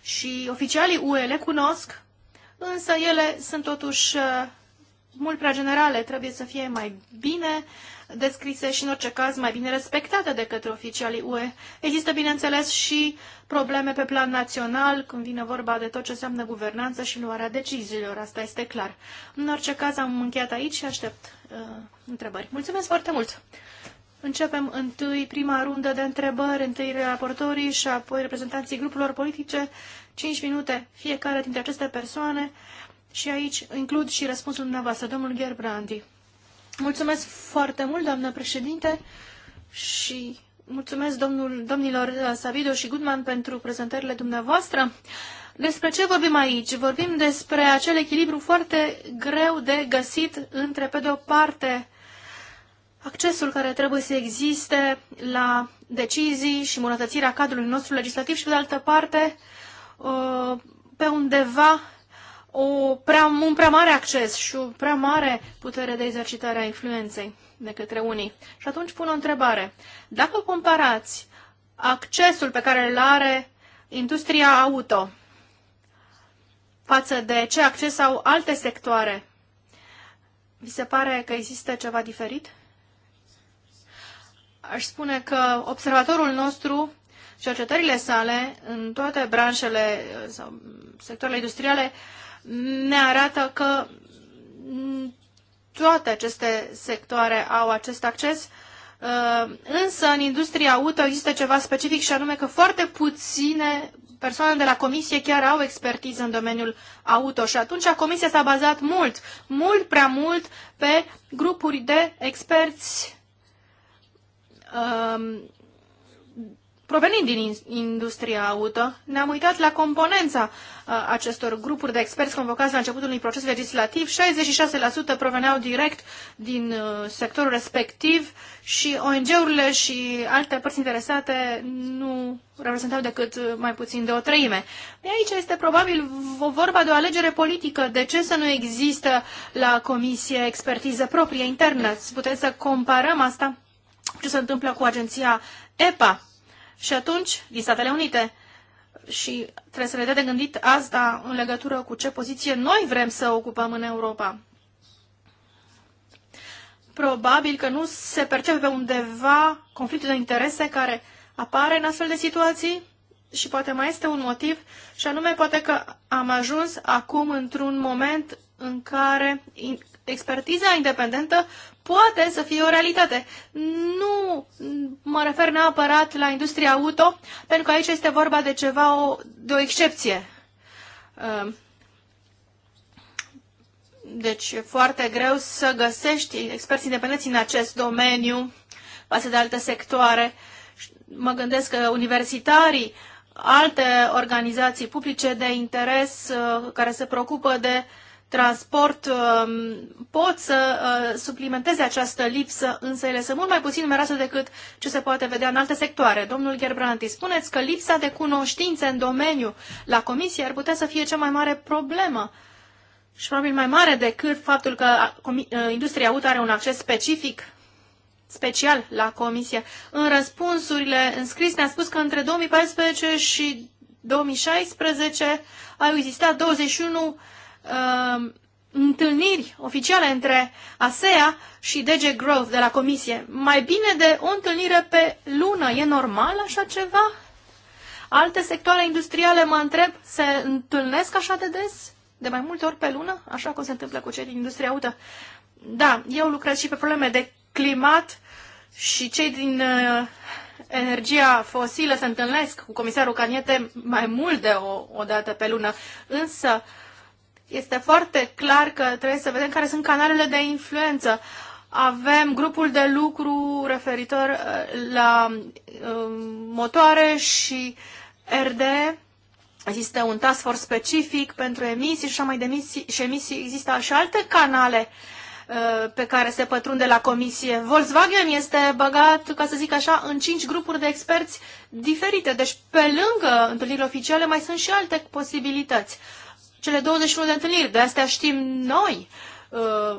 și oficialii UE le cunosc, însă ele sunt totuși uh, mult prea generale, trebuie să fie mai bine descrise și, în orice caz, mai bine respectate de către oficialii UE. Există, bineînțeles, și probleme pe plan național când vine vorba de tot ce înseamnă guvernanță și luarea deciziilor. Asta este clar. În orice caz, am încheiat aici și aștept uh, întrebări. Mulțumesc foarte mult! Începem întâi prima rundă de întrebări, întâi raportorii și apoi reprezentanții grupurilor politice. 5 minute fiecare dintre aceste persoane și aici includ și răspunsul dumneavoastră, domnul Gerbrandi. Mulțumesc foarte mult, doamnă președinte, și mulțumesc domnul, domnilor Savido și Goodman pentru prezentările dumneavoastră. Despre ce vorbim aici? Vorbim despre acel echilibru foarte greu de găsit între, pe de o parte, accesul care trebuie să existe la decizii și îmbunătățirea cadrului nostru legislativ și, pe de altă parte, pe undeva o prea, un prea mare acces și o prea mare putere de exercitare a influenței de către unii. Și atunci pun o întrebare. Dacă comparați accesul pe care îl are industria auto față de ce acces au alte sectoare, vi se pare că există ceva diferit? Aș spune că observatorul nostru cercetările sale în toate branșele uh, sau sectoarele industriale ne arată că toate aceste sectoare au acest acces, uh, însă în industria auto există ceva specific și anume că foarte puține persoane de la comisie chiar au expertiză în domeniul auto și atunci comisia s-a bazat mult, mult prea mult pe grupuri de experți uh, provenind din industria auto, ne-am uitat la componența uh, acestor grupuri de experți convocați la începutul unui proces legislativ. 66% proveneau direct din uh, sectorul respectiv și ONG-urile și alte părți interesate nu reprezentau decât uh, mai puțin de o treime. De aici este probabil vorba de o alegere politică. De ce să nu există la comisie expertiză proprie internă? Putem să comparăm asta ce se întâmplă cu agenția EPA și atunci, din Statele Unite, și trebuie să ne dea de gândit asta în legătură cu ce poziție noi vrem să ocupăm în Europa. Probabil că nu se percepe pe undeva conflictul de interese care apare în astfel de situații și poate mai este un motiv și anume poate că am ajuns acum într-un moment în care expertiza independentă poate să fie o realitate. Nu mă refer neapărat la industria auto, pentru că aici este vorba de ceva, o, de o excepție. Ehm, deci e foarte greu să găsești experți independenți în acest domeniu față de alte sectoare. Mă gândesc că universitarii, alte organizații publice de interes uh, care se preocupă de uh, transport um, pot să uh, suplimenteze această lipsă, însă ele sunt mult mai puțin numeroase decât ce se poate vedea în alte sectoare. Domnul Gerbranti, spuneți că lipsa de cunoștințe în domeniu la comisie ar putea să fie cea mai mare problemă și probabil mai mare decât faptul că uh, uh, industria auto are un acces specific special la comisie. În răspunsurile înscris ne-a spus că între 2014 și 2016 au existat 21 uh, întâlniri oficiale între ASEA și DG Growth de la Comisie. Mai bine de o întâlnire pe lună. E normal așa ceva? Alte sectoare industriale, mă întreb, se întâlnesc așa de des? De mai multe ori pe lună? Așa cum se întâmplă cu cei din industria auto. Da, eu lucrez și pe probleme de climat și cei din uh, energia fosilă se întâlnesc cu comisarul Caniete mai mult de o, o dată pe lună. Însă, uh, este foarte clar că trebuie să vedem care sunt canalele de influență. Avem grupul de lucru referitor uh, la uh, motoare și RD. Există un task force specific pentru emisii și așa mai emisii, și emisii. Există și alte canale uh, pe care se pătrunde la comisie. Volkswagen este băgat, ca să zic așa, în cinci grupuri de experți diferite. Deci, pe lângă întâlnirile oficiale, mai sunt și alte posibilități cele 21 de întâlniri, de astea știm noi. Uh,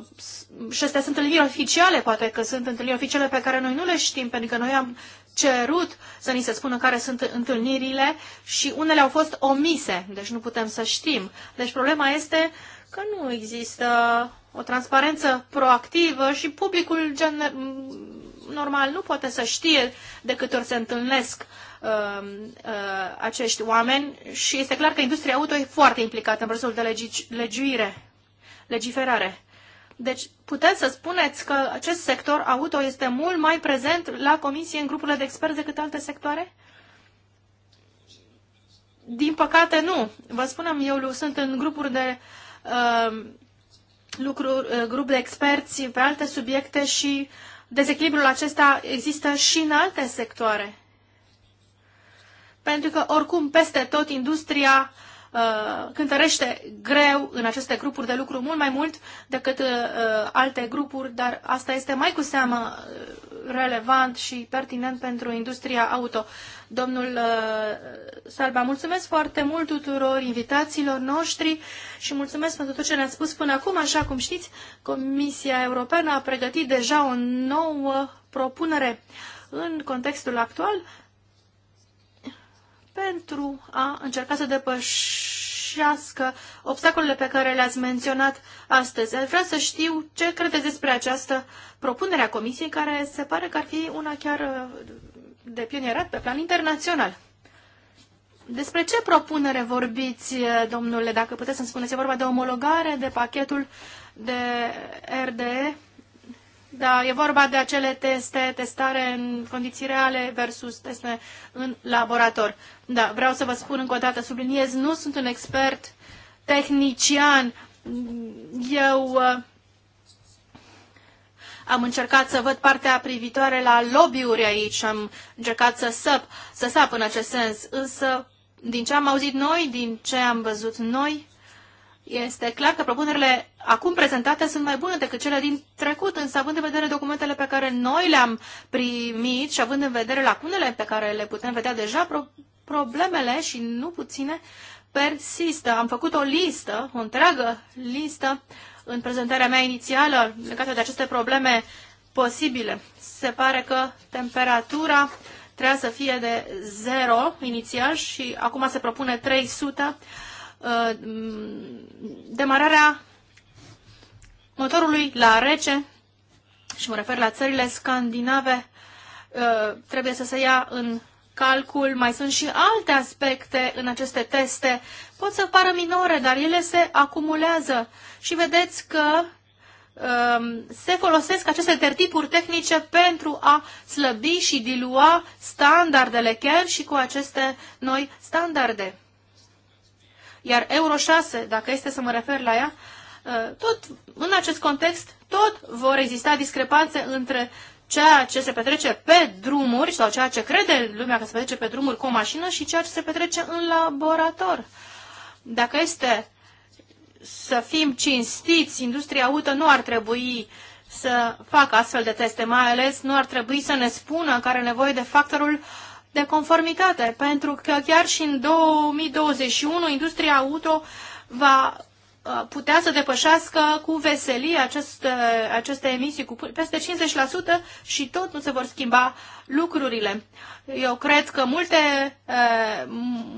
și astea sunt întâlniri oficiale, poate că sunt întâlniri oficiale pe care noi nu le știm, pentru că noi am cerut să ni se spună care sunt întâlnirile și unele au fost omise, deci nu putem să știm. Deci problema este că nu există o transparență proactivă și publicul gener- normal nu poate să știe de câte ori se întâlnesc Um, uh, acești oameni și este clar că industria auto e foarte implicată în procesul de legi, legiuire, legiferare. Deci puteți să spuneți că acest sector auto este mult mai prezent la comisie în grupurile de experți decât alte sectoare? Din păcate nu. Vă spunem, eu sunt în grupuri de uh, um, lucruri, uh, grup de experți pe alte subiecte și dezechilibrul acesta există și în alte sectoare pentru că oricum peste tot industria uh, cântărește greu în aceste grupuri de lucru mult mai mult decât uh, alte grupuri, dar asta este mai cu seamă uh, relevant și pertinent pentru industria auto. Domnul uh, Salba, mulțumesc foarte mult tuturor invitațiilor noștri și mulțumesc pentru tot ce ne-ați spus până acum. Așa cum știți, Comisia Europeană a pregătit deja o nouă propunere în contextul actual pentru a încerca să depășească obstacolele pe care le-ați menționat astăzi. Aș vrea să știu ce credeți despre această propunere a Comisiei, care se pare că ar fi una chiar uh, de pionierat pe plan internațional. Despre ce propunere vorbiți, uh, domnule, dacă puteți să-mi spuneți? E vorba de omologare, de pachetul de RDE? Da, e vorba de acele teste, testare în condiții reale versus teste în laborator. Da, vreau să vă spun încă o dată, subliniez, nu sunt un expert tehnician. Eu uh, am încercat să văd partea privitoare la lobby-uri aici am încercat să sap, să sap în acest sens. Însă, din ce am auzit noi, din ce am văzut noi, este clar că propunerile acum prezentate sunt mai bune decât cele din trecut, însă având în vedere documentele pe care noi le-am primit și având în vedere lacunele pe care le putem vedea deja, pro- problemele și nu puține persistă. Am făcut o listă, o întreagă listă în prezentarea mea inițială legată de aceste probleme posibile. Se pare că temperatura trebuie să fie de 0 inițial și acum se propune 300 Uh, demararea motorului la rece, și mă refer la țările scandinave, uh, trebuie să se ia în calcul, mai sunt și alte aspecte în aceste teste. Pot să pară minore, dar ele se acumulează și vedeți că um, se folosesc aceste tertipuri tehnice pentru a slăbi și dilua standardele chiar și cu aceste noi standarde. Iar Euro 6, dacă este să mă refer la ea, ă, tot în acest context, tot vor exista discrepanțe între ceea ce se petrece pe drumuri sau ceea ce crede lumea că se petrece pe drumuri cu o mașină și ceea ce se petrece în laborator. Dacă este să fim cinstiți, industria auto nu ar trebui să facă astfel de teste, mai ales nu ar trebui să ne spună care are nevoie de factorul uh, de conformitate, pentru că chiar și în 2021 industria auto va uh, putea să depășească cu veselie aceste, aceste emisii cu peste 50% și tot nu se vor schimba lucrurile. Eu cred că multe, uh,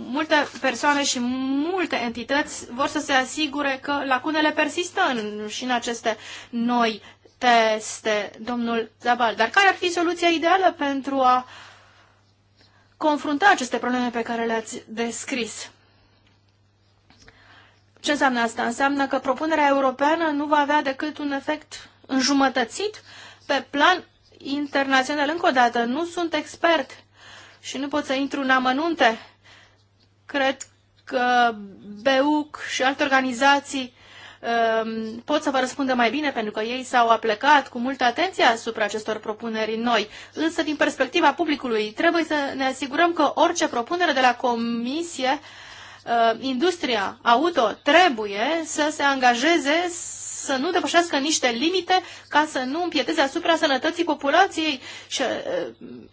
multe persoane și multe entități vor să se asigure că lacunele persistă în, și în aceste noi teste, domnul Zabal. Dar care ar fi soluția ideală pentru a uh, confrunta aceste probleme pe care le-ați descris. Ce înseamnă asta? Înseamnă că propunerea europeană nu va avea decât un efect înjumătățit pe plan internațional. Încă o dată, nu sunt expert și nu pot să intru în amănunte. Cred că BEUC și alte organizații Ehm, pot să vă răspundă mai bine pentru că ei s-au aplecat cu multă atenție asupra acestor propuneri noi. Însă, din perspectiva publicului, trebuie să ne asigurăm că orice propunere de la Comisie, ehm, industria auto trebuie să se angajeze să nu depășească niște limite ca să nu împieteze asupra sănătății populației. Și ehm,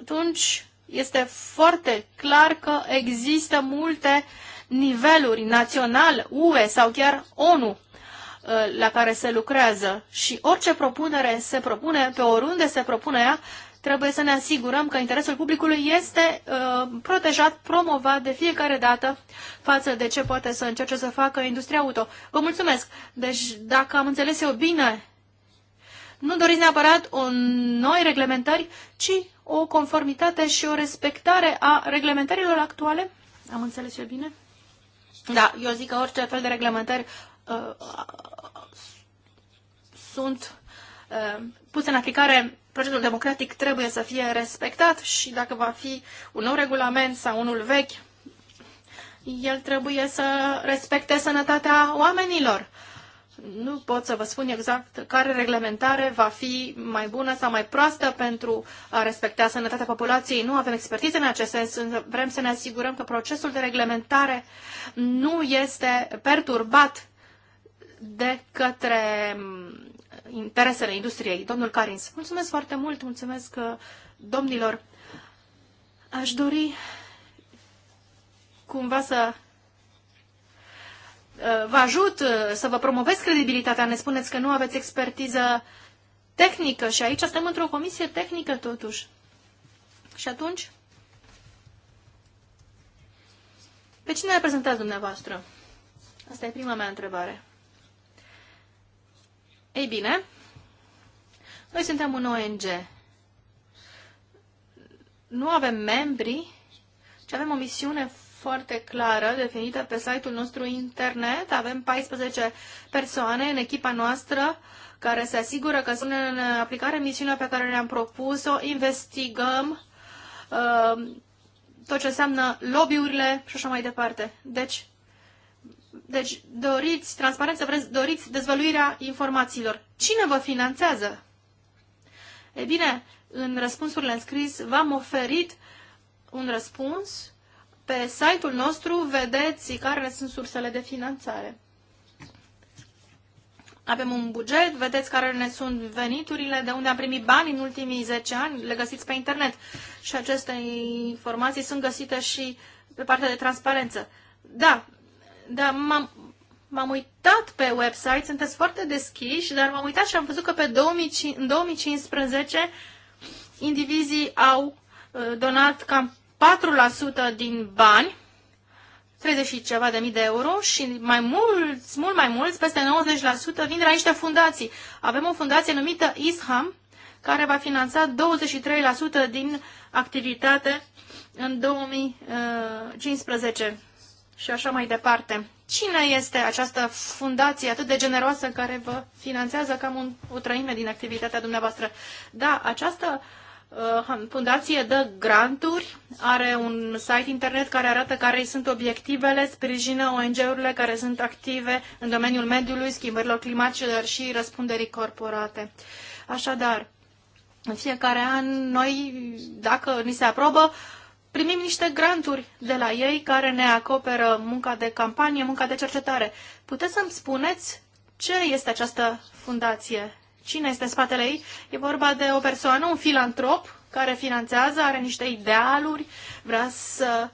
atunci este foarte clar că există multe uh, niveluri național, UE sau chiar ONU uh, la care se lucrează și orice propunere se propune, pe oriunde se propune ea, trebuie să ne asigurăm că interesul publicului este uh, protejat, promovat de fiecare dată față de ce poate să încerce să facă industria auto. Vă mulțumesc! Deci, dacă am înțeles eu bine, nu doriți neapărat o noi reglementări, ci o conformitate și o respectare a reglementărilor actuale? Am înțeles eu bine? Da, eu zic că orice fel de reglementări uh, sunt uh, puse în aplicare, procesul democratic trebuie să fie respectat și dacă va fi un nou regulament sau unul vechi, el trebuie să respecte sănătatea oamenilor. Uh, nu pot să vă spun exact care reglementare va fi mai bună sau mai proastă pentru a respecta sănătatea populației. Nu avem expertiză în acest sens, vrem să ne asigurăm că procesul de reglementare nu este perturbat de către mm, interesele industriei. Domnul Carins, mulțumesc foarte mult, mulțumesc uh, domnilor. Aș dori cumva să Uh, vă ajut uh, să vă promovez credibilitatea. Ne spuneți că nu aveți expertiză tehnică și aici suntem într-o comisie tehnică totuși. Și atunci? Pe cine reprezentați dumneavoastră? Asta e prima mea întrebare. Ei bine, noi suntem un ONG. Nu avem membri, ci avem o misiune foarte clară definită pe site-ul nostru internet. Avem 14 persoane în echipa noastră care se asigură că sunt în aplicare misiunea pe care ne-am propus-o, investigăm uh, tot ce înseamnă lobby-urile și așa mai departe. Deci, deci doriți transparență, vreți, doriți dezvăluirea informațiilor. Cine vă finanțează? E bine, în răspunsurile înscris v-am oferit un răspuns pe site-ul nostru vedeți care sunt sursele de finanțare. Avem un buget, vedeți care ne sunt veniturile, de unde am primit bani în ultimii 10 ani, le găsiți pe internet. Și aceste informații sunt găsite și pe partea de transparență. Da, da, m-am, uitat pe website, sunteți foarte deschiși, dar m-am uitat și am văzut că pe 2015, în 2015 indivizii au uh, donat cam 4% din bani, 30 și ceva de mii de euro și mai mulți, mult mai mulți, peste 90% vin de la niște fundații. Avem o fundație numită ISHAM, care va finanța 23% din activitate în 2015 uh, și așa mai departe. Cine este această fundație atât de generoasă care vă finanțează cam un, o trăime din activitatea dumneavoastră? Da, această uh, Uh, fundație dă granturi, are un site internet care arată care sunt obiectivele, sprijină ONG-urile care sunt active în domeniul mediului, schimbărilor climatice, dar și răspunderii corporate. Așadar, în fiecare an, noi, dacă ni se aprobă, primim niște granturi de la ei care ne acoperă munca de campanie, munca de cercetare. Puteți să-mi spuneți ce este această fundație? cine este spatele ei. E vorba de o persoană, un filantrop, care finanțează, are niște idealuri, vrea să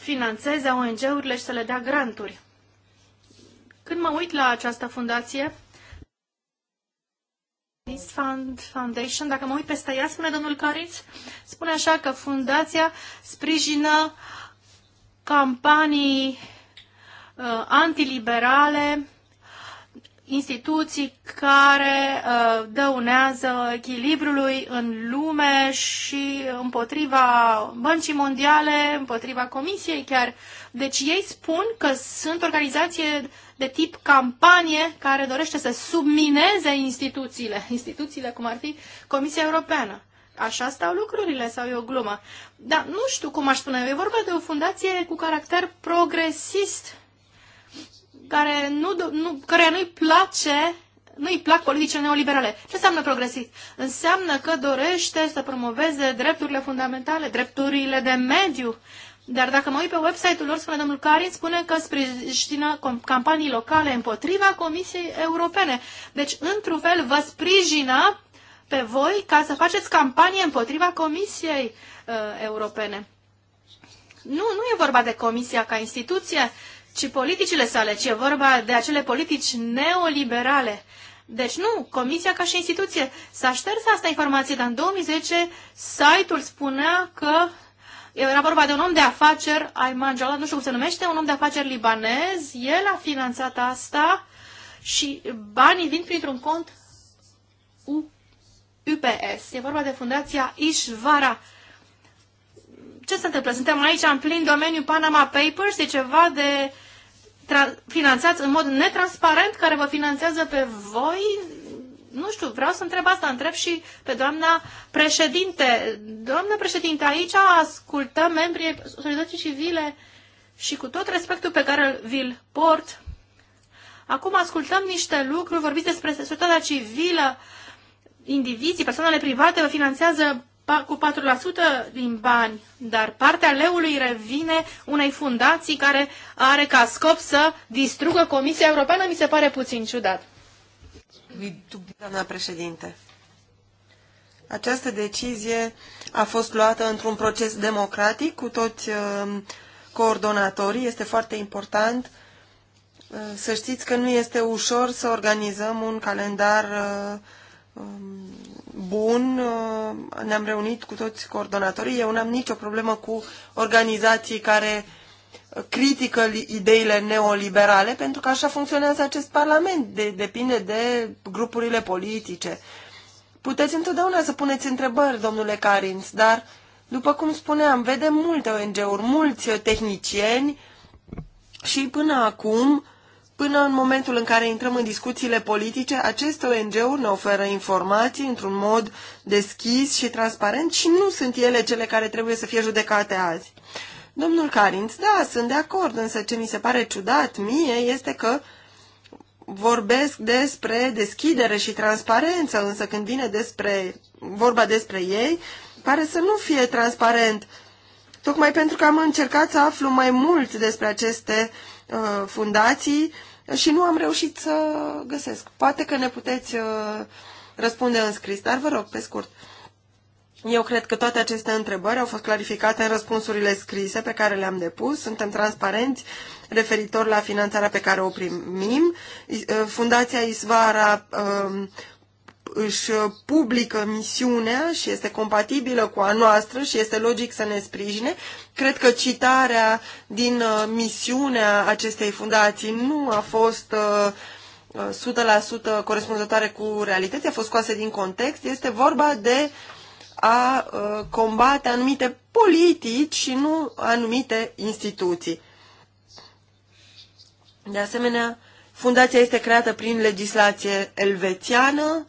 financeze ONG-urile și să le dea granturi. Când mă uit la această fundație, East Fund Foundation, dacă mă uit peste ea, spune domnul Cariț, spune așa că fundația sprijină campanii uh, antiliberale, instituții care uh, dăunează echilibrului în lume și împotriva băncii mondiale, împotriva comisiei chiar. Deci ei spun că sunt organizație de tip campanie care dorește să submineze instituțiile, instituțiile cum ar fi Comisia Europeană. Așa stau lucrurile sau e o glumă? Dar nu știu cum aș spune, e vorba de o fundație cu caracter progresist care nu, nu, care nu-i place nu-i plac politicile neoliberale. Ce înseamnă progresist? Înseamnă că dorește să promoveze drepturile fundamentale, drepturile de mediu. Dar dacă mă uit pe website-ul lor, spune domnul Carin, spune că sprijină campanii locale împotriva Comisiei Europene. Deci, într-un fel, vă sprijină pe voi ca să faceți campanie împotriva Comisiei uh, Europene. Nu, nu e vorba de Comisia ca instituție, ci politicile sale, ci e vorba de acele politici neoliberale. Deci nu, Comisia ca și instituție s-a șters asta informație, dar în 2010 site-ul spunea că era vorba de un om de afaceri, Ayman Jalal, nu știu cum se numește, un om de afaceri libanez, el a finanțat asta și banii vin printr-un cont U UPS. E vorba de fundația Ishvara. Ce se întâmplă? Suntem aici în plin domeniul Panama Papers, e ceva de uh, finanțați în mod netransparent, care vă finanțează pe voi? Nu știu, vreau să întreb asta, întreb și pe doamna președinte. Doamna președinte, aici ascultăm membrii societății civile și cu tot respectul pe care vi-l port, acum ascultăm niște lucruri, vorbiți despre societatea civilă, indivizii, persoanele private vă finanțează cu 4% din bani, dar partea leului revine unei fundații care are ca scop să distrugă Comisia Europeană, mi se pare puțin ciudat. Doamna președinte, această decizie a fost luată într-un proces democratic cu toți uh, coordonatorii. Este foarte important uh, să știți că nu este ușor să organizăm un calendar uh, um, bun, uh, ne-am reunit cu toți coordonatorii, eu n-am nicio problemă cu organizații care critică ideile neoliberale, pentru că așa funcționează acest parlament, de, depinde de grupurile politice. Puteți întotdeauna să puneți întrebări, domnule Carins, dar, după cum spuneam, vedem multe ONG-uri, mulți uh, tehnicieni și până acum Până în momentul în care intrăm în discuțiile politice, aceste ONG-uri ne oferă informații într-un mod deschis și transparent și nu sunt ele cele care trebuie să fie judecate azi. Domnul Carinț, da, sunt de acord, însă ce mi se pare ciudat mie este că vorbesc despre deschidere și transparență, însă când vine despre, vorba despre ei, pare să nu fie transparent. Tocmai pentru că am încercat să aflu mai mult despre aceste uh, fundații, uh, și nu am reușit să găsesc. Poate că ne puteți uh, răspunde în scris, dar vă rog, pe scurt. Eu cred că toate aceste întrebări au fost clarificate în răspunsurile scrise pe care le-am depus. Suntem transparenți referitor la finanțarea pe care o primim. Uh, Fundația Isvara um, își uh, publică misiunea și este compatibilă cu a noastră și este logic să ne sprijine. Cred că citarea din uh, misiunea acestei fundații nu a fost 100% uh, corespunzătoare cu realitatea, a fost scoasă din context. Este vorba de a combate anumite politici și nu anumite instituții. De asemenea, fundația este creată prin legislație elvețiană,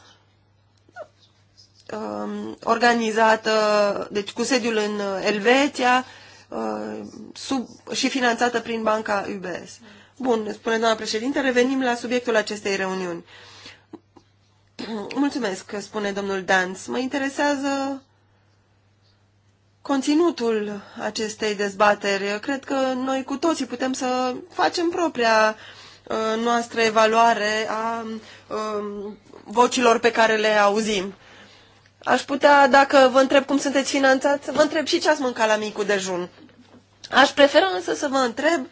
Um, organizată, deci cu sediul în uh, Elveția uh, sub, și finanțată prin banca UBS. Bun, spune doamna președinte, revenim la subiectul acestei reuniuni. Mulțumesc, spune domnul Danț. Mă interesează conținutul acestei dezbateri. Cred că noi cu toții putem să facem propria uh, noastră evaluare a um, vocilor pe care le auzim. Aș putea, dacă vă întreb cum sunteți finanțați, să vă întreb și ce ați mâncat la micul dejun. Aș prefera însă să vă întreb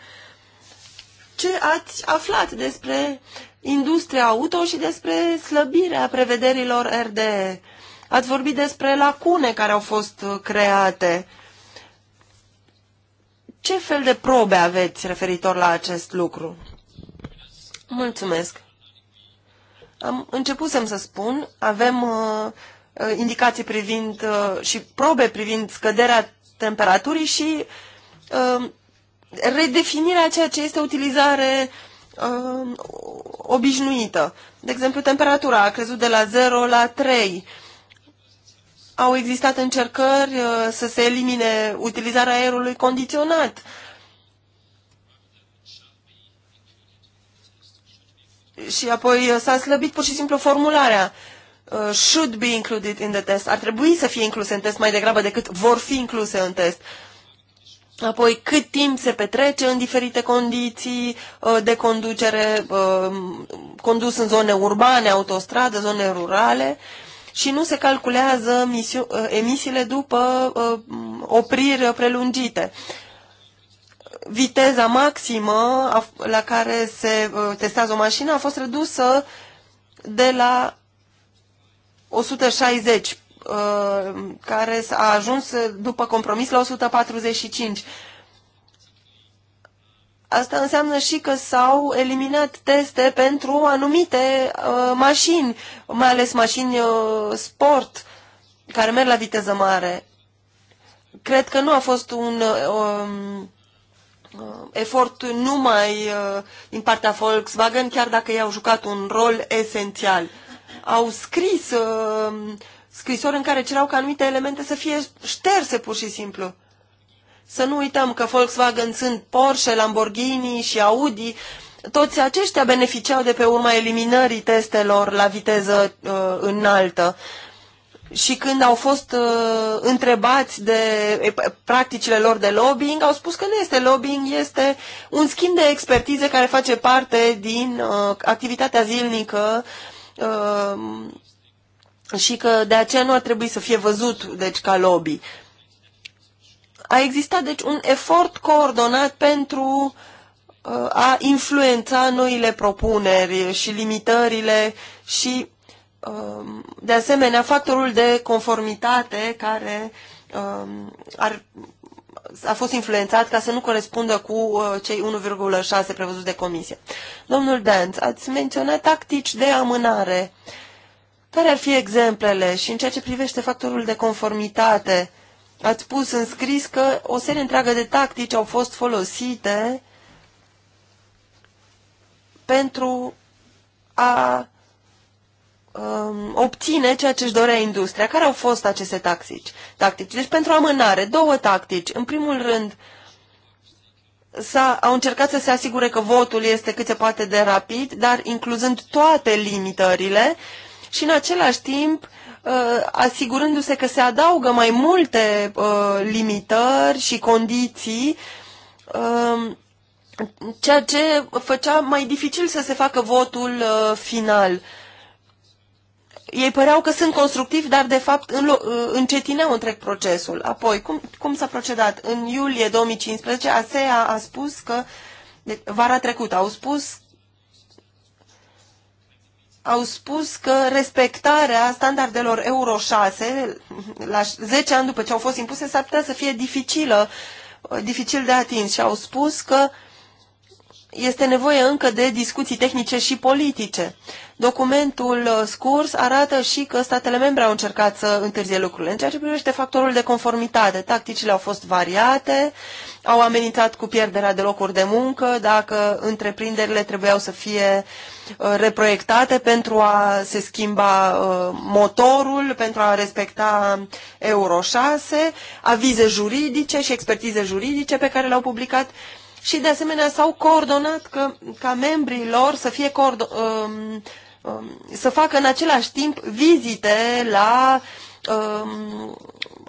ce ați aflat despre industria auto și despre slăbirea prevederilor RDE. Ați vorbit despre lacune care au fost create. Ce fel de probe aveți referitor la acest lucru? Mulțumesc. Am început să spun, avem uh, Uh, indicații privind uh, și probe privind scăderea temperaturii și uh, redefinirea ceea ce este utilizare obișnuită. De exemplu, temperatura a crezut de la 0 la 3. Au existat încercări să se elimine utilizarea aerului condiționat. Și apoi s-a slăbit pur și simplu formularea. Uh, uh, should be included in the test, ar trebui să fie incluse în test mai degrabă decât vor fi incluse în test. Apoi, cât timp se petrece în diferite condiții uh, de conducere, uh, condus în zone urbane, autostradă, zone rurale și nu se calculează uh, emisiile după uh, opriri prelungite viteza maximă la care se uh, testează o mașină a fost redusă de la 160 uh, care a ajuns după compromis la 145. Asta înseamnă și că s-au eliminat teste pentru anumite uh, mașini, mai ales mașini uh, sport care merg la viteză mare. Cred că nu a fost un um, efort numai din partea Volkswagen, chiar dacă ei au jucat un rol esențial au scris uh, scrisori în care cereau ca anumite elemente să fie șterse pur și simplu. Să nu uităm că Volkswagen sunt Porsche, Lamborghini și Audi. Toți aceștia beneficiau de pe urma eliminării testelor la viteză uh, înaltă. Și când au fost uh, întrebați de practicile lor de lobbying, au spus că nu este lobbying, este un schimb de expertize care face parte din uh, activitatea zilnică uh, Ehm, și că de aceea nu ar trebui să fie văzut deci, ca lobby. A existat deci un efort coordonat pentru uh, a influența noile propuneri și limitările și ehm, de asemenea factorul de conformitate care ehm, ar a fost influențat ca să nu corespundă cu uh, cei 1,6 prevăzuți de comisie. Domnul Danț, ați menționat tactici de amânare. Care ar fi exemplele și în ceea ce privește factorul de conformitate? Ați pus în scris că o serie întreagă de tactici au fost folosite pentru a um, obține ceea ce își dorea industria. Care au fost aceste tactici? tactici? Deci pentru amânare, două tactici. În primul rând, au încercat să se asigure că votul este cât se poate de rapid, dar incluzând toate limitările și în același timp uh, asigurându-se că se adaugă mai multe uh, limitări și condiții uh, ceea ce făcea mai dificil să se facă votul uh, final ei păreau că sunt constructivi, dar de fapt în, uh, încetineau întreg procesul. Apoi, cum, cum s-a procedat? În iulie 2015, ASEA a spus că, de, vara trecută, au spus au spus că respectarea standardelor Euro 6, la 10 ani după ce au fost impuse, s-ar putea să fie dificilă, uh, dificil de atins și au spus că uh, este nevoie încă de discuții tehnice și politice. Documentul uh, scurs arată și că statele membre au încercat să întârzie lucrurile. În ceea ce privește factorul de conformitate, tacticile au fost variate, au amenințat cu pierderea de locuri de muncă dacă întreprinderile trebuiau să fie uh, reproiectate pentru a se schimba uh, motorul, pentru a respecta Euro 6, avize juridice și expertize juridice pe care le-au publicat și de asemenea s-au coordonat că, ca membrii lor să fie coordo- um, um, să facă în același timp vizite la um,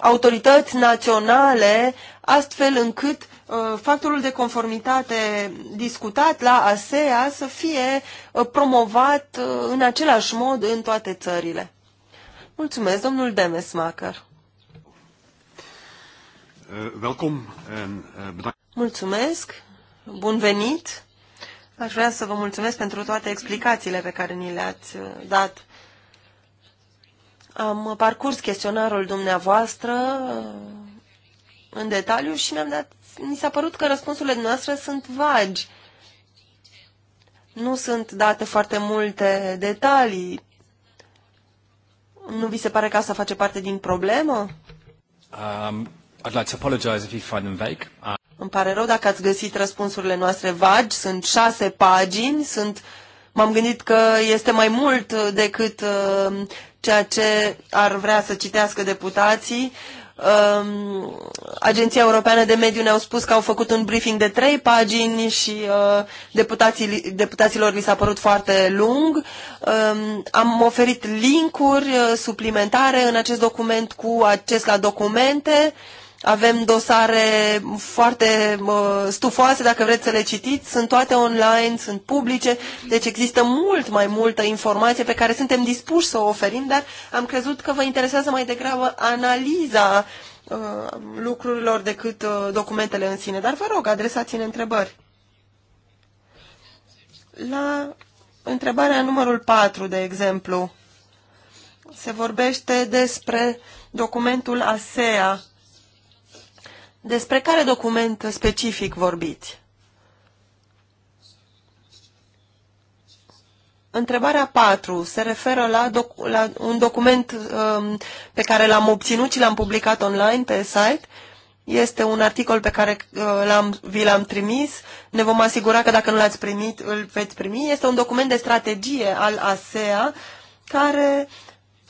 autorități naționale, astfel încât uh, factorul de conformitate discutat la ASEA să fie uh, promovat uh, în același mod în toate țările. Mulțumesc, domnul Demesmacher. Eh, welkom en eh, bedankt. Mulțumesc, bun venit. Aș vrea să vă mulțumesc pentru toate explicațiile pe care ni le-ați eh, dat. Am parcurs chestionarul dumneavoastră în detaliu și mi-am dat, mi s-a părut că răspunsurile noastre sunt vagi. Nu sunt date foarte multe detalii. Nu vi se pare că asta face parte din problemă? Um, I'd like to apologize if you find them vague. Uh, Îmi pare rău dacă ați găsit răspunsurile noastre vagi. Sunt șase pagini, sunt... M-am gândit că este mai mult uh, decât uh, ceea ce ar vrea să citească deputații. Um, Agenția Europeană de Mediu ne-au spus că au făcut un briefing de trei pagini și uh, deputații, deputaților li s-a părut foarte lung. Um, am oferit linkuri uh, suplimentare în acest document cu acces la documente. Uh, avem dosare foarte uh, stufoase, dacă vreți să le citiți, sunt toate online, sunt publice, deci există mult mai multă informație pe care suntem dispuși să o oferim, dar am crezut că vă interesează mai degrabă analiza uh, lucrurilor decât uh, documentele în sine. Dar vă rog, adresați-ne întrebări. La întrebarea numărul 4, de exemplu, se vorbește despre documentul ASEA, despre care document specific vorbiți? Întrebarea 4 se referă la, doc la un document um, pe care l-am obținut și l-am publicat online pe site. Este un articol pe care uh, l-am, vi l-am trimis. Ne vom asigura că dacă nu l-ați primit, îl veți primi. Este un document de strategie al ASEA care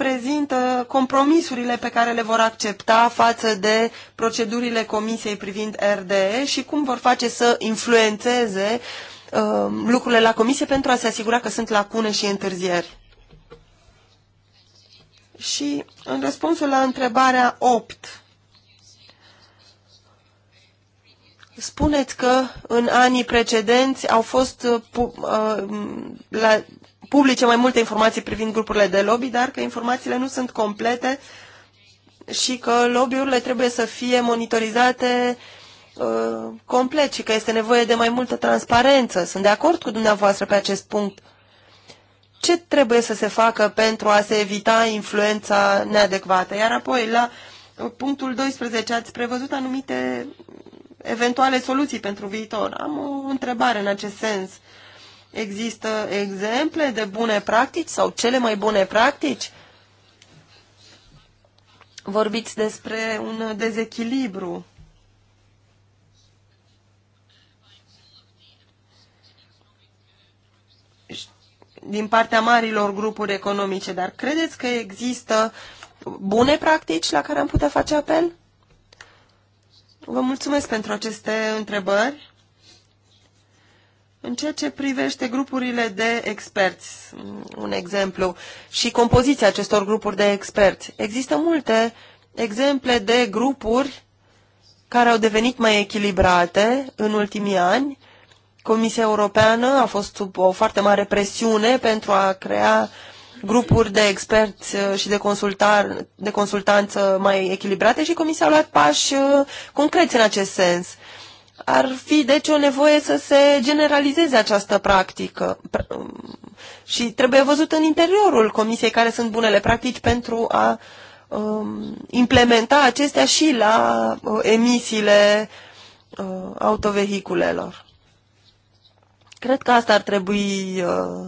prezintă compromisurile pe care le vor accepta față de procedurile Comisiei privind RDE și cum vor face să influențeze um, lucrurile la Comisie pentru a se asigura că sunt lacune și întârzieri. Și în răspunsul la întrebarea 8, spuneți că în anii precedenți au fost uh, uh la, publice mai multe informații privind grupurile de lobby, dar că informațiile nu sunt complete și că lobby-urile trebuie să fie monitorizate uh, complet și că este nevoie de mai multă transparență. Sunt de acord cu dumneavoastră pe acest punct. Ce trebuie să se facă pentru a se evita influența neadecvată? Iar apoi, la punctul 12, ați prevăzut anumite eventuale soluții pentru viitor. Am o întrebare în acest sens. Uh, Există exemple de bune practici sau cele mai bune practici? Vorbiți despre un dezechilibru. din partea marilor grupuri economice, dar credeți că există bune practici la care am putea face apel? Vă mulțumesc pentru aceste întrebări. În ceea ce privește grupurile de experți, mm, un exemplu, și compoziția acestor grupuri de experți, există multe exemple de grupuri care au devenit mai echilibrate în ultimii ani. Comisia Europeană a fost sub o foarte mare presiune pentru a crea grupuri de experți uh, și de, consultar, de consultanță mai echilibrate și Comisia a luat pași uh, concreți în acest sens. Ar fi deci o nevoie să se generalizeze această practică și trebuie văzut în interiorul comisiei care sunt bunele practici pentru a um, implementa acestea și la uh, emisiile uh, autovehiculelor. Cred că asta ar trebui uh,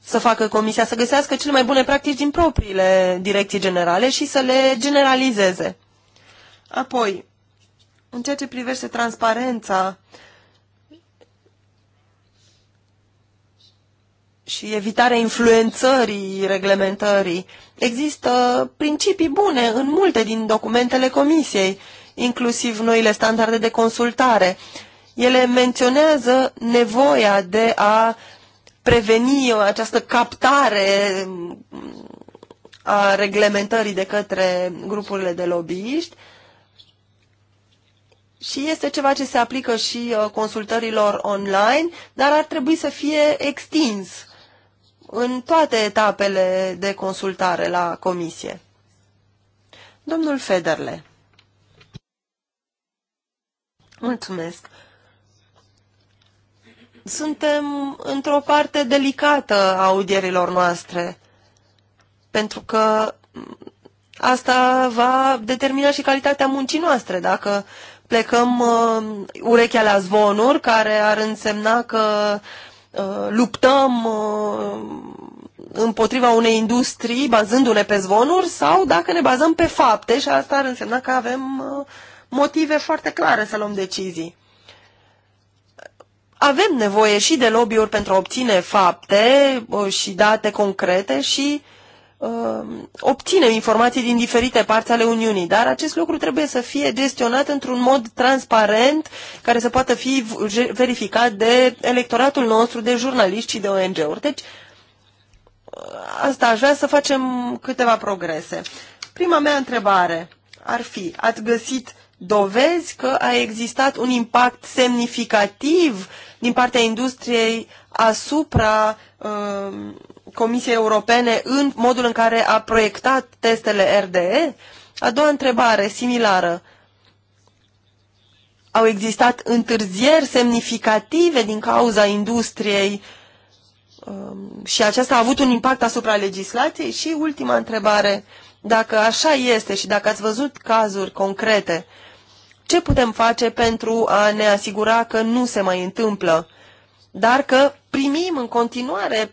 să facă comisia, să găsească cele mai bune practici din propriile direcții generale și să le generalizeze. Apoi, în ceea ce privește transparența și evitarea influențării reglementării, există principii bune în multe din documentele comisiei, inclusiv noile standarde de consultare. Ele menționează nevoia de a preveni această captare a reglementării de către grupurile de lobbyiști și este ceva ce se aplică și uh, consultărilor online, dar ar trebui să fie extins în toate etapele de consultare la comisie. Domnul Federle. Mulțumesc. Suntem într-o parte delicată a audierilor noastre, pentru că asta va determina și calitatea muncii noastre. Dacă plecăm uh, urechea la zvonuri, care ar însemna că uh, luptăm uh, împotriva unei industrii bazându-ne pe zvonuri sau dacă ne bazăm pe fapte și asta ar însemna că avem uh, motive foarte clare să luăm decizii. Avem nevoie și de lobby-uri pentru a obține fapte uh, și date concrete și uh, Uh, obținem informații din diferite părți ale Uniunii, dar acest lucru trebuie să fie gestionat într-un mod transparent care să poată fi verificat de electoratul nostru, de jurnaliști și de ONG-uri. Deci, uh, asta aș vrea să facem câteva progrese. Prima mea întrebare ar fi, ați găsit dovezi că a existat un impact semnificativ din partea industriei asupra uh, Comisiei Europene în modul în care a proiectat testele RDE? A doua întrebare similară. Au existat întârzieri semnificative din cauza industriei um, și aceasta a avut un impact asupra legislației? Și ultima întrebare, dacă așa este și dacă ați văzut cazuri concrete, ce putem face pentru a ne asigura că nu se mai întâmplă, dar că primim în continuare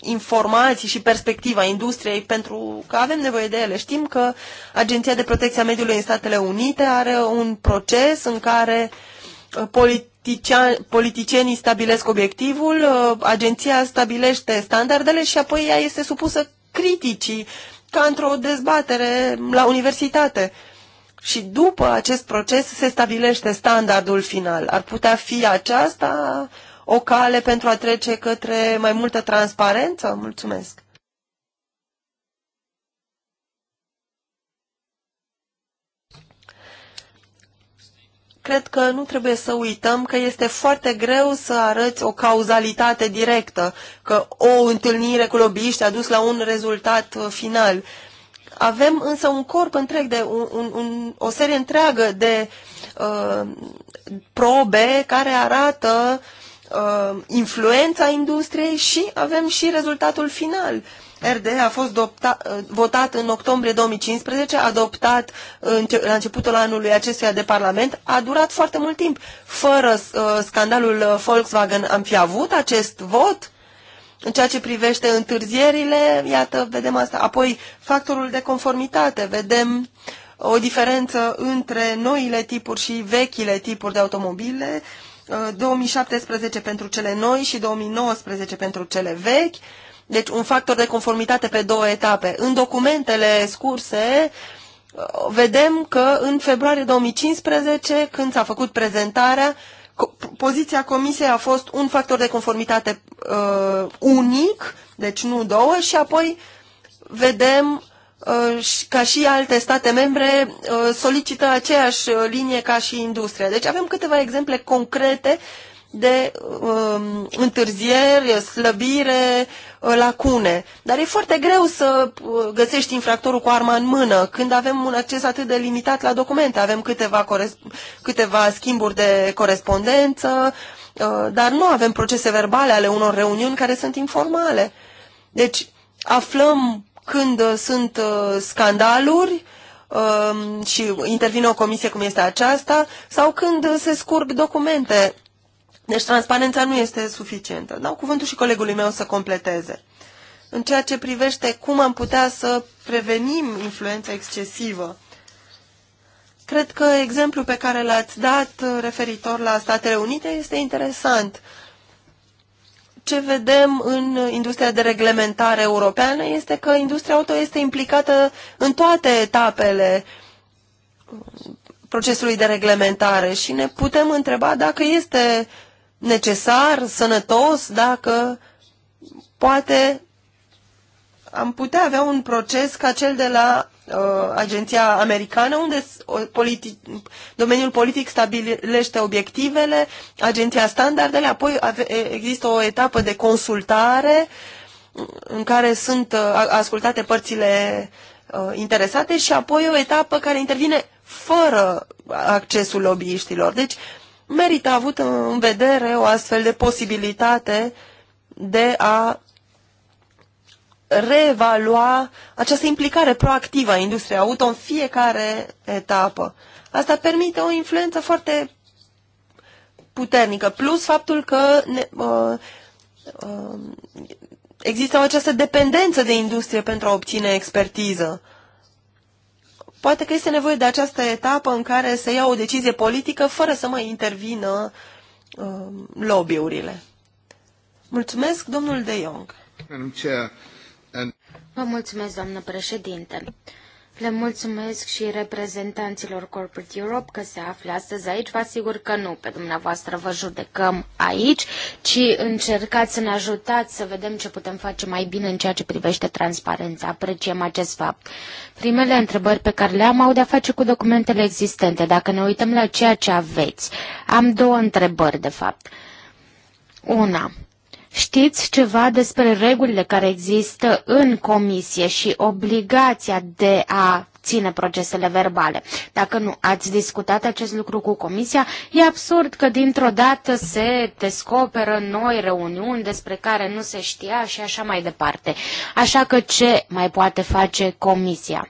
informații și perspectiva industriei pentru că avem nevoie de ele. Știm că Agenția de Protecție a Mediului în Statele Unite are un proces în care uh, politicienii stabilesc obiectivul, uh, agenția stabilește standardele și apoi ea este supusă criticii ca într-o dezbatere la universitate. Și după acest proces se stabilește standardul final. Ar putea fi aceasta o cale pentru a trece către mai multă transparență? Mulțumesc! Cred că nu trebuie să uităm că este foarte greu să arăți o cauzalitate directă, că o întâlnire cu lobbyiști a dus la un rezultat uh, final. Avem însă un corp întreg de un, un, un, o serie întreagă de uh, probe care arată uh, influența industriei și avem și rezultatul final. RDE a fost dopta, uh, votat în octombrie 2015, adoptat înce la începutul anului acestuia de Parlament, a durat foarte mult timp. Fără uh, scandalul uh, Volkswagen am fi avut acest vot? În ceea ce privește întârzierile, iată, vedem asta. Apoi, factorul de conformitate, vedem uh, o diferență între noile tipuri și vechile tipuri de automobile, uh, 2017 uh, pentru cele noi și 2019 pentru cele vechi, deci un factor de conformitate pe două etape. În documentele scurse uh, vedem că în februarie 2015, când s-a făcut prezentarea, poziția comisiei a fost un factor de conformitate uh, unic, deci nu două, și apoi vedem Uh, ca și alte state membre, uh, solicită aceeași uh, linie ca și industria. Deci avem câteva exemple concrete de um, întârzieri, slăbire, lacune. Dar e foarte greu să găsești infractorul cu arma în mână când avem un acces atât de limitat la documente. Avem câteva, câteva schimburi de corespondență, dar nu avem procese verbale ale unor reuniuni care sunt informale. Deci aflăm când uh, sunt uh, scandaluri um, și intervine o comisie cum este aceasta, sau când uh, se scurg documente. Deci transparența nu este suficientă. Dau cuvântul și colegului meu să completeze. În ceea ce privește cum am putea să prevenim influența excesivă, cred că exemplul pe care l-ați dat referitor la Statele Unite este interesant ce vedem în industria de reglementare europeană este că industria auto este implicată în toate etapele procesului de reglementare și ne putem întreba dacă este necesar, sănătos, dacă poate am putea avea un proces ca cel de la uh, agenția americană, unde politi domeniul politic stabilește obiectivele, agenția standardele, apoi există o etapă de consultare mm, în care sunt uh, ascultate părțile uh, interesate și apoi o etapă care intervine fără accesul lobbyiștilor. Deci merită avut în vedere o astfel de posibilitate de a reevalua această implicare proactivă a industriei auto în fiecare etapă. Asta permite o influență foarte puternică, plus faptul că ne, uh, uh, există această dependență de industrie pentru a obține expertiză. Poate că este nevoie de această etapă în care să iau o decizie politică fără să mai intervină uh, lobby-urile. Mulțumesc, domnul De Jong. Vă mulțumesc, doamnă președinte. Le mulțumesc și reprezentanților Corporate Europe că se află astăzi aici. Vă asigur că nu pe dumneavoastră vă judecăm aici, ci încercați să ne ajutați să vedem ce putem face mai bine în ceea ce privește transparența. Apreciem acest fapt. Primele întrebări pe care le-am au de-a face cu documentele existente. Dacă ne uităm la ceea ce aveți, am două întrebări, de fapt. Una, Știți ceva despre regulile care există în comisie și obligația de a ține procesele verbale. Dacă nu ați discutat acest lucru cu comisia, e absurd că dintr-o dată se descoperă noi reuniuni despre care nu se știa și așa mai departe. Așa că ce mai poate face comisia?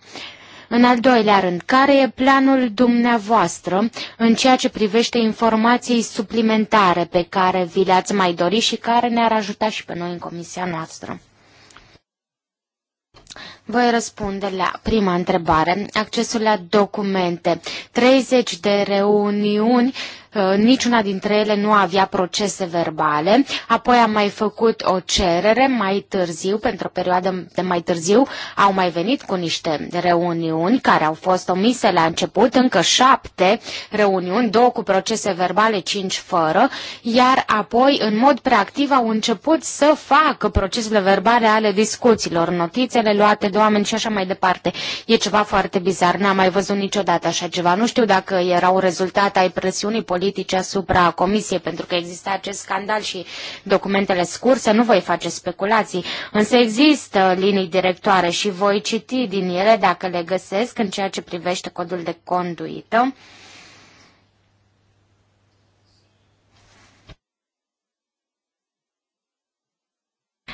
În al doilea rând, care e planul dumneavoastră în ceea ce privește informații suplimentare pe care vi le-ați mai dori și care ne-ar ajuta și pe noi în comisia noastră? Voi răspunde la prima întrebare, accesul la documente. 30 de reuniuni Uh, niciuna dintre ele nu avea procese verbale. Apoi am mai făcut o cerere mai târziu, pentru o perioadă de mai târziu, au mai venit cu niște reuniuni care au fost omise la început, încă șapte reuniuni, două cu procese verbale, cinci fără, iar apoi, în mod preactiv, au început să facă procesele verbale ale discuțiilor, notițele luate de oameni și așa mai departe. E ceva foarte bizar, n-am mai văzut niciodată așa ceva. Nu știu dacă erau rezultat ai presiunii politice politice asupra Comisiei, pentru că există acest scandal și documentele scurse, nu voi face speculații, însă există linii directoare și voi citi din ele dacă le găsesc în ceea ce privește codul de conduită.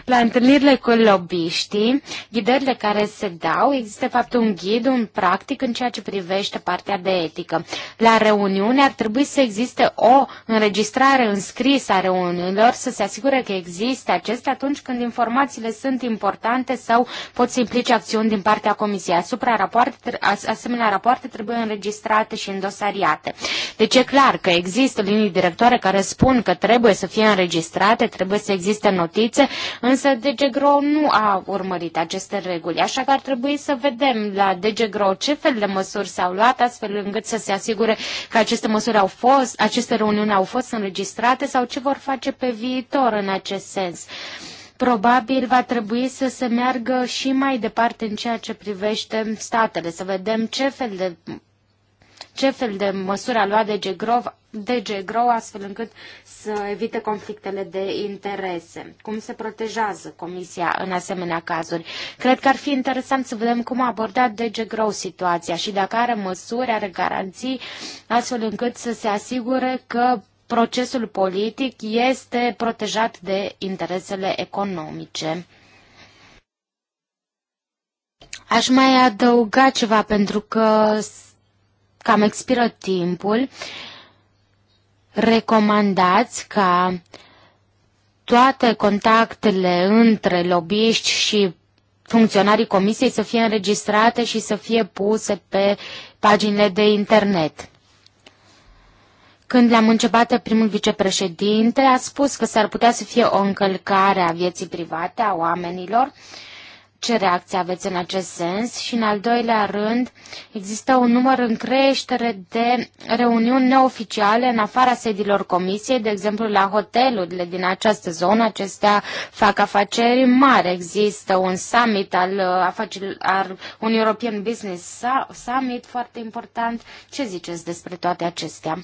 La întâlnirile cu lobbyștii, ghidările care se dau, există fapt un ghid, un practic în ceea ce privește partea de etică. La reuniune ar trebui să existe o înregistrare înscrisă a reuniunilor, să se asigure că există acestea atunci când informațiile sunt importante sau pot să implice acțiuni din partea comisiei. Asupra rapoarte, asemenea rapoarte trebuie înregistrate și îndosariate. Deci e clar că există linii directoare care spun că trebuie să fie înregistrate, trebuie să existe notițe, în Însă DGGRO nu a urmărit aceste reguli, așa că ar trebui să vedem la DGGRO ce fel de măsuri s-au luat, astfel încât să se asigure că aceste măsuri au fost, aceste reuniuni au fost înregistrate sau ce vor face pe viitor în acest sens. Probabil va trebui să se meargă și mai departe în ceea ce privește statele, să vedem ce fel de ce fel de măsuri a luat DG DG Grow astfel încât să evite conflictele de interese. Cum se protejează Comisia în asemenea cazuri? Cred că ar fi interesant să vedem cum a abordat DG Grow situația și dacă are măsuri, are garanții, astfel încât să se asigure că procesul politic este protejat de interesele economice. Aș mai adăuga ceva pentru că cam expiră timpul, recomandați ca toate contactele între lobbyiști și funcționarii comisiei să fie înregistrate și să fie puse pe paginile de internet. Când l-am început pe primul vicepreședinte, a spus că s-ar putea să fie o încălcare a vieții private a oamenilor ce reacție aveți în acest sens? Și în al doilea rând, există un număr în creștere de reuniuni neoficiale în afara sediilor comisiei, de exemplu la hotelurile din această zonă, acestea fac afaceri mari. Există un summit al, uh, afaceri, al un European Business Summit foarte important. Ce ziceți despre toate acestea?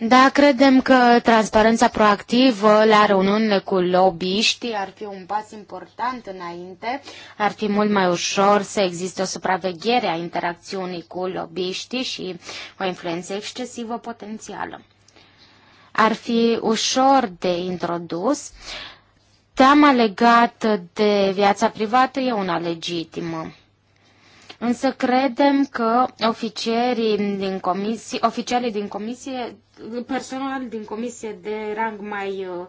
Da, credem că transparența proactivă la reuniunile cu lobbyiștii ar fi un pas important înainte. Ar fi mult mai ușor să existe o supraveghere a interacțiunii cu lobbyiștii și o influență excesivă potențială. Ar fi ușor de introdus. Teama legată de viața privată e una legitimă. Însă credem că oficierii din comisie, oficialii din comisie, personal din comisie de rang mai uh,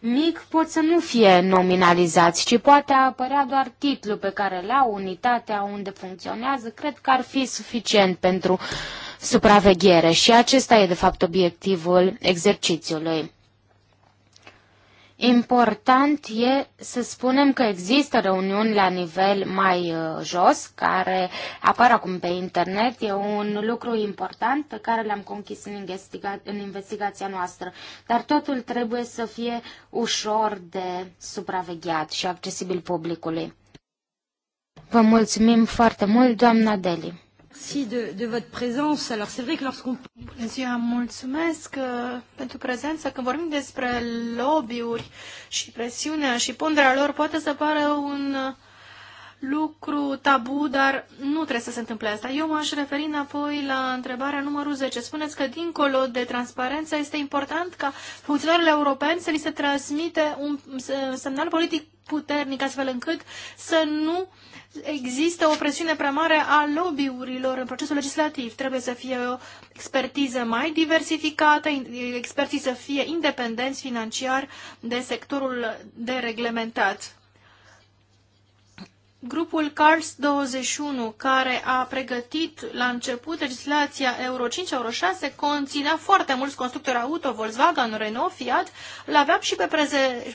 mic pot să nu fie nominalizați, ci poate apărea doar titlul pe care l au, unitatea unde funcționează, cred că ar fi suficient pentru supraveghere și acesta e de fapt obiectivul exercițiului. Important e să spunem că există reuniuni la nivel mai uh, jos, care apar acum pe internet. E un lucru important pe care l-am conchis în, investiga- în investigația noastră. Dar totul trebuie să fie ușor de supravegheat și accesibil publicului. Vă mulțumim foarte mult, doamna Deli. Merci de, de votre présence. Alors, c'est vrai que lorsqu'on... Bună ziua, mulțumesc uh, pentru prezență. Când vorbim despre lobby-uri și presiunea și ponderea lor, poate să pară un uh, lucru tabu, dar nu trebuie să se întâmple asta. Eu m-aș referi înapoi la întrebarea numărul 10. Spuneți că dincolo de transparență este important ca funcționarilor europeni să li se transmite un semnal politic puternic, astfel încât să nu există o presiune prea mare a lobby-urilor în procesul legislativ. Trebuie să fie o expertiză mai diversificată, experții să fie independenți financiar de sectorul de reglementat. Grupul CARS 21, care a pregătit la început legislația Euro 5, Euro 6, conținea foarte mulți constructori auto, Volkswagen, Renault, Fiat, îl aveam și pe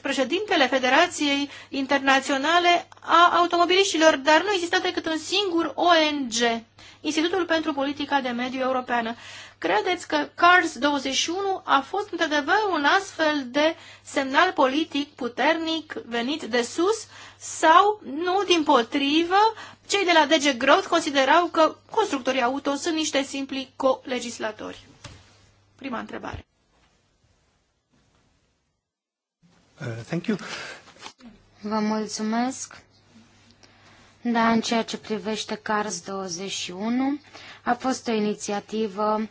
președintele Federației Internaționale a Automobiliștilor, dar nu există decât un singur ONG, Institutul pentru Politica de Mediu Europeană. Credeți că CARS 21 a fost într-adevăr un astfel de semnal politic puternic venit de sus sau, nu, din potrivă, cei de la DG Growth considerau că constructorii auto sunt niște simpli co-legislatori? Prima întrebare. Uh, thank you. Vă mulțumesc. Da, în ceea ce privește CARS 21, a fost o inițiativă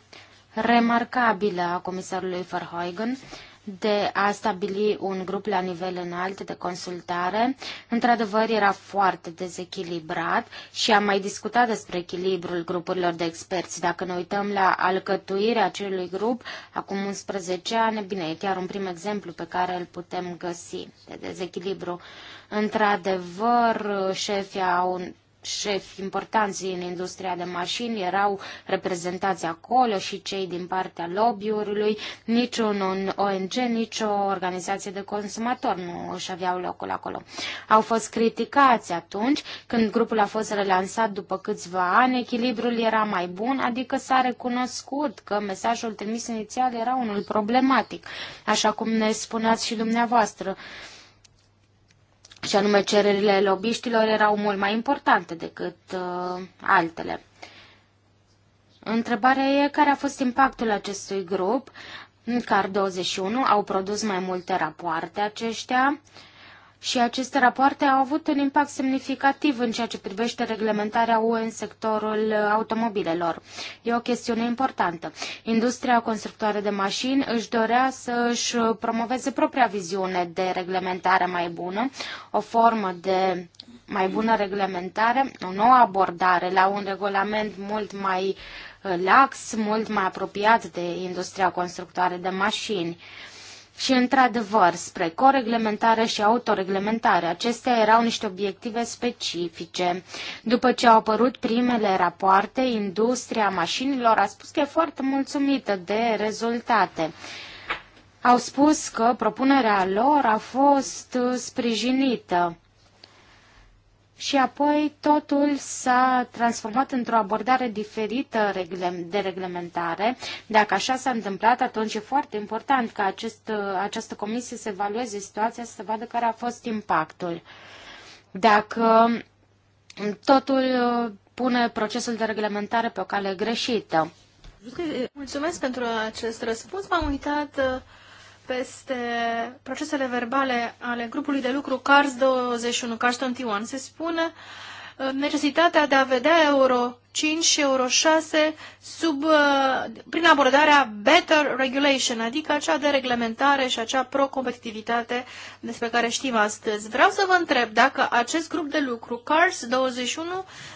remarcabilă a comisarului Verheugen de a stabili un grup la nivel înalt de consultare. Într-adevăr, era foarte dezechilibrat și am mai discutat despre echilibrul grupurilor de experți. Dacă ne uităm la alcătuirea acelui grup, acum 11 ani, bine, e chiar un prim exemplu pe care îl putem găsi de dezechilibru. Într-adevăr, șefii au șefi importanți în industria de mașini erau reprezentați acolo și cei din partea lobby-ului, niciun ONG, nicio organizație de consumator nu își aveau locul acolo. Au fost criticați atunci când grupul a fost relansat după câțiva ani, echilibrul era mai bun, adică s-a recunoscut că mesajul trimis inițial era unul problematic, așa cum ne spuneați și dumneavoastră. Uh, și anume cererile lobiștilor erau mult mai importante decât uh, altele. Întrebarea e care a fost impactul acestui grup. În CAR 21 au produs mai multe rapoarte aceștia. Uh, și aceste rapoarte au avut un impact semnificativ în ceea ce privește reglementarea UE în sectorul uh, automobilelor. E o chestiune importantă. Industria constructoare de mașini își dorea să își uh, promoveze propria viziune de reglementare mai bună, o formă de mai bună reglementare, o nouă abordare la un regulament mult mai uh, lax, mult mai apropiat de industria constructoare de mașini și, într-adevăr, spre coreglementare și autoreglementare. Acestea erau niște obiective specifice. După ce au apărut primele rapoarte, industria mașinilor a spus că e foarte mulțumită de rezultate. Au spus că propunerea lor a fost sprijinită și apoi totul s-a transformat într-o abordare diferită de reglementare. Dacă așa s-a întâmplat, atunci e foarte important ca acest, această comisie să evalueze situația, să vadă care a fost impactul. Dacă totul uh, pune procesul de reglementare pe o cale greșită. Mulțumesc pentru acest răspuns. M-am uitat uh, peste procesele verbale ale grupului de lucru CARS 21, CARS 21, se spune Uh, necesitatea de a vedea Euro 5 și Euro 6 sub, uh, prin abordarea better regulation, adică acea de reglementare și acea pro-competitivitate despre care știm astăzi. Vreau să vă întreb dacă acest grup de lucru, CARS 21,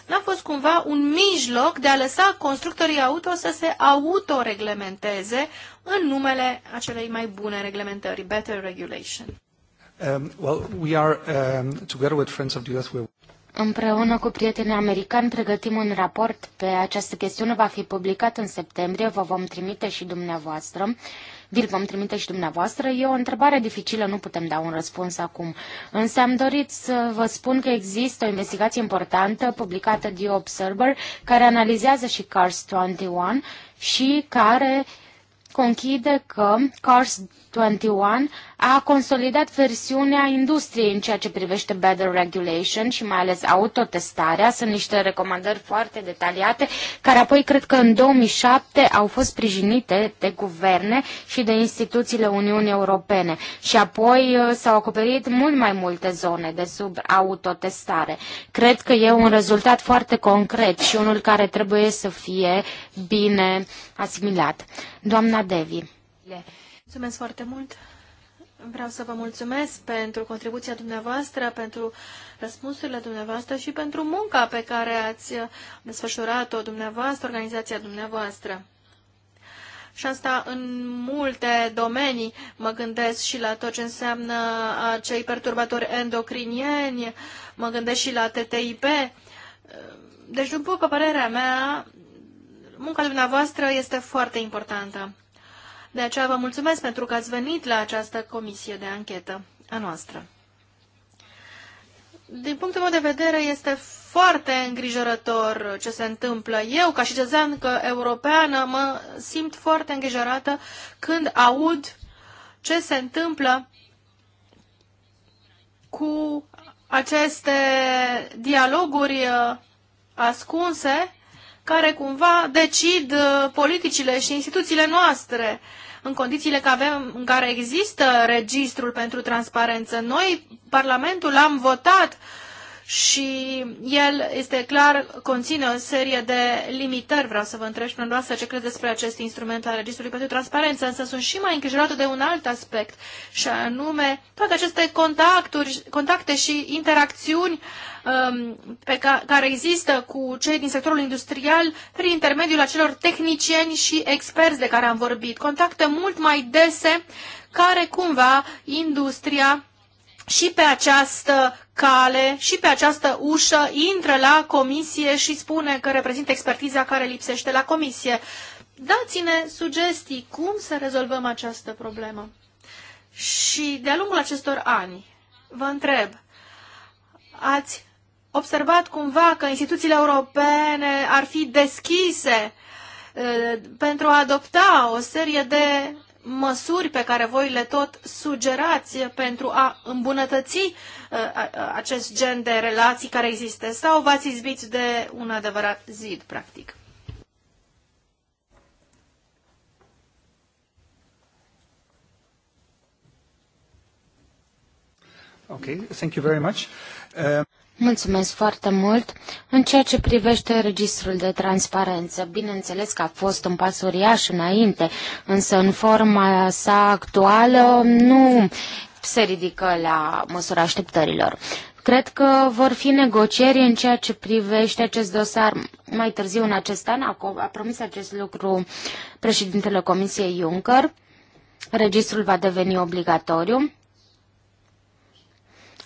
n-a fost cumva un mijloc de a lăsa constructorii auto să se autoreglementeze în numele acelei mai bune reglementări, better regulation. Um, well, we are um, together with Friends of the Earth. We're... Împreună cu prietenii americani pregătim un raport pe această chestiune, va fi publicat în septembrie, vă vom trimite și dumneavoastră. Vi-l vom trimite și dumneavoastră. E o întrebare dificilă, nu putem da un răspuns acum. Însă am dorit să vă spun că există o investigație importantă publicată de Observer care analizează și Cars 21 și care conchide că Cars 21 a consolidat versiunea industriei în ceea ce privește better regulation și mai ales autotestarea. Sunt niște recomandări foarte detaliate, care apoi cred că în 2007 au fost sprijinite de guverne și de instituțiile Uniunii Europene. Și apoi uh, s-au acoperit mult mai multe zone de sub autotestare. Cred că e un rezultat foarte concret și unul care trebuie să fie bine asimilat. Doamna Devi. Mulțumesc foarte mult! Vreau să vă mulțumesc pentru contribuția dumneavoastră, pentru răspunsurile dumneavoastră și pentru munca pe care ați desfășurat-o dumneavoastră, organizația dumneavoastră. Și asta în multe domenii. Mă gândesc și la tot ce înseamnă acei perturbatori endocrinieni, mă gândesc și la TTIP. Deci, după părerea mea, munca dumneavoastră este foarte importantă. De aceea vă mulțumesc pentru că ați venit la această comisie de anchetă a noastră. Din punctul meu de vedere, este foarte îngrijorător ce se întâmplă. Eu, ca și cetățeancă europeană, mă simt foarte îngrijorată când aud ce se întâmplă cu aceste dialoguri uh, ascunse care cumva decid uh, politicile și instituțiile noastre. Uh, în condițiile că avem, în care există registrul pentru transparență. Noi, Parlamentul, am votat uh, și el este clar, conține o serie de limitări. Vreau să vă întreb și dumneavoastră ce credeți despre acest instrument al Registrului pentru Transparență, însă sunt și mai îngrijorată de un alt aspect, și anume toate aceste contacturi, contacte și interacțiuni um, pe ca, care există cu cei din sectorul industrial prin intermediul acelor tehnicieni și experți de care am vorbit. Contacte mult mai dese care cumva industria și pe această cale și pe această ușă intră la comisie și spune că reprezintă expertiza care lipsește la comisie. Dați-ne sugestii cum să rezolvăm această problemă. Și de-a lungul acestor ani, vă întreb, ați observat cumva că instituțiile europene ar fi deschise uh, pentru a adopta o serie de măsuri pe care voi le tot sugerați pentru a îmbunătăți uh, acest gen de relații care există sau v-ați izbiți de un adevărat zid, practic? Okay, thank you very much. Uh... Mulțumesc foarte mult. În ceea ce privește registrul de transparență, bineînțeles că a fost un pas uriaș înainte, însă în forma sa actuală nu se ridică la măsura așteptărilor. Cred că vor fi negocieri în ceea ce privește acest dosar mai târziu în acest an. A promis acest lucru președintele Comisiei Juncker. Registrul va deveni obligatoriu.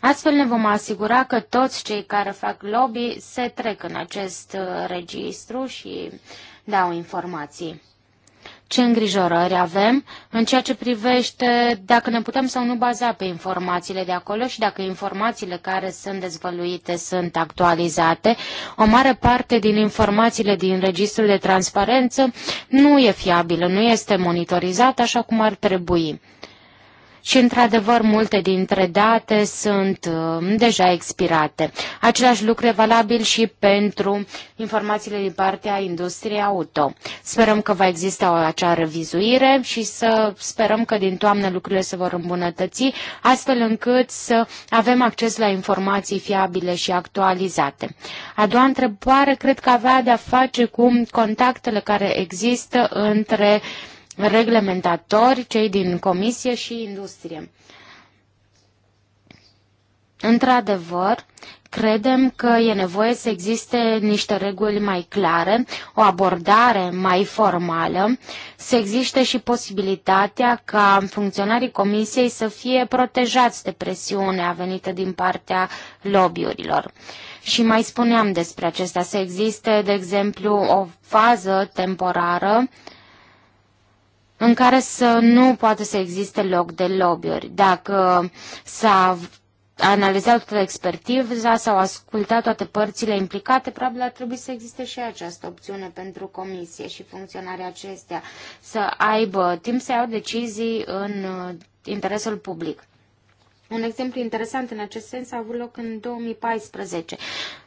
Astfel ne vom asigura că toți cei care fac lobby se trec în acest uh, registru și dau informații. Ce îngrijorări avem în ceea ce privește dacă ne putem sau nu baza pe informațiile de acolo și dacă informațiile care sunt dezvăluite sunt actualizate? O mare parte din informațiile din registrul de transparență nu e fiabilă, nu este monitorizată așa cum ar trebui și, într-adevăr, multe dintre date sunt uh, deja expirate. Același lucru e valabil și pentru informațiile din partea industriei auto. Sperăm că va exista o acea revizuire și să sperăm că din toamnă lucrurile se vor îmbunătăți, astfel încât să avem acces la informații fiabile și actualizate. A doua întrebare cred că avea de-a face cu contactele care există între uh, reglementatori, cei din comisie și industrie. Într-adevăr, credem că e nevoie să existe niște reguli mai clare, o abordare mai formală, să existe și posibilitatea ca funcționarii comisiei să fie protejați de presiunea venită din partea lobbyurilor. Și mai spuneam despre acesta, să existe, de exemplu, o fază temporară uh, în care să nu poată să existe loc de lobby-uri. Dacă s-a analizat toată expertiza, s-au ascultat toate părțile implicate, probabil ar trebui să existe și această opțiune pentru comisie și funcționarea acestea, să aibă timp să iau decizii în uh, interesul public. Un exemplu interesant în acest sens a avut loc în 2014.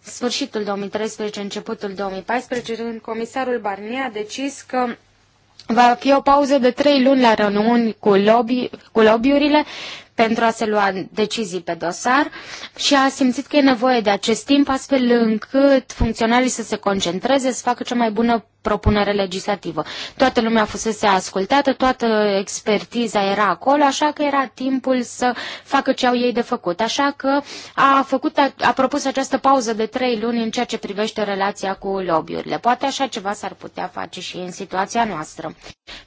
Sfârșitul 2013, începutul 2014, când comisarul Barnier a decis că Va fi o pauză de trei luni la reuniuni cu, lobby, cu lobbyurile pentru a se lua decizii pe dosar și a simțit că e nevoie de acest timp astfel încât funcționarii să se concentreze, să facă cea mai bună propunere legislativă. Toată lumea fusese ascultată, toată expertiza era acolo, așa că era timpul să facă ce au ei de făcut. Așa că a, făcut, a, a propus această pauză de trei luni în ceea ce privește relația cu lobby-urile. Poate așa ceva s-ar putea face și în situația noastră.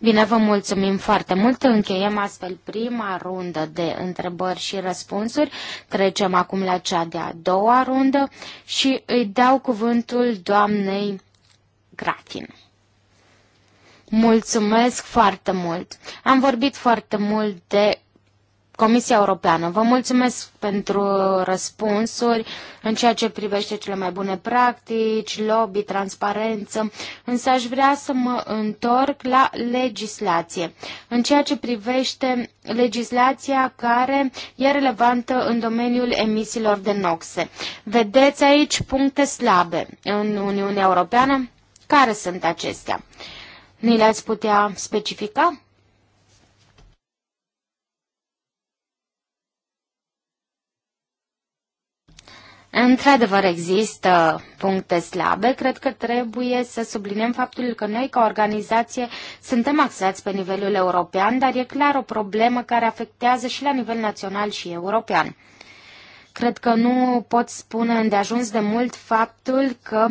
Bine, vă mulțumim foarte mult. Încheiem astfel prima rundă de întrebări și răspunsuri. Trecem acum la cea de-a doua rundă și îi dau cuvântul doamnei Cratin. Mulțumesc foarte mult! Am vorbit foarte mult de Comisia Europeană. Vă mulțumesc pentru răspunsuri în ceea ce privește cele mai bune practici, lobby, transparență, însă aș vrea să mă întorc la legislație. În ceea ce privește legislația care e relevantă în domeniul emisiilor de noxe. Vedeți aici puncte slabe în Uniunea Europeană? Care sunt acestea? Ni le-ați putea specifica? Într-adevăr există puncte slabe, cred că trebuie să subliniem faptul că noi ca organizație suntem axați pe nivelul european, dar e clar o problemă care afectează și la nivel național și european. Cred că nu pot spune îndeajuns de mult faptul că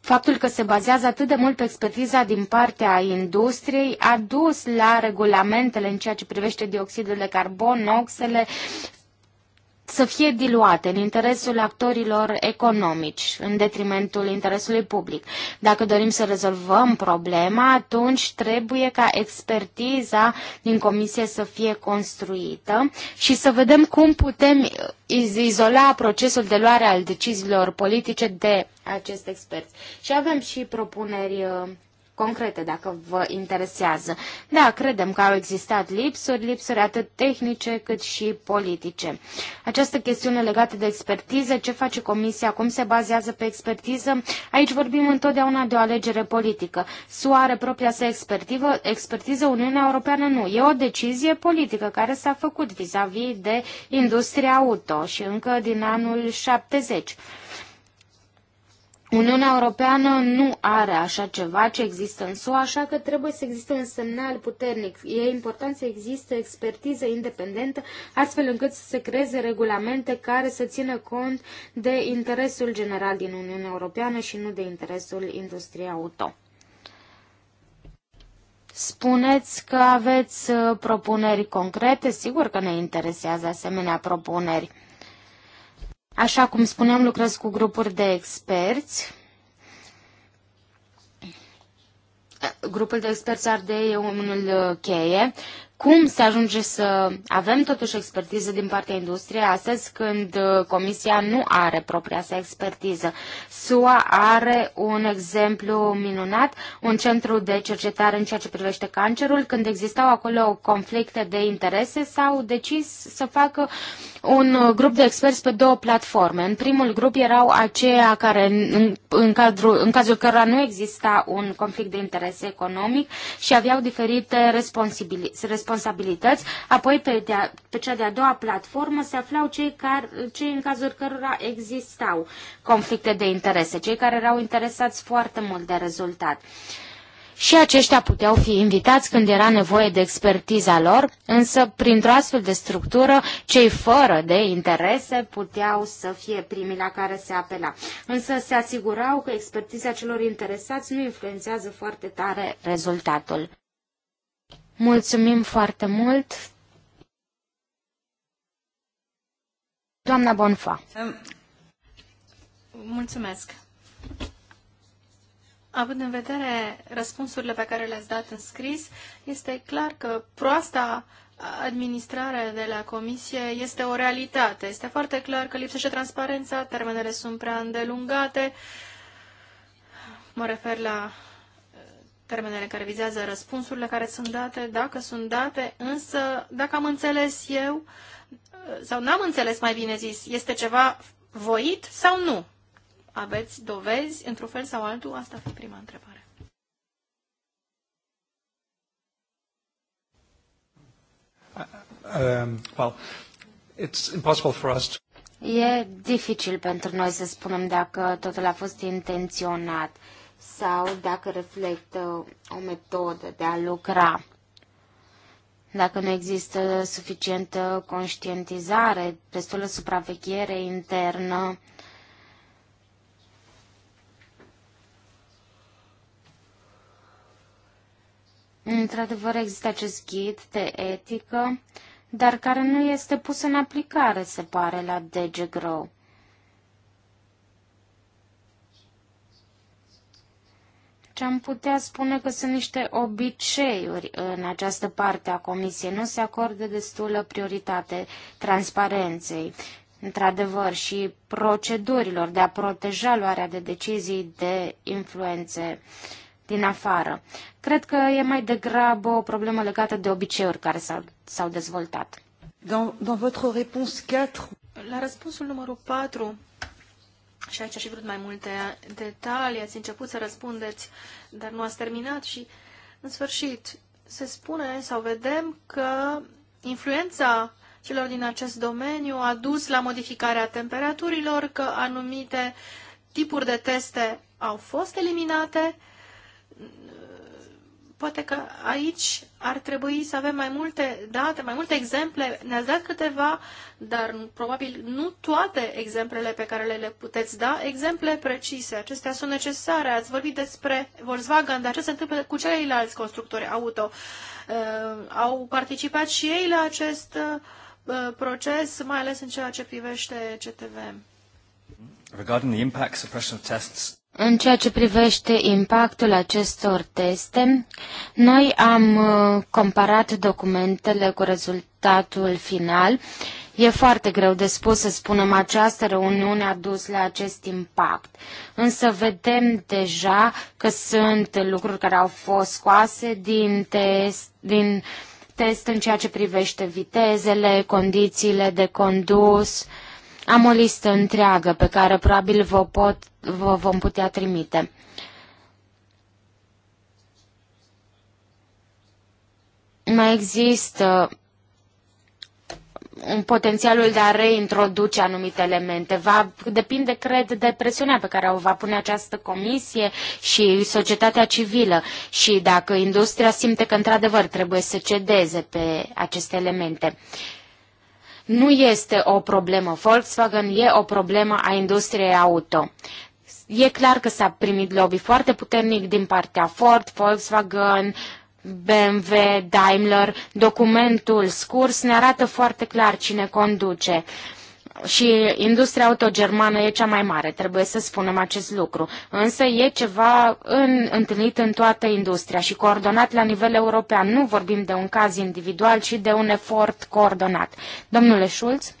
Faptul că se bazează atât de mult pe expertiza din partea industriei a dus la regulamentele în ceea ce privește dioxidul de carbon, noxele, să fie diluate în interesul actorilor economici, în detrimentul interesului public. Dacă dorim să rezolvăm problema, atunci trebuie ca expertiza din comisie să fie construită și să vedem cum putem izola procesul de luare al deciziilor politice de acest expert. Și avem și propuneri uh, concrete, dacă vă interesează. Da, credem că au existat lipsuri, lipsuri atât tehnice cât și politice. Această chestiune legată de expertiză, ce face Comisia, cum se bazează pe expertiză, aici vorbim întotdeauna de o alegere politică. SUA are propria sa expertiză, Uniunea Europeană nu. E o decizie politică care s-a făcut vis-a-vis -vis de industria auto și încă din anul 70. Uniunea Europeană nu are așa ceva ce există în SUA, așa că trebuie să existe un semnal puternic. E important să existe expertiză independentă, astfel încât să se creeze regulamente care să țină cont de interesul general din Uniunea Europeană și nu de interesul industriei auto. Spuneți că aveți uh, propuneri concrete, sigur că ne interesează asemenea propuneri. Așa cum spuneam, lucrez cu grupuri de experți. Grupul de experți ardei e unul uh, cheie. Cum se ajunge să avem totuși expertiză din partea industriei astăzi când uh, Comisia nu are propria sa expertiză? SUA are un exemplu minunat, un centru de cercetare în ceea ce privește cancerul, când existau acolo conflicte de interese, s-au decis să facă un uh, grup de experți pe două platforme. În primul grup erau aceia care, în, în, cadrul, în cazul cărora nu exista un conflict de interes economic și aveau diferite responsabilități. Apoi, pe, de a, pe cea de-a doua platformă se aflau cei, care, cei în cazul cărora existau conflicte de interese, cei care erau interesați foarte mult de rezultat. Uh, și aceștia puteau fi invitați când era nevoie de expertiza lor, însă printr-o astfel de structură, cei fără de interese puteau să fie primii la care se apela. Însă se asigurau că expertiza celor interesați nu influențează foarte tare rezultatul. Mulțumim foarte mult! Doamna Bonfa. Mulțumesc. Având în vedere răspunsurile pe care le-ați dat în scris, este clar că proasta administrare de la Comisie este o realitate. Este foarte clar că lipsește transparența, termenele sunt prea îndelungate. Mă refer la uh, termenele care vizează răspunsurile care sunt date, dacă sunt date, însă, dacă am înțeles eu, uh, sau n-am înțeles mai bine zis, este ceva voit sau nu? aveți dovezi într-un fel sau altul? Asta a fost prima întrebare. uh, well, it's impossible for us to... E dificil pentru noi să spunem dacă totul a fost intenționat sau dacă reflectă o metodă de a lucra. Dacă nu există suficientă conștientizare, destulă supraveghere internă, Într-adevăr, există acest ghid de etică, dar care nu este pus în aplicare, se pare, la DG Grow. am putea spune că sunt niște obiceiuri în această parte a comisiei. Nu se acordă destulă prioritate transparenței, într-adevăr, și procedurilor de a proteja luarea de decizii de influențe uh, din afară. Cred că e mai degrabă o problemă legată de obiceiuri care s-au dezvoltat. Dans, dans votre réponse 4... La răspunsul numărul 4, și aici aș fi vrut mai multe detalii, ați început să răspundeți, dar nu ați terminat și, în sfârșit, se spune sau vedem că influența celor din acest domeniu a dus la modificarea temperaturilor, că anumite tipuri de teste au fost eliminate poate că aici ar trebui să avem mai multe date, mai multe exemple. Ne-ați dat câteva, dar probabil nu toate exemplele pe care le, le puteți da, exemple precise. Acestea sunt necesare. Ați vorbit despre Volkswagen, dar ce se întâmplă cu ceilalți constructori auto? Uh, au participat și ei la acest uh, proces, mai ales în ceea ce privește CTV. Regarding the impact suppression of tests în ceea ce privește impactul acestor teste, noi am uh, comparat documentele cu rezultatul final. E foarte greu de spus să spunem această reuniune a dus la acest impact, însă vedem deja că sunt lucruri care au fost scoase din test, din test în ceea ce privește vitezele, condițiile de condus, am o listă întreagă pe care probabil vă, pot, vă vom putea trimite. Mai există un potențialul de a reintroduce anumite elemente. Va depinde, cred, de presiunea pe care o va pune această comisie și societatea civilă și dacă industria simte că, într-adevăr, trebuie să cedeze pe aceste elemente. Uh, nu este o problemă Volkswagen, e o problemă a industriei auto. E clar că s-a primit lobby foarte puternic din partea Ford, Volkswagen, BMW, Daimler. Documentul scurs ne arată foarte clar cine conduce și industria autogermană e cea mai mare, trebuie să spunem acest lucru. Însă e ceva în, întâlnit în toată industria și coordonat la nivel european. Nu vorbim de un caz individual, ci de un efort coordonat. Domnule Schulz?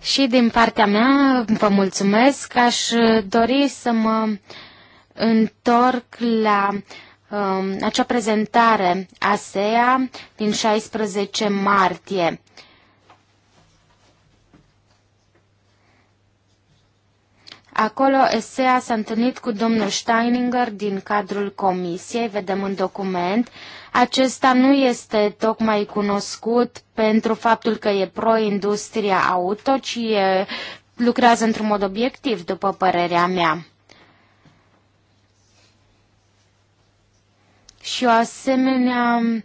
Și din partea mea vă mulțumesc. Aș dori să mă întorc la uh, um, acea prezentare ASEA din 16 martie. Acolo ESEA s-a întâlnit cu domnul Steininger din cadrul comisiei, vedem în document. Acesta nu este tocmai cunoscut pentru faptul că e pro-industria auto, ci e, lucrează într-un mod obiectiv, după părerea mea. și o asemenea um,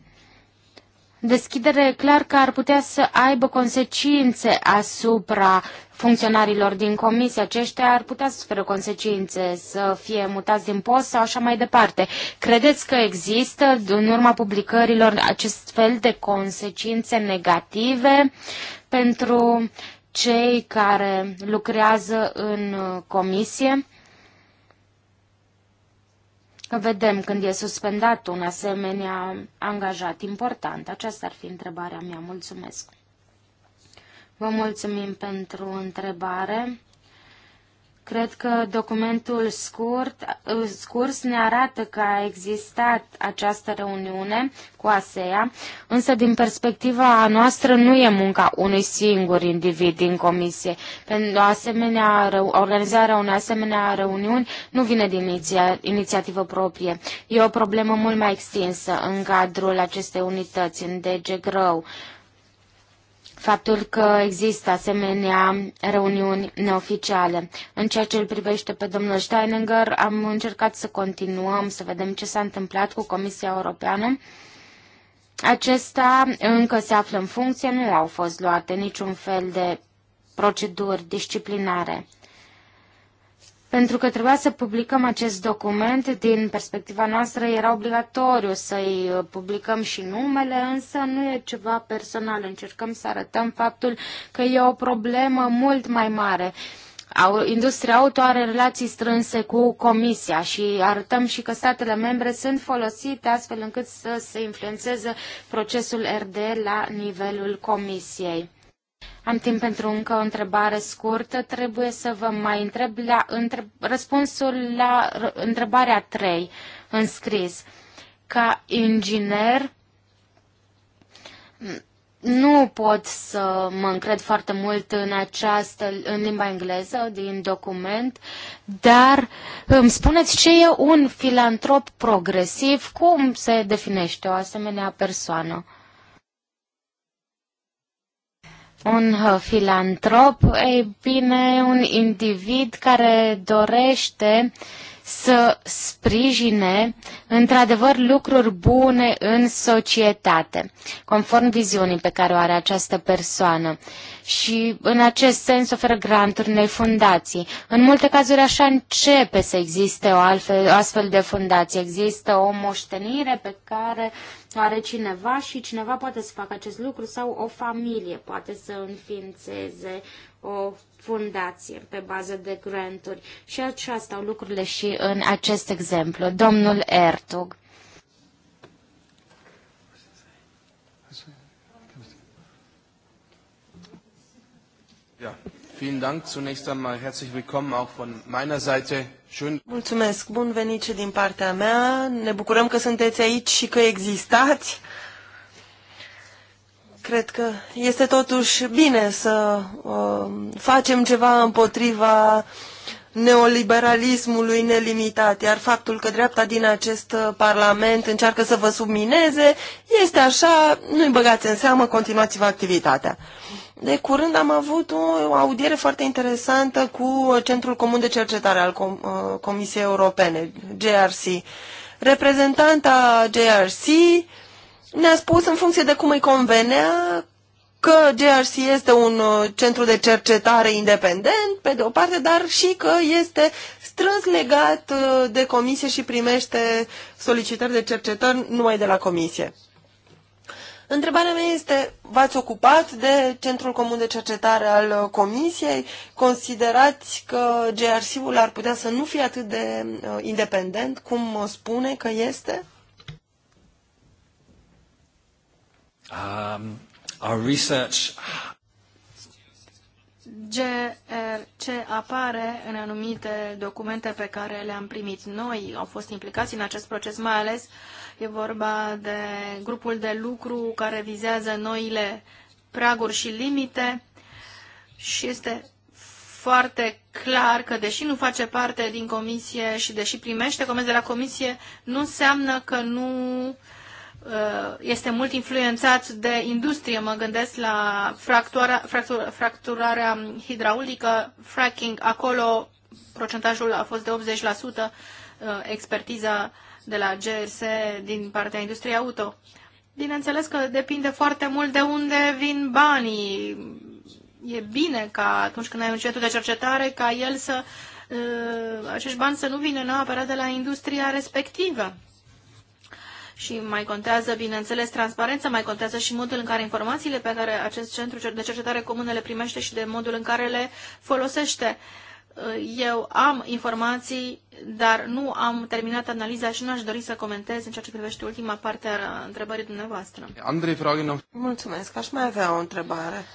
deschidere clar că ar putea să aibă consecințe asupra funcționarilor din comisie. Aceștia ar putea să suferă consecințe, să fie mutați din post sau așa mai departe. Credeți că există, în urma publicărilor, acest fel de consecințe negative pentru cei care lucrează în uh, comisie? vedem când e suspendat un asemenea angajat important? Aceasta ar fi întrebarea mea. Mulțumesc! Vă mulțumim pentru întrebare. Cred că documentul scurt, scurs ne arată că a existat această reuniune cu ASEA, însă din perspectiva noastră nu e munca unui singur individ din comisie. Pentru asemenea, organizarea unei asemenea reuniuni nu vine din iniția, inițiativă proprie. E o problemă mult mai extinsă în cadrul acestei unități, în DG Grău. Uh, faptul că există asemenea reuniuni neoficiale. În ceea ce îl privește pe domnul Steininger, am încercat să continuăm, să vedem ce s-a întâmplat cu Comisia Europeană. Acesta încă se află în funcție, nu au fost luate niciun fel de proceduri disciplinare. Pentru că trebuia să publicăm acest document, din perspectiva noastră era obligatoriu să-i uh, publicăm și numele, însă nu e ceva personal. Încercăm să arătăm faptul că e o problemă mult mai mare. Industria auto are relații strânse cu Comisia și arătăm și că statele membre sunt folosite astfel încât să se influențeze procesul RD la nivelul Comisiei. Am timp pentru încă o întrebare scurtă. Trebuie să vă mai întreb la între, răspunsul la întrebarea 3 în scris. Ca inginer nu pot să mă încred foarte mult în această, în limba engleză din document, dar îmi spuneți ce e un filantrop progresiv, cum se definește o asemenea persoană? un uh, filantrop, ei bine, un individ care dorește să sprijine într-adevăr lucruri bune în societate, conform viziunii pe care o are această persoană și în acest sens oferă granturi unei fundații. În multe cazuri așa începe să existe o, altfel, o astfel de fundație. Există o moștenire pe care o are cineva și cineva poate să facă acest lucru sau o familie poate să înființeze o fundație pe bază de granturi. Și așa stau lucrurile și în acest exemplu. Domnul Ertug. Vielen Dank. Zunächst einmal herzlich willkommen auch von meiner Seite. Schön. Mulțumesc. Bun venit și din partea mea. Ne bucurăm că sunteți aici și că existați. Cred că este totuși bine să uh, facem ceva împotriva neoliberalismului nelimitat, iar faptul că dreapta din acest parlament încearcă să vă submineze este așa, nu-i băgați în seamă, continuați-vă activitatea. Uh, de curând am avut o audiere foarte interesantă cu Centrul Comun de Cercetare al Com uh, Comisiei Europene, GRC. Reprezentanta GRC ne-a spus, în funcție de cum îi convenea, că GRC este un uh, centru de cercetare independent, pe de o parte, dar și că este strâns legat uh, de comisie și primește solicitări de cercetări numai de la comisie. Întrebarea mea este, v-ați ocupat de Centrul Comun de Cercetare al uh, Comisiei? Considerați că GRC-ul ar putea să nu fie atât de uh, independent cum uh, spune că este? Um, our research GRC apare în anumite documente pe care le-am primit noi, au fost implicați în acest proces, mai ales e vorba de grupul de lucru care vizează noile praguri și limite și este foarte clar că deși nu face parte din comisie și deși primește comenzi de la comisie, nu înseamnă că nu uh, Uh, este mult influențat de industrie. Mă gândesc la fractura, fracturarea hidraulică, fracking. Acolo procentajul a fost de 80% uh, expertiza de la GRS din partea industriei auto. Bineînțeles că depinde foarte mult de unde vin banii. E bine ca atunci când ai un centru de cercetare, ca el să, uh, acești bani să nu vină neapărat de la industria respectivă și mai contează, bineînțeles, transparența, mai contează și modul în care informațiile pe care acest centru de cercetare comună le primește și de modul în care le folosește. Uh, eu am informații, dar nu am terminat analiza și nu aș dori să comentez în ceea ce privește ultima parte a întrebării dumneavoastră. Andrei Fraginov. Mulțumesc. Aș mai avea o întrebare.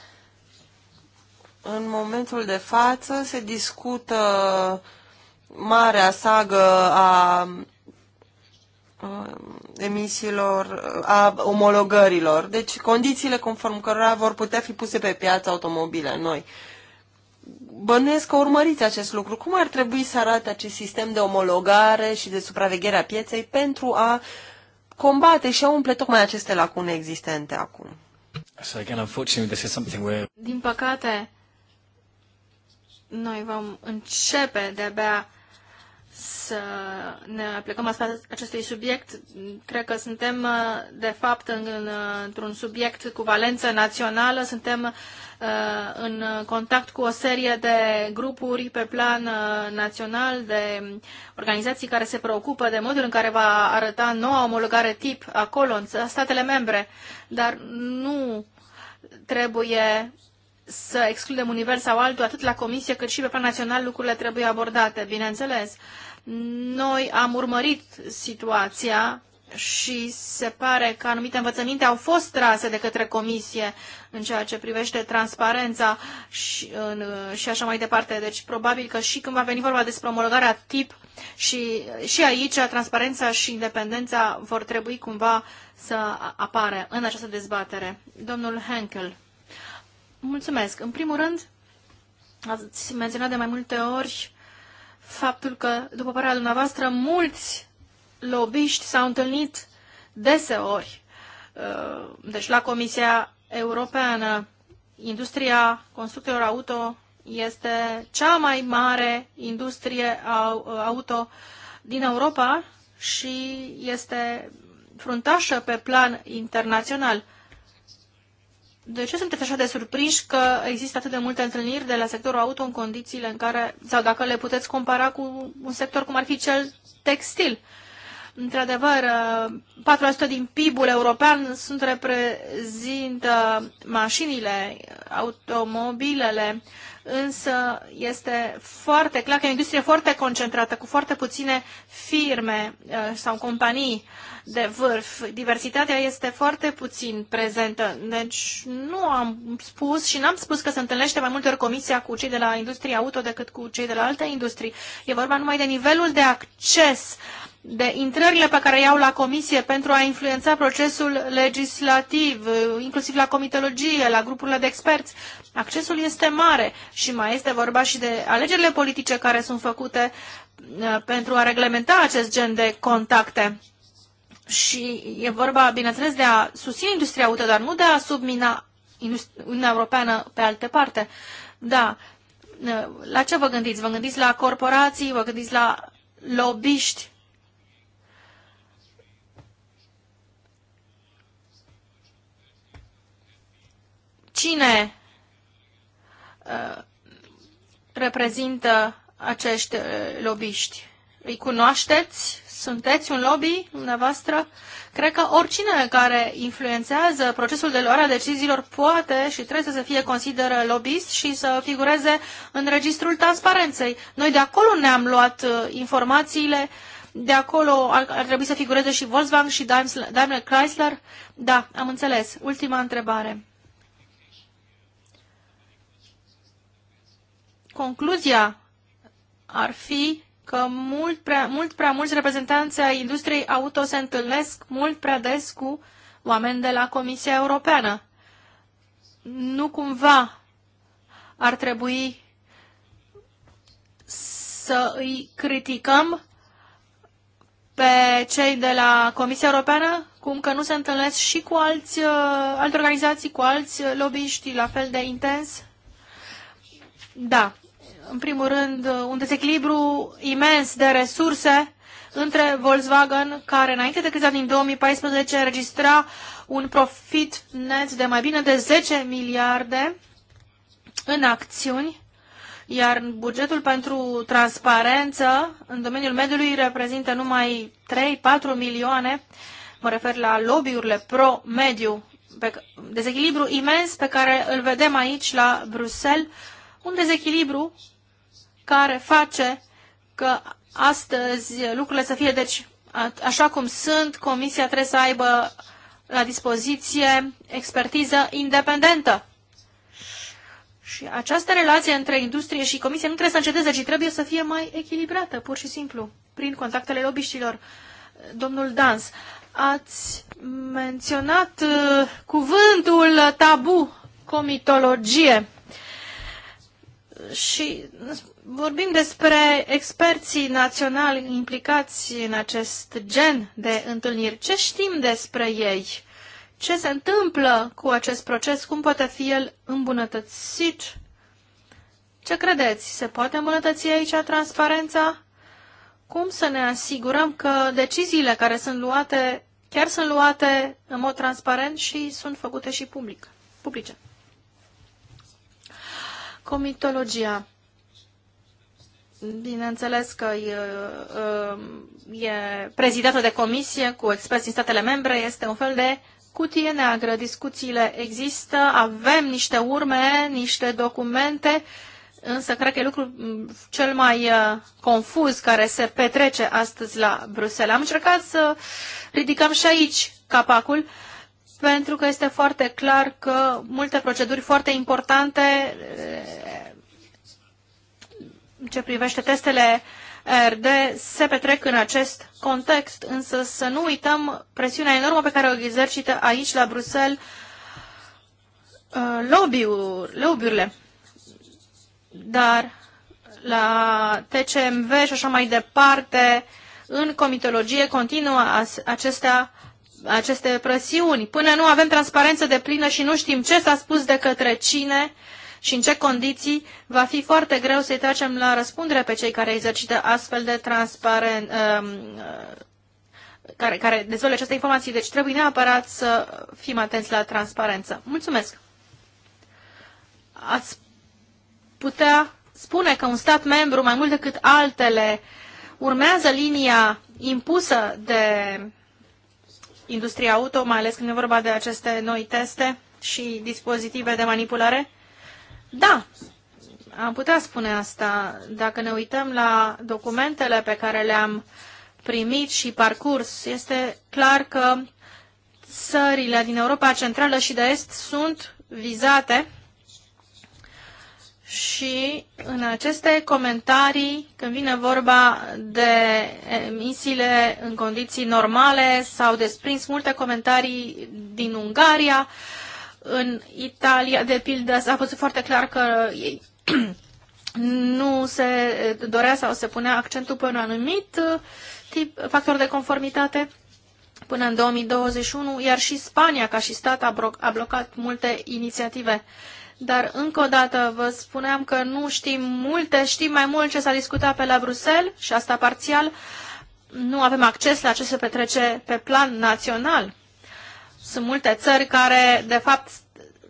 În momentul de față se discută marea sagă a Uh, emisiilor, uh, a omologărilor. Deci condițiile conform cărora vor putea fi puse pe piață automobile noi. Bănuiesc că urmăriți acest lucru. Cum ar trebui să arate acest sistem de omologare și de supraveghere a pieței pentru a combate și a umple tocmai aceste lacune existente acum? So again, unfortunately, this is something where... Din păcate, noi vom începe de-abia să ne plecăm asupra acestui subiect. Cred că suntem, uh, de fapt, în, uh, într-un subiect cu valență națională, suntem uh, în contact cu o serie de grupuri pe plan național, de organizații care se preocupă de modul în care va arăta noua omologare tip acolo, în statele membre, dar nu trebuie să excludem un nivel sau altul, atât la comisie cât și pe plan național lucrurile trebuie abordate, bineînțeles. Uh, noi am urmărit situația și se pare că anumite învățăminte au fost trase de către comisie în ceea ce privește transparența și, în, și așa mai departe. Deci probabil că și când va veni vorba despre omologarea tip și, și aici transparența și independența vor trebui cumva să apare în această dezbatere. Domnul Henkel, mulțumesc. În primul rând, ați menționat de mai multe ori faptul că, după părerea dumneavoastră, mulți lobiști s-au întâlnit deseori, uh, deci la Comisia Europeană, industria constructorilor auto este cea mai mare industrie uh, auto din Europa și este fruntașă pe plan internațional de ce sunteți așa de surprinși că există atât de multe întâlniri de la sectorul auto în condițiile în care, sau dacă le puteți compara cu un sector cum ar fi cel textil? Într-adevăr, 4% din PIB-ul european sunt reprezintă mașinile, automobilele, însă este foarte clar că e o industrie foarte concentrată, cu foarte puține firme uh, sau companii de vârf. Diversitatea este foarte puțin prezentă. Deci nu am spus și n-am spus că se întâlnește mai multe ori comisia cu cei de la industria auto decât cu cei de la alte industrii. E vorba numai de nivelul de acces uh, de intrările pe care iau la comisie pentru a influența procesul legislativ, inclusiv la comitologie, la grupurile de experți. Accesul este mare și mai este vorba și de alegerile politice care sunt făcute uh, pentru a reglementa acest gen de contacte. Și e vorba, bineînțeles, de a susține industria auto, dar nu de a submina Uniunea Europeană pe alte parte. Da. Uh, la ce vă gândiți? Vă gândiți la corporații, vă gândiți la lobbyști cine uh, reprezintă acești uh, lobiști. Îi cunoașteți? Sunteți un lobby dumneavoastră? Cred că oricine care influențează procesul de luare a deciziilor poate și trebuie să fie consideră lobbyist și să figureze în registrul transparenței. Noi de acolo ne-am luat uh, informațiile, de acolo ar, ar trebui să figureze și Volkswagen și Daimler Chrysler. Da, am înțeles. Ultima întrebare. Concluzia ar fi că mult prea, mult prea mulți reprezentanți ai industriei auto se întâlnesc mult prea des cu oameni de la Comisia Europeană. Nu cumva ar trebui să îi criticăm pe cei de la Comisia Europeană, cum că nu se întâlnesc și cu alți, uh, alte organizații, cu alți lobbyști la fel de intens? Da în primul rând, uh, un dezechilibru imens de resurse între Volkswagen, care înainte de câțiva din 2014 registra un profit net de mai bine de 10 miliarde în acțiuni, iar bugetul pentru transparență în domeniul mediului reprezintă numai 3-4 milioane, mă refer la lobby-urile pro-mediu, dezechilibru imens pe care îl vedem aici la Bruxelles, un dezechilibru care face că astăzi lucrurile să fie, deci, așa cum sunt, Comisia trebuie să aibă la dispoziție expertiză independentă. Și această relație între industrie și comisie nu trebuie să înceteze, ci trebuie să fie mai echilibrată, pur și simplu, prin contactele lobiștilor. Domnul Dans, ați menționat uh, cuvântul tabu, comitologie. Și Vorbim despre experții naționali implicați în acest gen de întâlniri. Ce știm despre ei? Ce se întâmplă cu acest proces? Cum poate fi el îmbunătățit? Ce credeți? Se poate îmbunătăți aici transparența? Cum să ne asigurăm că deciziile care sunt luate chiar sunt luate în mod transparent și sunt făcute și public, publice? Comitologia. Bineînțeles că e, prezidată de comisie cu experți din statele membre, este un fel de cutie neagră. Discuțiile există, avem niște urme, niște documente, însă cred că e lucrul cel mai confuz care se petrece astăzi la Bruxelles. Am încercat să ridicăm și aici capacul pentru că este foarte clar că multe proceduri foarte importante ce privește testele RD se petrec în acest context, însă să nu uităm presiunea enormă pe care o exercită aici la Bruxelles uh, lobby-urile. Dar la TCMV și așa mai departe, în comitologie continuă acestea, aceste presiuni. Până nu avem transparență de plină și nu știm ce s-a spus de către cine, uh, și în ce condiții va fi foarte greu să-i trecem la răspundere pe cei care exercită astfel de transparent, um, uh, care, care dezvăluie aceste informații. Deci trebuie neapărat să fim atenți la transparență. Mulțumesc! Ați putea spune că un stat membru, mai mult decât altele, urmează linia impusă de industria auto, mai ales când e vorba de aceste noi teste și dispozitive de manipulare? Da, am putea spune asta. Dacă ne uităm la documentele pe care le-am primit și parcurs, este clar că țările din Europa Centrală și de Est sunt vizate și în aceste comentarii, când vine vorba de emisiile în condiții normale, s-au desprins multe comentarii din Ungaria, uh, în Italia, de pildă, s-a văzut foarte clar că nu se dorea sau se punea accentul pe un anumit uh, tip, factor de conformitate până în 2021, iar și Spania, ca și stat, a blocat multe inițiative. Dar, încă o dată, vă spuneam că nu știm multe, știm mai mult ce s-a discutat pe la Bruxelles și asta parțial. Nu avem acces la ce se petrece pe plan național. Sunt multe țări care, de fapt,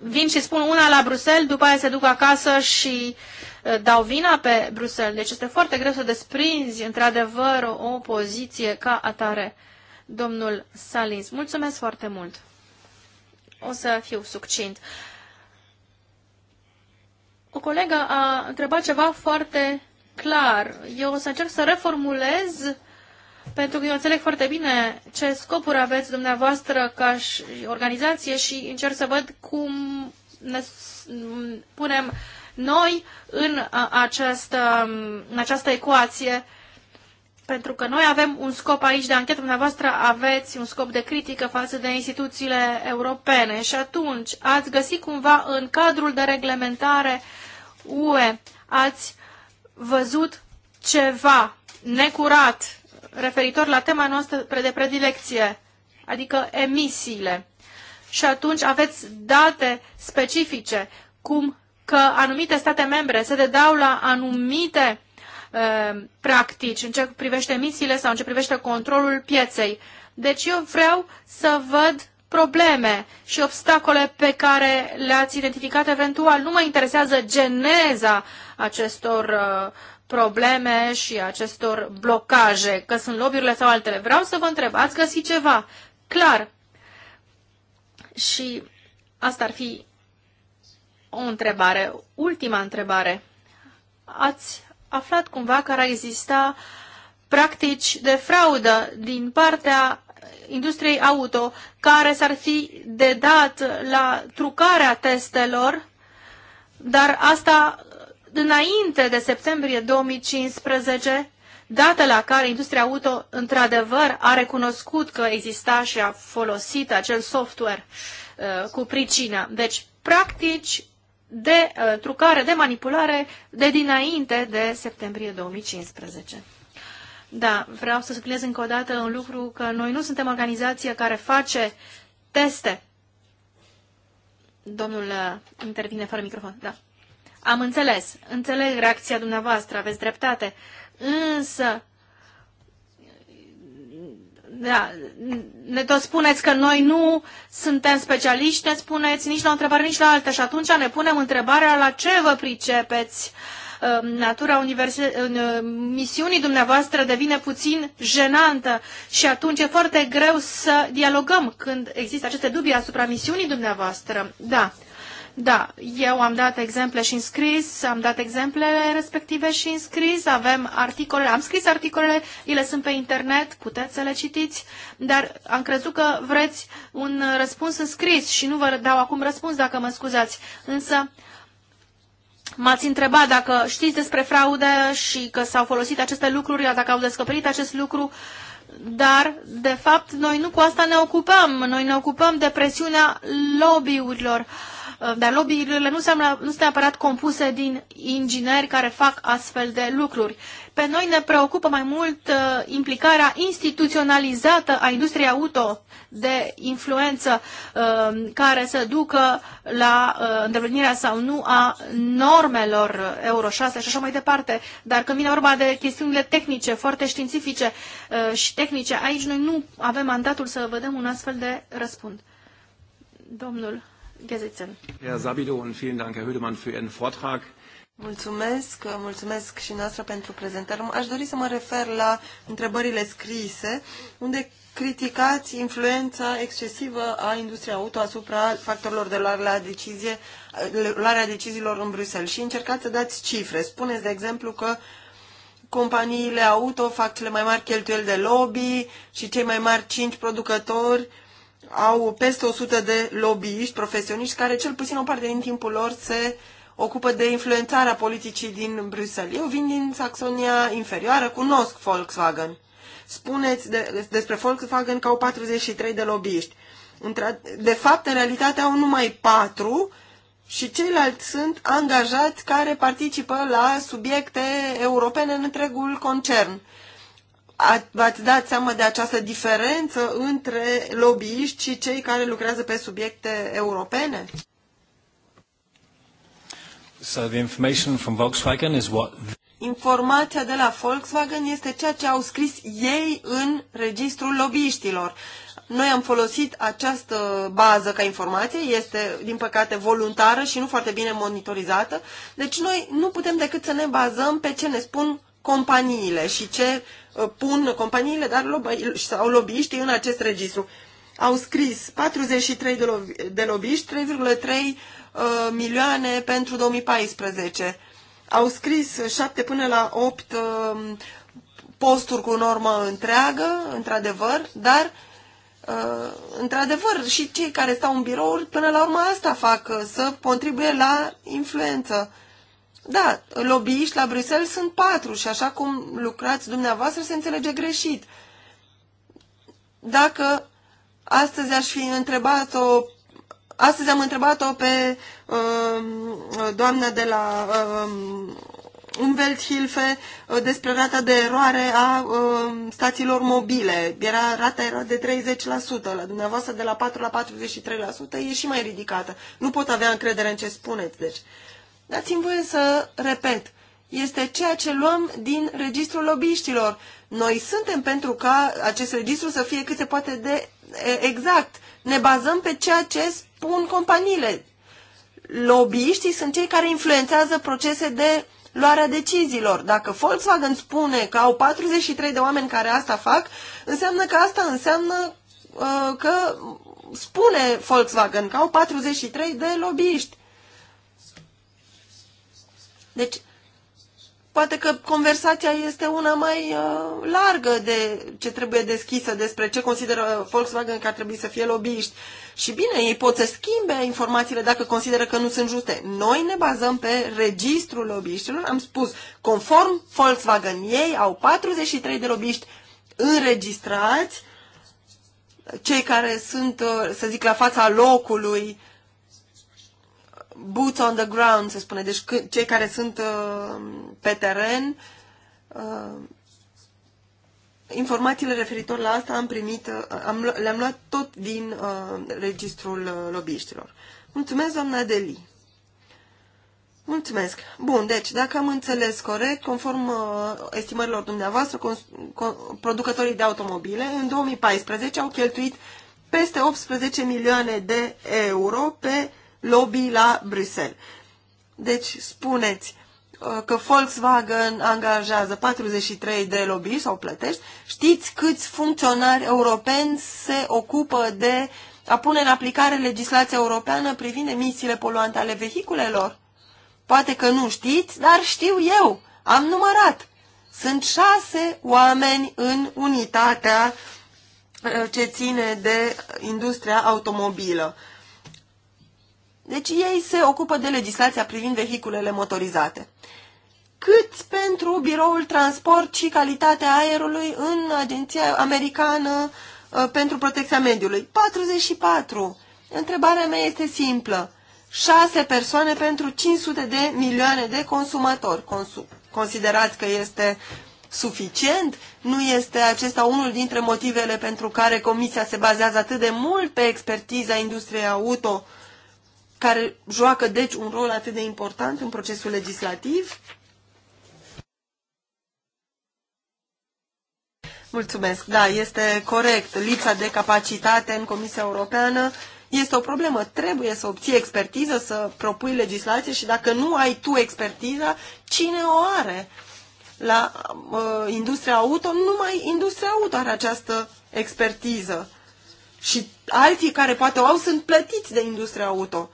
vin și spun una la Bruxelles, după aia se duc acasă și uh, dau vina pe Bruxelles. Deci este foarte greu să desprinzi, într-adevăr, o poziție ca atare. Domnul Salins, mulțumesc foarte mult. O să fiu succint. O colegă a întrebat ceva foarte clar. Eu o să încerc să reformulez uh, pentru că eu înțeleg foarte bine ce scopuri aveți dumneavoastră ca și organizație și încerc să văd cum ne punem noi în această, în această ecuație, pentru că noi avem un scop aici de anchetă, dumneavoastră aveți un scop de critică față de instituțiile europene și atunci ați găsit cumva în cadrul de reglementare UE, ați văzut ceva necurat referitor la tema noastră de predilecție, adică emisiile. Și atunci aveți date specifice, cum că anumite state membre se dedau la anumite uh, practici în ce privește emisiile sau în ce privește controlul pieței. Deci eu vreau să văd probleme și obstacole pe care le-ați identificat eventual. Nu mă interesează geneza acestor uh, probleme și acestor blocaje, că sunt lobby-urile sau altele. Vreau să vă întreb, ați găsit ceva clar? Și asta ar fi o întrebare, ultima întrebare. Ați aflat cumva că ar exista practici de fraudă din partea industriei auto care s-ar fi dedat la trucarea testelor, dar asta înainte de septembrie 2015, data la care industria auto într-adevăr a recunoscut că exista și a folosit acel software uh, cu pricină. Deci, practici de uh, trucare, de manipulare de dinainte de septembrie 2015. Da, vreau să subliniez încă o dată un lucru că noi nu suntem organizația care face teste. Domnul uh, intervine fără microfon. Da. Am înțeles, înțeleg reacția dumneavoastră, aveți dreptate, însă, da, ne tot spuneți că noi nu suntem specialiști, ne spuneți nici la o întrebare, nici la alta și atunci ne punem întrebarea la ce vă pricepeți. Ă, natura univers, ă, misiunii dumneavoastră devine puțin jenantă și atunci e foarte greu să dialogăm când există aceste dubii asupra misiunii dumneavoastră. Da. Da, eu am dat exemple și în scris, am dat exemplele respective și în scris, avem articole, am scris articolele, ele sunt pe internet, puteți să le citiți, dar am crezut că vreți un răspuns în scris și nu vă dau acum răspuns dacă mă scuzați, însă M-ați întrebat dacă știți despre fraude și că s-au folosit aceste lucruri, dacă au descoperit acest lucru, dar, de fapt, noi nu cu asta ne ocupăm. Noi ne ocupăm de presiunea lobby-urilor. Uh, Uh, dar lobby-urile nu, seamnă, nu sunt neapărat compuse din ingineri care fac astfel de lucruri. Pe noi ne preocupă mai mult uh, implicarea instituționalizată a industriei auto de influență uh, care să ducă la îndeplinirea sau nu a normelor Euro 6 și așa mai departe. Dar când vine vorba de chestiunile tehnice, foarte științifice și tehnice, aici noi nu avem mandatul să vedem un astfel de răspund. Domnul Herr Sabido und vielen Dank, Herr Hödemann, für Ihren Vortrag. Mulțumesc, mulțumesc și noastră pentru prezentare. Aș dori să mă refer la întrebările scrise, unde criticați influența excesivă a industriei auto asupra factorilor de luare la decizie, luarea deciziilor în Bruxelles și încercați să dați cifre. Spuneți, de exemplu, că companiile auto fac cele mai mari cheltuieli de lobby și cei mai mari cinci producători au peste 100 de lobbyiști profesioniști care cel puțin o parte din timpul lor se ocupă de influențarea politicii din Bruxelles. Eu vin din Saxonia inferioară, cunosc Volkswagen. Spuneți de, despre Volkswagen că au 43 de lobbyiști. De fapt, în realitate au numai 4 și ceilalți sunt angajați care participă la subiecte europene în întregul concern v-ați dat seama de această diferență între lobbyiști și cei care lucrează pe subiecte europene? So the information from Volkswagen is what Informația de la Volkswagen este ceea ce au scris ei în registrul lobbyiștilor. Noi am folosit această bază ca informație, este din păcate voluntară și nu foarte bine monitorizată, deci noi nu putem decât să ne bazăm pe ce ne spun companiile și ce uh, pun companiile dar lobby, sau lobbyiștii în acest registru. Au scris 43 de, lo- de lobbyiști, 3,3 uh, milioane pentru 2014. Au scris 7 până la 8 uh, posturi cu normă întreagă, într-adevăr, dar Uh, într-adevăr, și cei care stau în birouri, până la urmă asta fac, uh, să contribuie la influență. Uh, da, lobbyiști la Bruxelles sunt patru și așa cum lucrați dumneavoastră se înțelege greșit. Dacă astăzi aș fi întrebat-o, astăzi am întrebat-o pe uh, doamna de la uh, um, Umwelt Hilfe uh, despre rata de eroare a uh, stațiilor mobile. Era, rata era de 30%, la dumneavoastră de la 4 la 43% e și mai ridicată. Nu pot avea încredere în ce spuneți, deci. Uh, Dați-mi voie să repet. Este ceea ce luăm din registrul lobiștilor. Noi suntem pentru ca acest registru să fie cât se poate de exact. Ne bazăm pe ceea ce spun companiile. Lobiștii sunt cei care influențează procese de luarea deciziilor. Dacă Volkswagen spune că au 43 de oameni care asta fac, înseamnă că asta înseamnă uh, că spune Volkswagen că au 43 de lobiști. Deci, poate că conversația este una mai uh, largă de ce trebuie deschisă despre ce consideră Volkswagen că ar trebui să fie lobbyiști. Și bine, ei pot să schimbe informațiile dacă consideră că nu sunt juste. Noi ne bazăm pe registrul lobbyiștilor. Am spus, conform Volkswagen, ei au 43 de lobbyiști înregistrați, cei care sunt, uh, să zic, la fața locului boots on the ground, se spune, deci cei care sunt uh, pe teren. Uh, informațiile referitor la asta am primit, uh, am, le-am luat tot din registrul lobbyiștilor. Mulțumesc, doamna Deli. Mulțumesc. Bun, deci, dacă am înțeles corect, conform uh, estimărilor dumneavoastră, cons- con- producătorii de automobile în 2014 au cheltuit peste 18 milioane de euro pe lobby la Bruxelles. Deci spuneți uh, că Volkswagen angajează 43 de lobby sau plătești, știți câți funcționari europeni se ocupă de a pune în aplicare legislația europeană privind emisiile poluante ale vehiculelor? Poate că nu știți, dar știu eu. Am numărat. Sunt șase oameni în unitatea uh, ce ține de industria automobilă. Deci ei se ocupă de legislația privind vehiculele motorizate. Cât pentru biroul transport și calitatea aerului în Agenția Americană uh, pentru Protecția Mediului? 44. Întrebarea mea este simplă. 6 persoane pentru 500 de milioane de consumatori. Consu considerați că este suficient? Nu este acesta unul dintre motivele pentru care Comisia se bazează atât de mult pe expertiza industriei auto? care joacă deci un rol atât de important în procesul legislativ? Mulțumesc. Da, este corect. Lipsa de capacitate în Comisia Europeană este o problemă. Trebuie să obții expertiză, să propui legislație și dacă nu ai tu expertiza, cine o are? La uh, industria auto, numai industria auto are această expertiză. Și alții care poate o au sunt plătiți de industria auto.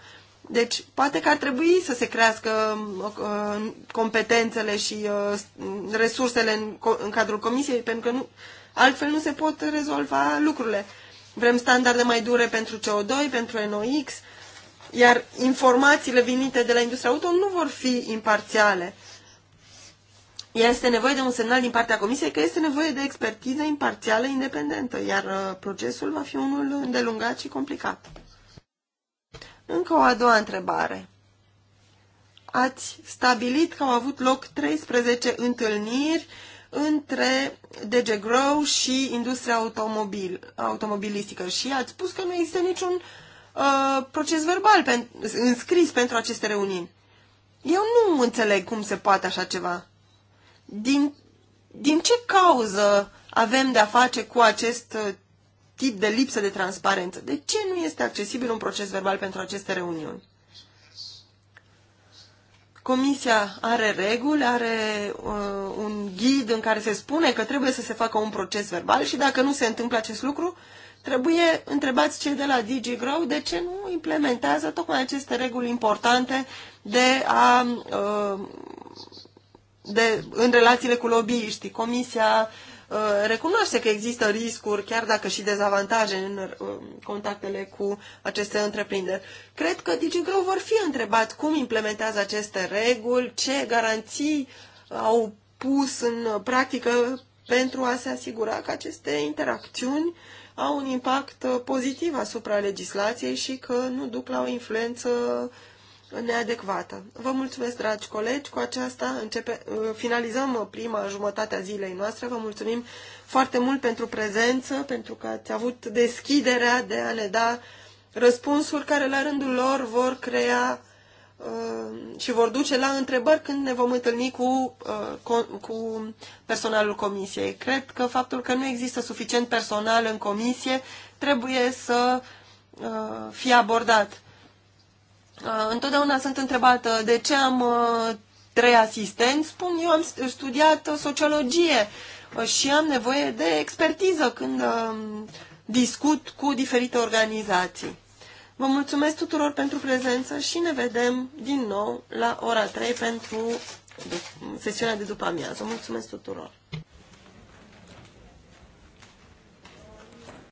Deci, poate că ar trebui să se crească uh, competențele și uh, resursele în, în cadrul comisiei, pentru că nu, altfel nu se pot rezolva lucrurile. Vrem standarde mai dure pentru CO2, pentru NOx, iar informațiile venite de la industria auto nu vor fi imparțiale. Este nevoie de un semnal din partea comisiei că este nevoie de expertiză imparțială, independentă, iar uh, procesul va fi unul îndelungat și complicat. Încă o a doua întrebare. Ați stabilit că au avut loc 13 întâlniri între DG Grow și industria automobil, automobilistică și ați spus că nu există niciun uh, proces verbal pen, înscris pentru aceste reuniuni. Eu nu înțeleg cum se poate așa ceva. Din, din ce cauză avem de-a face cu acest uh, tip de lipsă de transparență. De ce nu este accesibil un proces verbal pentru aceste reuniuni? Comisia are reguli, are uh, un ghid în care se spune că trebuie să se facă un proces verbal și dacă nu se întâmplă acest lucru, trebuie întrebați cei de la DigiGrow de ce nu implementează tocmai aceste reguli importante de a, uh, de, în relațiile cu lobbyiștii. Comisia uh, Uh, recunoaște că există riscuri, chiar dacă și dezavantaje în uh, contactele cu aceste întreprinderi. Cred că DigiGrow vor fi întrebat cum implementează aceste reguli, ce garanții au pus în practică pentru a se asigura că aceste interacțiuni au un impact uh, pozitiv asupra legislației și că nu duc la o influență neadecvată. Vă mulțumesc, dragi colegi. Cu aceasta începe, uh, finalizăm uh, prima jumătate a zilei noastre. Vă mulțumim foarte mult pentru prezență, pentru că ați avut deschiderea de a ne da răspunsuri care la rândul lor vor crea uh, și vor duce la întrebări când ne vom întâlni cu, cu personalul comisiei. Cred că faptul că nu există suficient personal în comisie trebuie să fie abordat Uh, întotdeauna sunt întrebată de ce am uh, trei asistenți. Spun, eu am studiat uh, sociologie și am nevoie de expertiză când um, discut cu diferite organizații. Vă mulțumesc tuturor pentru prezență și ne vedem din nou la ora 3 pentru sesiunea de după amiază. Mulțumesc tuturor!